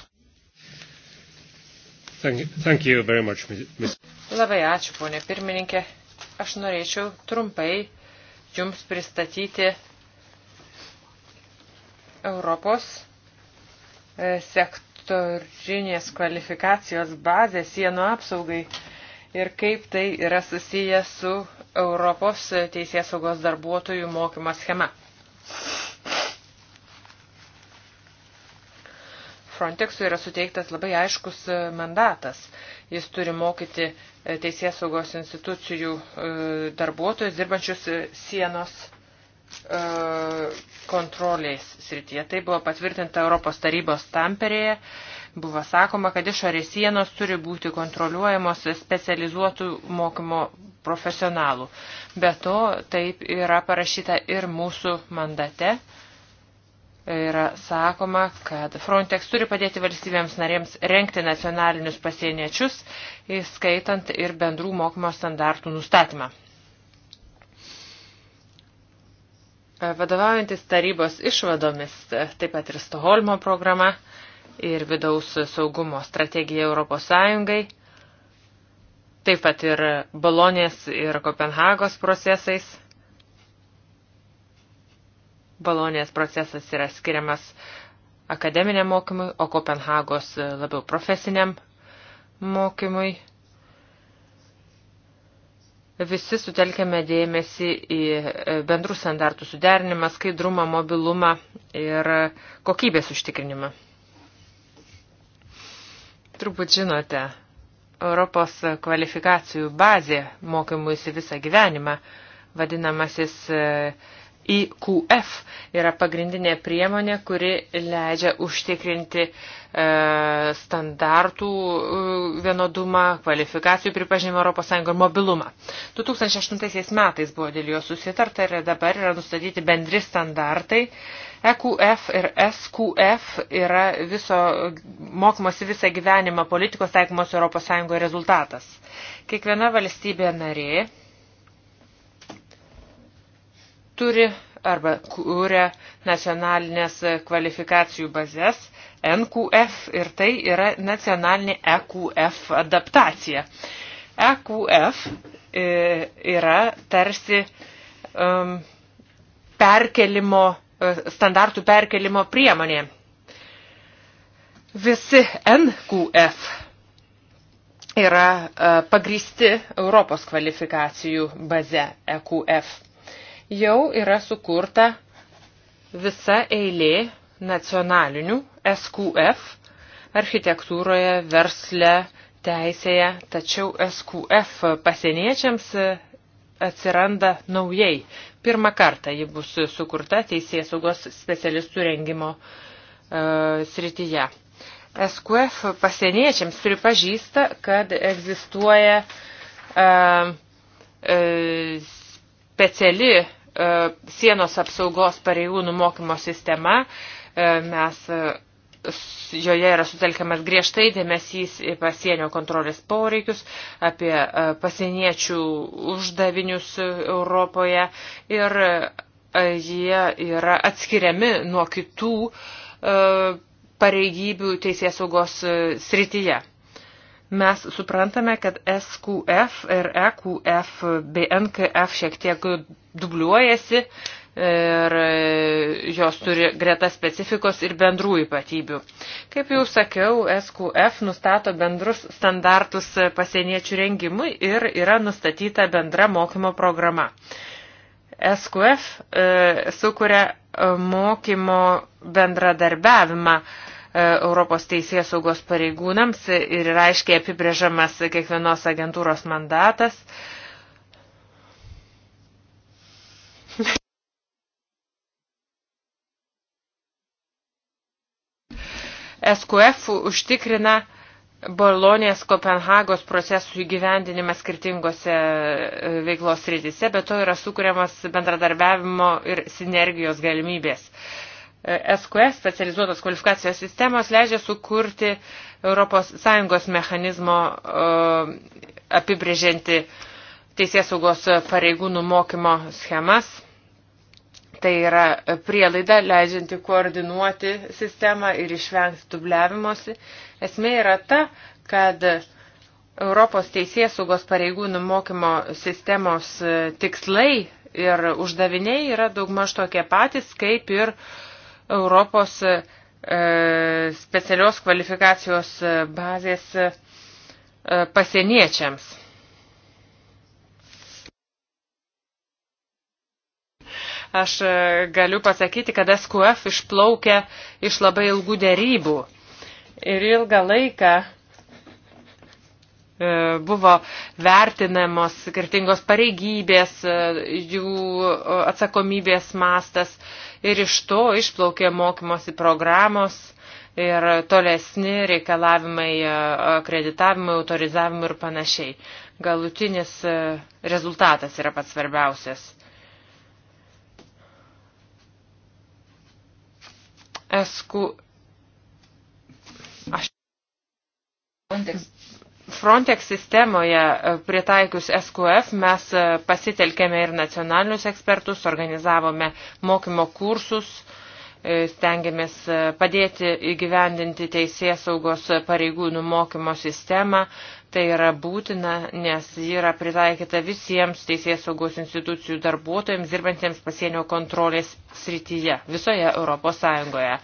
Thank you, thank you very much, Ms. Labai ačiū, ponė pirmininkė. Aš norėčiau trumpai Jums pristatyti Europos e, sektorinės kvalifikacijos bazė sienų apsaugai ir kaip tai yra susiję su Europos teisės saugos darbuotojų mokymo schema. Frontexui yra suteiktas labai aiškus e, mandatas. Jis turi mokyti e, teisės saugos institucijų darbuotojus dirbančius sienos E, kontrolės srityje. Tai buvo patvirtinta Europos tarybos tamperėje. Buvo sakoma, kad išorės sienos turi būti kontroliuojamos specializuotų mokymo profesionalų. Be to, taip yra parašyta ir mūsų mandate. Yra sakoma, kad Frontex turi padėti valstybėms narėms renkti nacionalinius pasieniečius, įskaitant ir bendrų mokymo standartų nustatymą. E, vadovaujantis tarybos išvadomis, e, taip pat ir Stoholmo programa ir vidaus saugumo strategija Europos Sąjungai, taip pat ir Balonės ir Kopenhagos procesais. Balonės procesas yra skiriamas akademiniam mokymui, o Kopenhagos labiau profesiniam mokymui. Visi sutelkėme dėmesį į e, bendrų standartų suderinimą, skaidrumą, mobilumą ir kokybės užtikrinimą. Turbūt žinote, Europos kvalifikacijų bazė mokymuisi visą gyvenimą, vadinamasis e, IQF yra pagrindinė priemonė, kuri leidžia užtikrinti e, standartų e, vienodumą, kvalifikacijų pripažinimą ES ir mobilumą. 2008 metais buvo dėl jo susitarta ir dabar yra nustatyti bendri standartai. EQF ir SQF yra viso, mokymosi visą gyvenimą politikos taikomos ES rezultatas. Kiekviena valstybė narė turi arba kūrė nacionalinės kvalifikacijų bazės NQF ir tai yra nacionalinė EQF adaptacija. EQF e, yra tarsi um, perkelimo, e, standartų perkelimo priemonė. Visi NQF yra uh, pagristi Europos kvalifikacijų baze EQF jau yra sukurta visa eilė nacionalinių SQF architektūroje, versle, teisėje, tačiau SQF pasieniečiams atsiranda naujai. Pirmą kartą ji bus sukurta teisės saugos specialistų rengimo e, srityje. SQF pasieniečiams pripažįsta, kad egzistuoja e, e, speciali e, sienos apsaugos pareigūnų mokymo sistema. E, mes e, joje yra sutelkiamas griežtai dėmesys į pasienio kontrolės poreikius, apie e, pasieniečių uždavinius Europoje ir e, jie yra atskiriami nuo kitų e, pareigybių teisės saugos srityje. Mes suprantame, kad SQF ir EQF bei NKF šiek tiek dubliuojasi ir jos turi greta specifikos ir bendrų ypatybių. Kaip jau sakiau, SQF nustato bendrus standartus pasieniečių rengimui ir yra nustatyta bendra mokymo programa. SQF e, sukuria mokymo bendradarbiavimą e, E, Europos teisės saugos pareigūnams ir yra aiškiai apibrėžamas kiekvienos agentūros mandatas. SQF užtikrina Bolonės Kopenhagos procesų įgyvendinimą skirtingose e, veiklos rytise, bet to yra sukūriamas bendradarbiavimo ir sinergijos galimybės. SQS specializuotos kvalifikacijos sistemos leidžia sukurti ES mechanizmo e, apibrėžianti teisės saugos pareigūnų mokymo schemas. Tai yra prielaida leidžianti koordinuoti sistemą ir išvengti dubliavimuose. Esmė yra ta, kad Europos teisės saugos pareigūnų mokymo sistemos e, tikslai ir uždaviniai yra daugmaž tokie patys, kaip ir uh, Europos e, specialios kvalifikacijos e, bazės e, pasieniečiams. Aš galiu pasakyti, kad SQF išplaukia iš labai ilgų dėrybų. Ir ilgą laiką E, buvo vertinamos skirtingos pareigybės, e, jų e, atsakomybės mastas ir iš to išplaukė mokymosi programos ir tolesni reikalavimai akreditavimui, autorizavimui ir panašiai. Galutinis rezultatas yra pats svarbiausias. Esku. Aš. Kontekstas. Frontex sistemoje e, pritaikius SQF mes e, pasitelkėme ir nacionalinius ekspertus, organizavome mokymo kursus, e, stengiamės padėti įgyvendinti teisės saugos pareigūnų mokymo sistemą. Tai yra būtina, nes ji yra pritaikyta visiems teisės saugos institucijų darbuotojams dirbantiems pasienio kontrolės srityje visoje Europos Sąjungoje.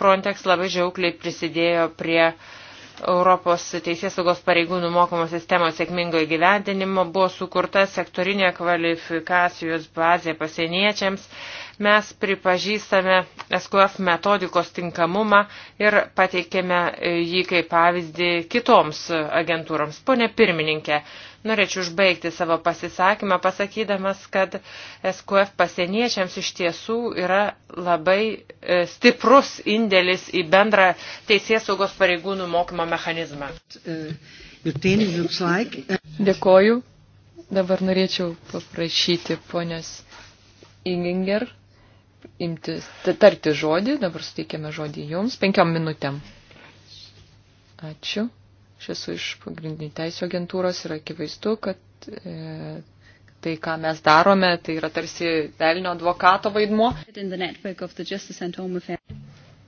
Frontex labai žiaukliai prisidėjo prie uh, Europos teisės saugos pareigūnų mokymo sistemos sėkmingo įgyvendinimo buvo sukurta sektorinė kvalifikacijos bazė pasieniečiams. Mes pripažįstame SQF metodikos tinkamumą ir pateikėme jį kaip pavyzdį kitoms agentūroms. Pone pirmininkė, Norėčiau užbaigti savo pasisakymą pasakydamas, kad SQF pasieniečiams iš tiesų yra labai e, stiprus indėlis į bendrą teisės saugos pareigūnų mokymo mechanizmą. Dėkoju. Dabar norėčiau paprašyti ponios Inginger imtis, tarti žodį. Dabar suteikėme žodį jums penkiom minutėm. Ačiū. Aš esu iš pagrindinių teisų agentūros ir akivaizdu, kad e, tai, ką mes darome, tai yra tarsi velnio advokato vaidmuo.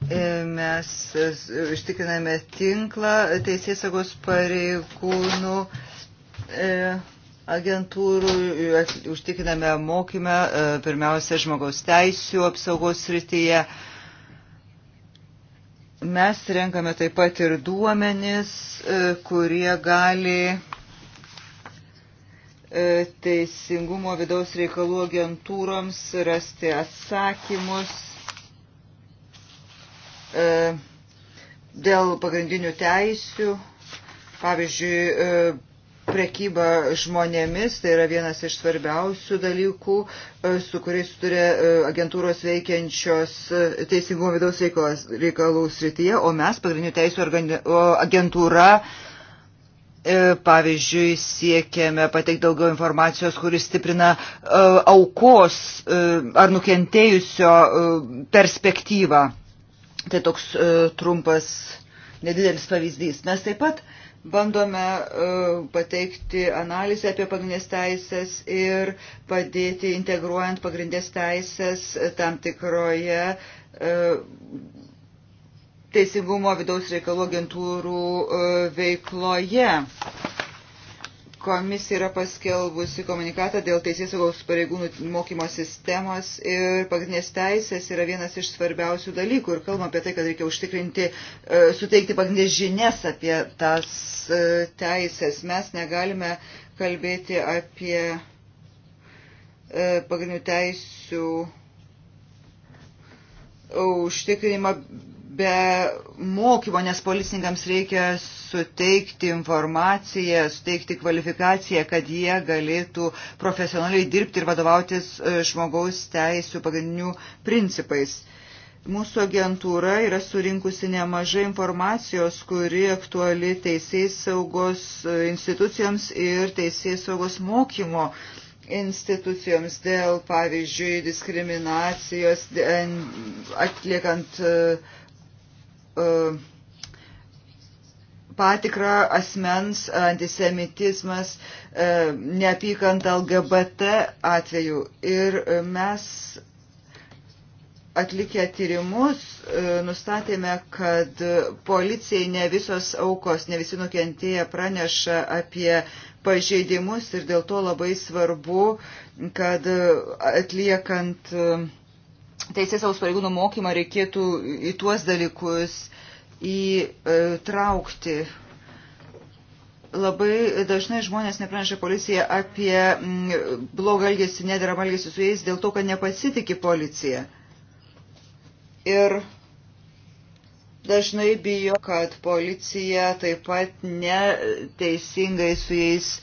E, mes ištikriname e, e, tinklą teisėsagos pareigūnų agentūrų, užtikriname mokymę, pirmiausia, žmogaus teisų apsaugos srityje Mes renkame taip pat ir duomenis, e, kurie gali e, teisingumo vidaus reikalų agentūroms rasti atsakymus e, dėl pagrindinių teisių, pavyzdžiui, Prekyba žmonėmis tai yra vienas iš svarbiausių dalykų, e, su kuriais turi e, agentūros veikiančios e, teisingumo vidaus reikalos, reikalų srityje, o mes, pagrindinių teisų agentūra, pavyzdžiui, siekiame pateikti daugiau informacijos, kuris stiprina aukos ar nukentėjusio perspektyvą. Tai toks trumpas, nedidelis pavyzdys. Mes taip pat uh, bandome e, pateikti analizę apie pagrindinės teisės ir padėti integruojant pagrindinės teisės tam tikroje e, teisingumo vidaus reikalų agentūrų e, veikloje. Komisija yra paskelbusi komunikatą dėl teisėsaugos pareigūnų mokymo sistemos ir pagrindinės teisės yra vienas iš svarbiausių dalykų ir kalbam apie tai, kad reikia užtikrinti, e, suteikti pagrindinės žinias apie tas e, teisės. Mes negalime kalbėti apie e, pagrindinių teisių užtikrinimą be mokymo, nes policininkams reikia suteikti informaciją, suteikti kvalifikaciją, kad jie galėtų profesionaliai dirbti ir vadovautis e, žmogaus teisų pagrindinių principais. Mūsų agentūra yra surinkusi nemažai informacijos, kuri aktuali teisės saugos e, institucijoms ir teisės saugos mokymo institucijoms dėl, pavyzdžiui, diskriminacijos, atliekant uh, E, patikra asmens antisemitizmas, e, neapykant LGBT atveju. Ir mes atlikę tyrimus e, nustatėme, kad policijai ne visos aukos, ne visi nukentėję praneša apie pažeidimus ir dėl to labai svarbu, kad atliekant teisės saus pareigūnų mokymą reikėtų į tuos dalykus įtraukti. Labai dažnai žmonės nepraneša policiją apie mm, blogą elgesį, nederamą elgesį su jais dėl to, kad nepasitikė policija. Ir dažnai bijo, kad policija taip pat neteisingai su jais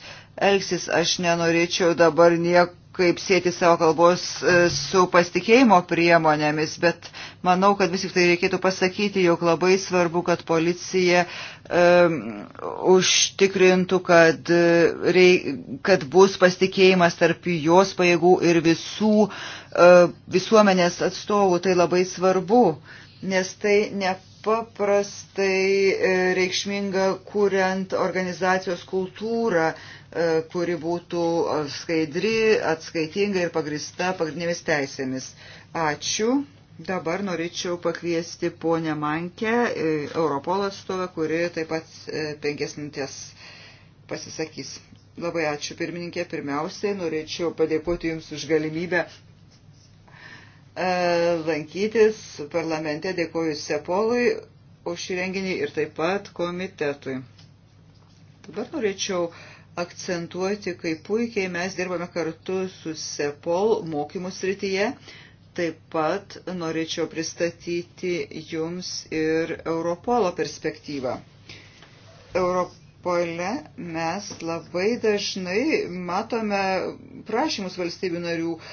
elgsis. Aš nenorėčiau dabar nieko kaip sėti savo kalbos e, su pasitikėjimo priemonėmis, bet manau, kad vis tik tai reikėtų pasakyti, jog labai svarbu, kad policija um, užtikrintų, kad, e, rei, kad bus pasitikėjimas tarp jos pajėgų ir visų uh, visuomenės atstovų. Tai labai svarbu, nes tai ne paprastai reikšminga, kuriant organizacijos kultūrą. Uh, E, kuri būtų skaidri, atskaitinga ir pagrista pagrindinėmis teisėmis. Ačiū. Dabar norėčiau pakviesti ponę Mankę, e, Europol atstovę, kuri taip pat e, penkias minutės pasisakys. Labai ačiū pirmininkė. Pirmiausiai norėčiau padėkoti Jums už galimybę lankytis parlamente. Dėkoju Sepolui už šį renginį ir taip pat komitetui. Dabar norėčiau uh, akcentuoti, kaip puikiai mes dirbame kartu su SEPOL mokymų srityje. Taip pat norėčiau pristatyti jums ir Europolo perspektyvą. Europ Interpole mes labai dažnai matome prašymus valstybių narių uh,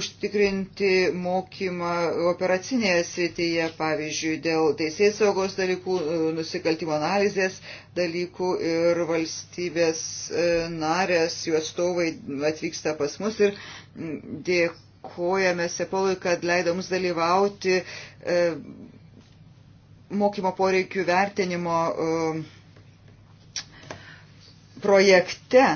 užtikrinti mokymą operacinėje srityje, pavyzdžiui, dėl teisės saugos dalykų, e, nusikaltimo analizės dalykų ir valstybės uh, narės, jų atstovai atvyksta pas mus ir dėkojame Sepolui, kad leido mums dalyvauti uh, mokymo poreikių vertinimo projekte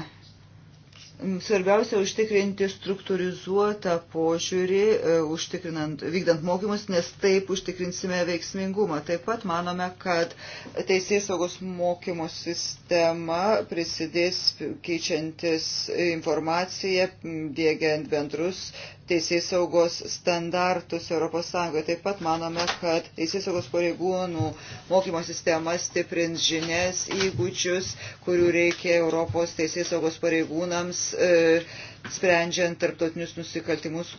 Svarbiausia užtikrinti struktūrizuotą požiūrį, e, užtikrinant, vykdant mokymus, nes taip užtikrinsime veiksmingumą. Taip pat manome, kad teisės saugos mokymo sistema prisidės keičiantis informaciją, dėgiant bendrus teisės saugos standartus ES. Taip pat manome, kad teisės saugos pareigūnų mokymo sistema stiprins žinias, įgūdžius, kurių reikia Europos teisės saugos pareigūnams e, sprendžiant tarptautinius nusikaltimus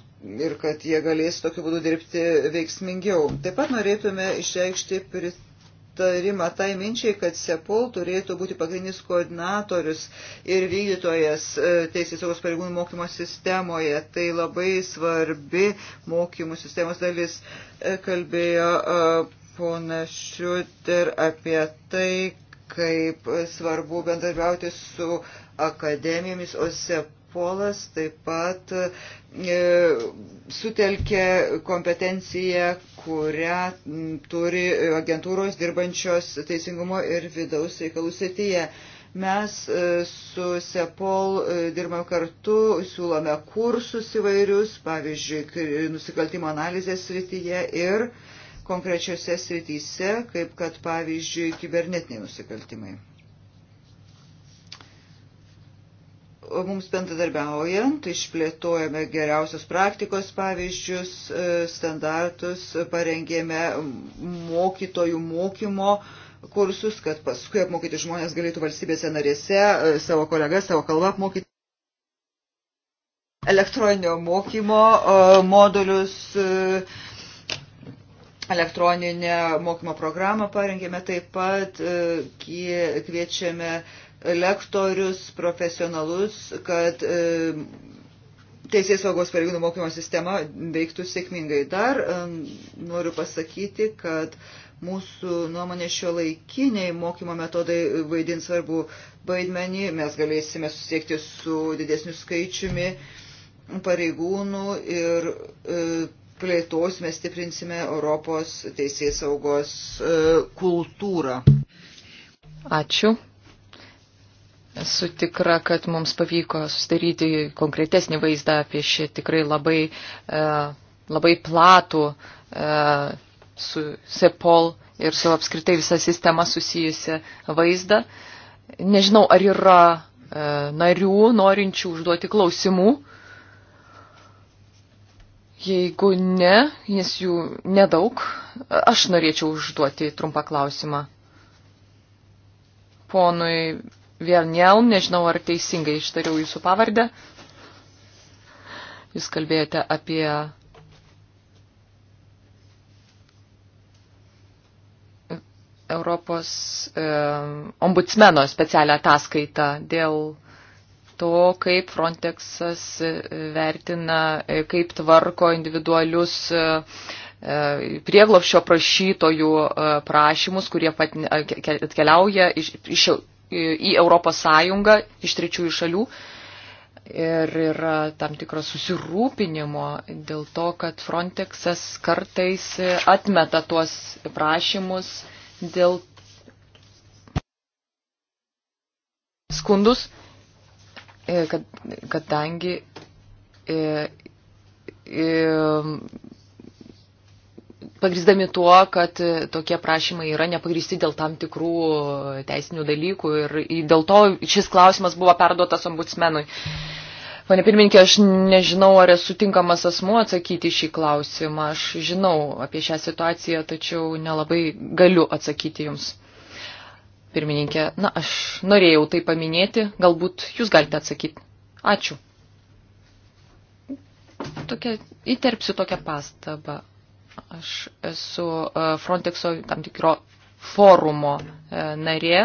ir kad jie galės tokiu būdu dirbti veiksmingiau. Taip pat norėtume išreikšti pritaikymą pritarimą tai minčiai, kad SEPOL turėtų būti pagrindinis koordinatorius ir vykdytojas e, Teisės saugos pareigūnų mokymo sistemoje. Tai labai svarbi mokymų sistemos dalis. E, kalbėjo e, pona Šiuter apie tai, kaip svarbu bendarbiauti su akademijomis, o SEPOL Europolas taip pat e, sutelkė kompetenciją, kurią turi agentūros dirbančios teisingumo ir vidaus reikalų srityje. Mes e, su SEPOL e, dirbame kartu, siūlome kursus įvairius, pavyzdžiui, nusikaltimo analizės srityje ir konkrečiose srityse, kaip kad pavyzdžiui kibernetiniai nusikaltimai. mums bendradarbiaujant išplėtojame geriausios praktikos pavyzdžius, e, standartus, parengėme mokytojų mokymo kursus, kad paskui apmokyti žmonės galėtų valstybėse narėse e, savo kolegas, savo kalbą apmokyti elektroninio mokymo e, modulius, elektroninę mokymo programą parengėme, taip pat kviečiame lektorius, profesionalus, kad e, teisės saugos pareigūnų mokymo sistema veiktų sėkmingai. Dar e, noriu pasakyti, kad mūsų nuomonė šio laikiniai mokymo metodai vaidins svarbu vaidmenį, mes galėsime susiekti su didesniu skaičiumi pareigūnų ir e, plėtosime, stiprinsime Europos teisės saugos kultūrą. Ačiū. Esu tikra, kad mums pavyko susidaryti konkretesnį vaizdą apie šį tikrai labai, e, labai platų e, su SEPOL ir su apskritai visa sistema susijusią vaizdą. Nežinau, ar yra e, narių norinčių užduoti klausimų. Jeigu ne, nes jų nedaug, aš norėčiau užduoti trumpą klausimą. Ponui Vienelm, nežinau ar teisingai ištariau jūsų pavardę. Jūs kalbėjote apie Europos e, ombudsmeno specialią ataskaitą dėl to, kaip Frontexas e, vertina, e, kaip tvarko individualius e, prieglopščio prašytojų prašymus, kurie atkeliauja iš, iš į Europos Sąjungą iš trečiųjų šalių. Ir yra tam tikro susirūpinimo dėl to, kad Frontexas kartais atmeta tuos prašymus dėl skundus, e, kad, kadangi e, e, pagrįsdami tuo, kad e, tokie prašymai yra nepagristi dėl tam tikrų e, teisinių dalykų ir dėl to šis klausimas buvo perduotas ombudsmenui. Pane pirmininkė, aš nežinau, ar esu tinkamas asmuo atsakyti šį klausimą. Aš žinau apie šią situaciją, tačiau nelabai galiu atsakyti jums. Pirmininkė, na, aš norėjau tai paminėti, galbūt jūs galite atsakyti. Ačiū. Tokia, įterpsiu tokią pastabą. Aš esu e, Frontexo tam tikro forumo e, narė.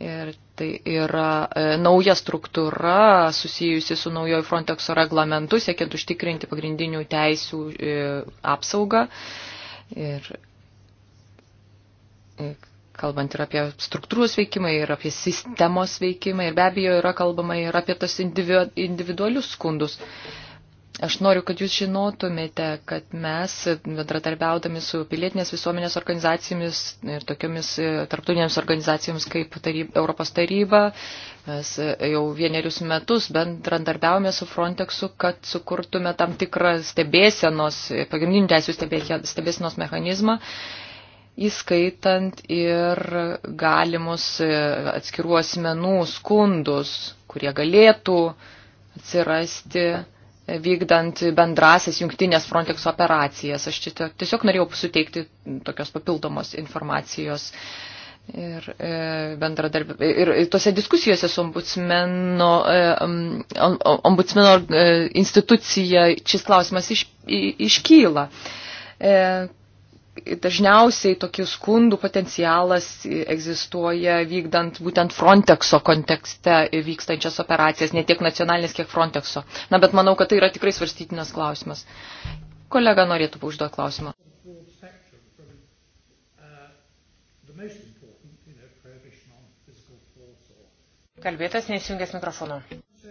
Ir tai yra e, nauja struktūra susijusi su naujoju Frontexo reglamentu, siekiant užtikrinti pagrindinių teisių apsaugą. Ir kalbant ir apie struktūros veikimą, ir apie sistemos veikimą, ir be abejo yra kalbama ir apie tas individualius skundus. E, Aš noriu, kad jūs žinotumėte, kad mes, bendratarbiaudami su pilietinės visuomenės organizacijomis ir tokiamis e, tarptautinėms organizacijomis kaip taryb, Europos taryba, mes e, jau vienerius metus bendradarbiaujame su Frontexu, kad sukurtume tam tikrą stebėsenos, pagrindinių teisų stebėsenos mechanizmą įskaitant ir galimus e, atskiruos menų skundus, kurie galėtų atsirasti vykdant bendrasias jungtinės Frontex operacijas. Aš tiesiog norėjau suteikti tokios papildomos informacijos. Ir, e, bendradarb... ir tose diskusijose su ombudsmeno, e, ombudsmeno e, institucija šis klausimas iš, iškyla dažniausiai tokių skundų potencialas egzistuoja vykdant būtent Frontexo kontekste vykstančias operacijas, ne tiek nacionalinės, kiek Frontexo. Na, bet manau, kad tai yra tikrai svarstytinas klausimas. Kolega norėtų užduoti klausimą. Kalbėtas neįsijungęs mikrofono. So,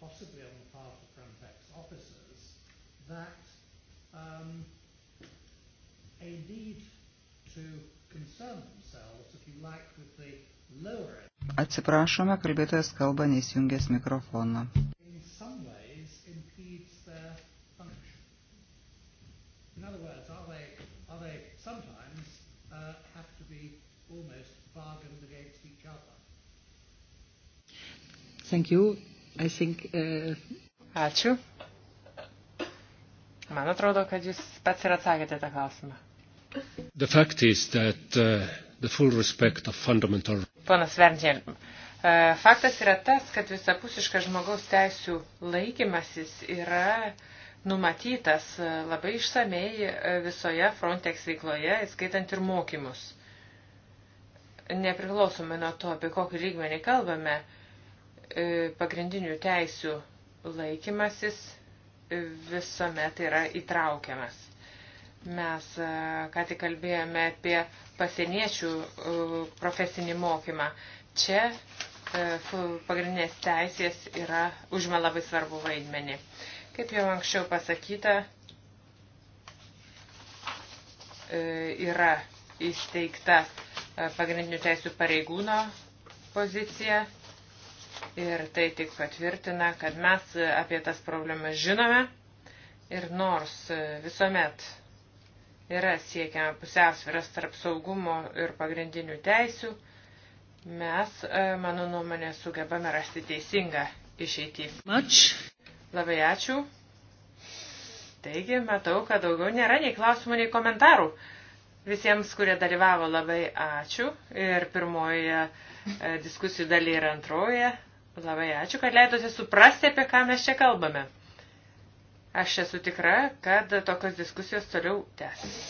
possibly on the part of Frontex officers, that um, a need to concern themselves, if you like, with the lower end. Atsiprašome, kalbėtojas kalba neįsijungęs mikrofoną. Uh, Thank you. I think, uh... Ačiū. Man atrodo, kad jūs pats ir atsakėte tą klausimą. The fact is that uh, the full respect of fundamental... Ponas Verndžel, uh, faktas yra tas, kad visapusiškas žmogaus teisų laikymasis yra numatytas uh, labai išsamei uh, visoje Frontex veikloje, įskaitant ir mokymus. Nepriklausomai nuo to, apie kokį lygmenį kalbame, uh, E, pagrindinių teisių laikymasis visuomet tai yra įtraukiamas. Mes e, ką tik kalbėjome apie pasieniečių e, profesinį mokymą. Čia pagrindinės teisės yra užima labai svarbu vaidmenį. Kaip jau anksčiau pasakyta, yra įsteigta pagrindinių teisų pareigūno pozicija Ir tai tik patvirtina, kad mes apie tas problemas žinome ir nors visuomet yra siekiama pusiausviras tarp saugumo ir pagrindinių teisių, mes, e, mano nuomonė, sugebame rasti teisingą išeitį. Much. Labai ačiū. Taigi, matau, kad daugiau nėra nei klausimų, nei komentarų. Visiems, kurie dalyvavo, labai ačiū. Ir pirmoje e, diskusijų dalyje ir antroje Labai ačiū, kad leidote suprasti, apie ką mes čia kalbame. Aš esu tikra, kad tokios diskusijos toliau tęs.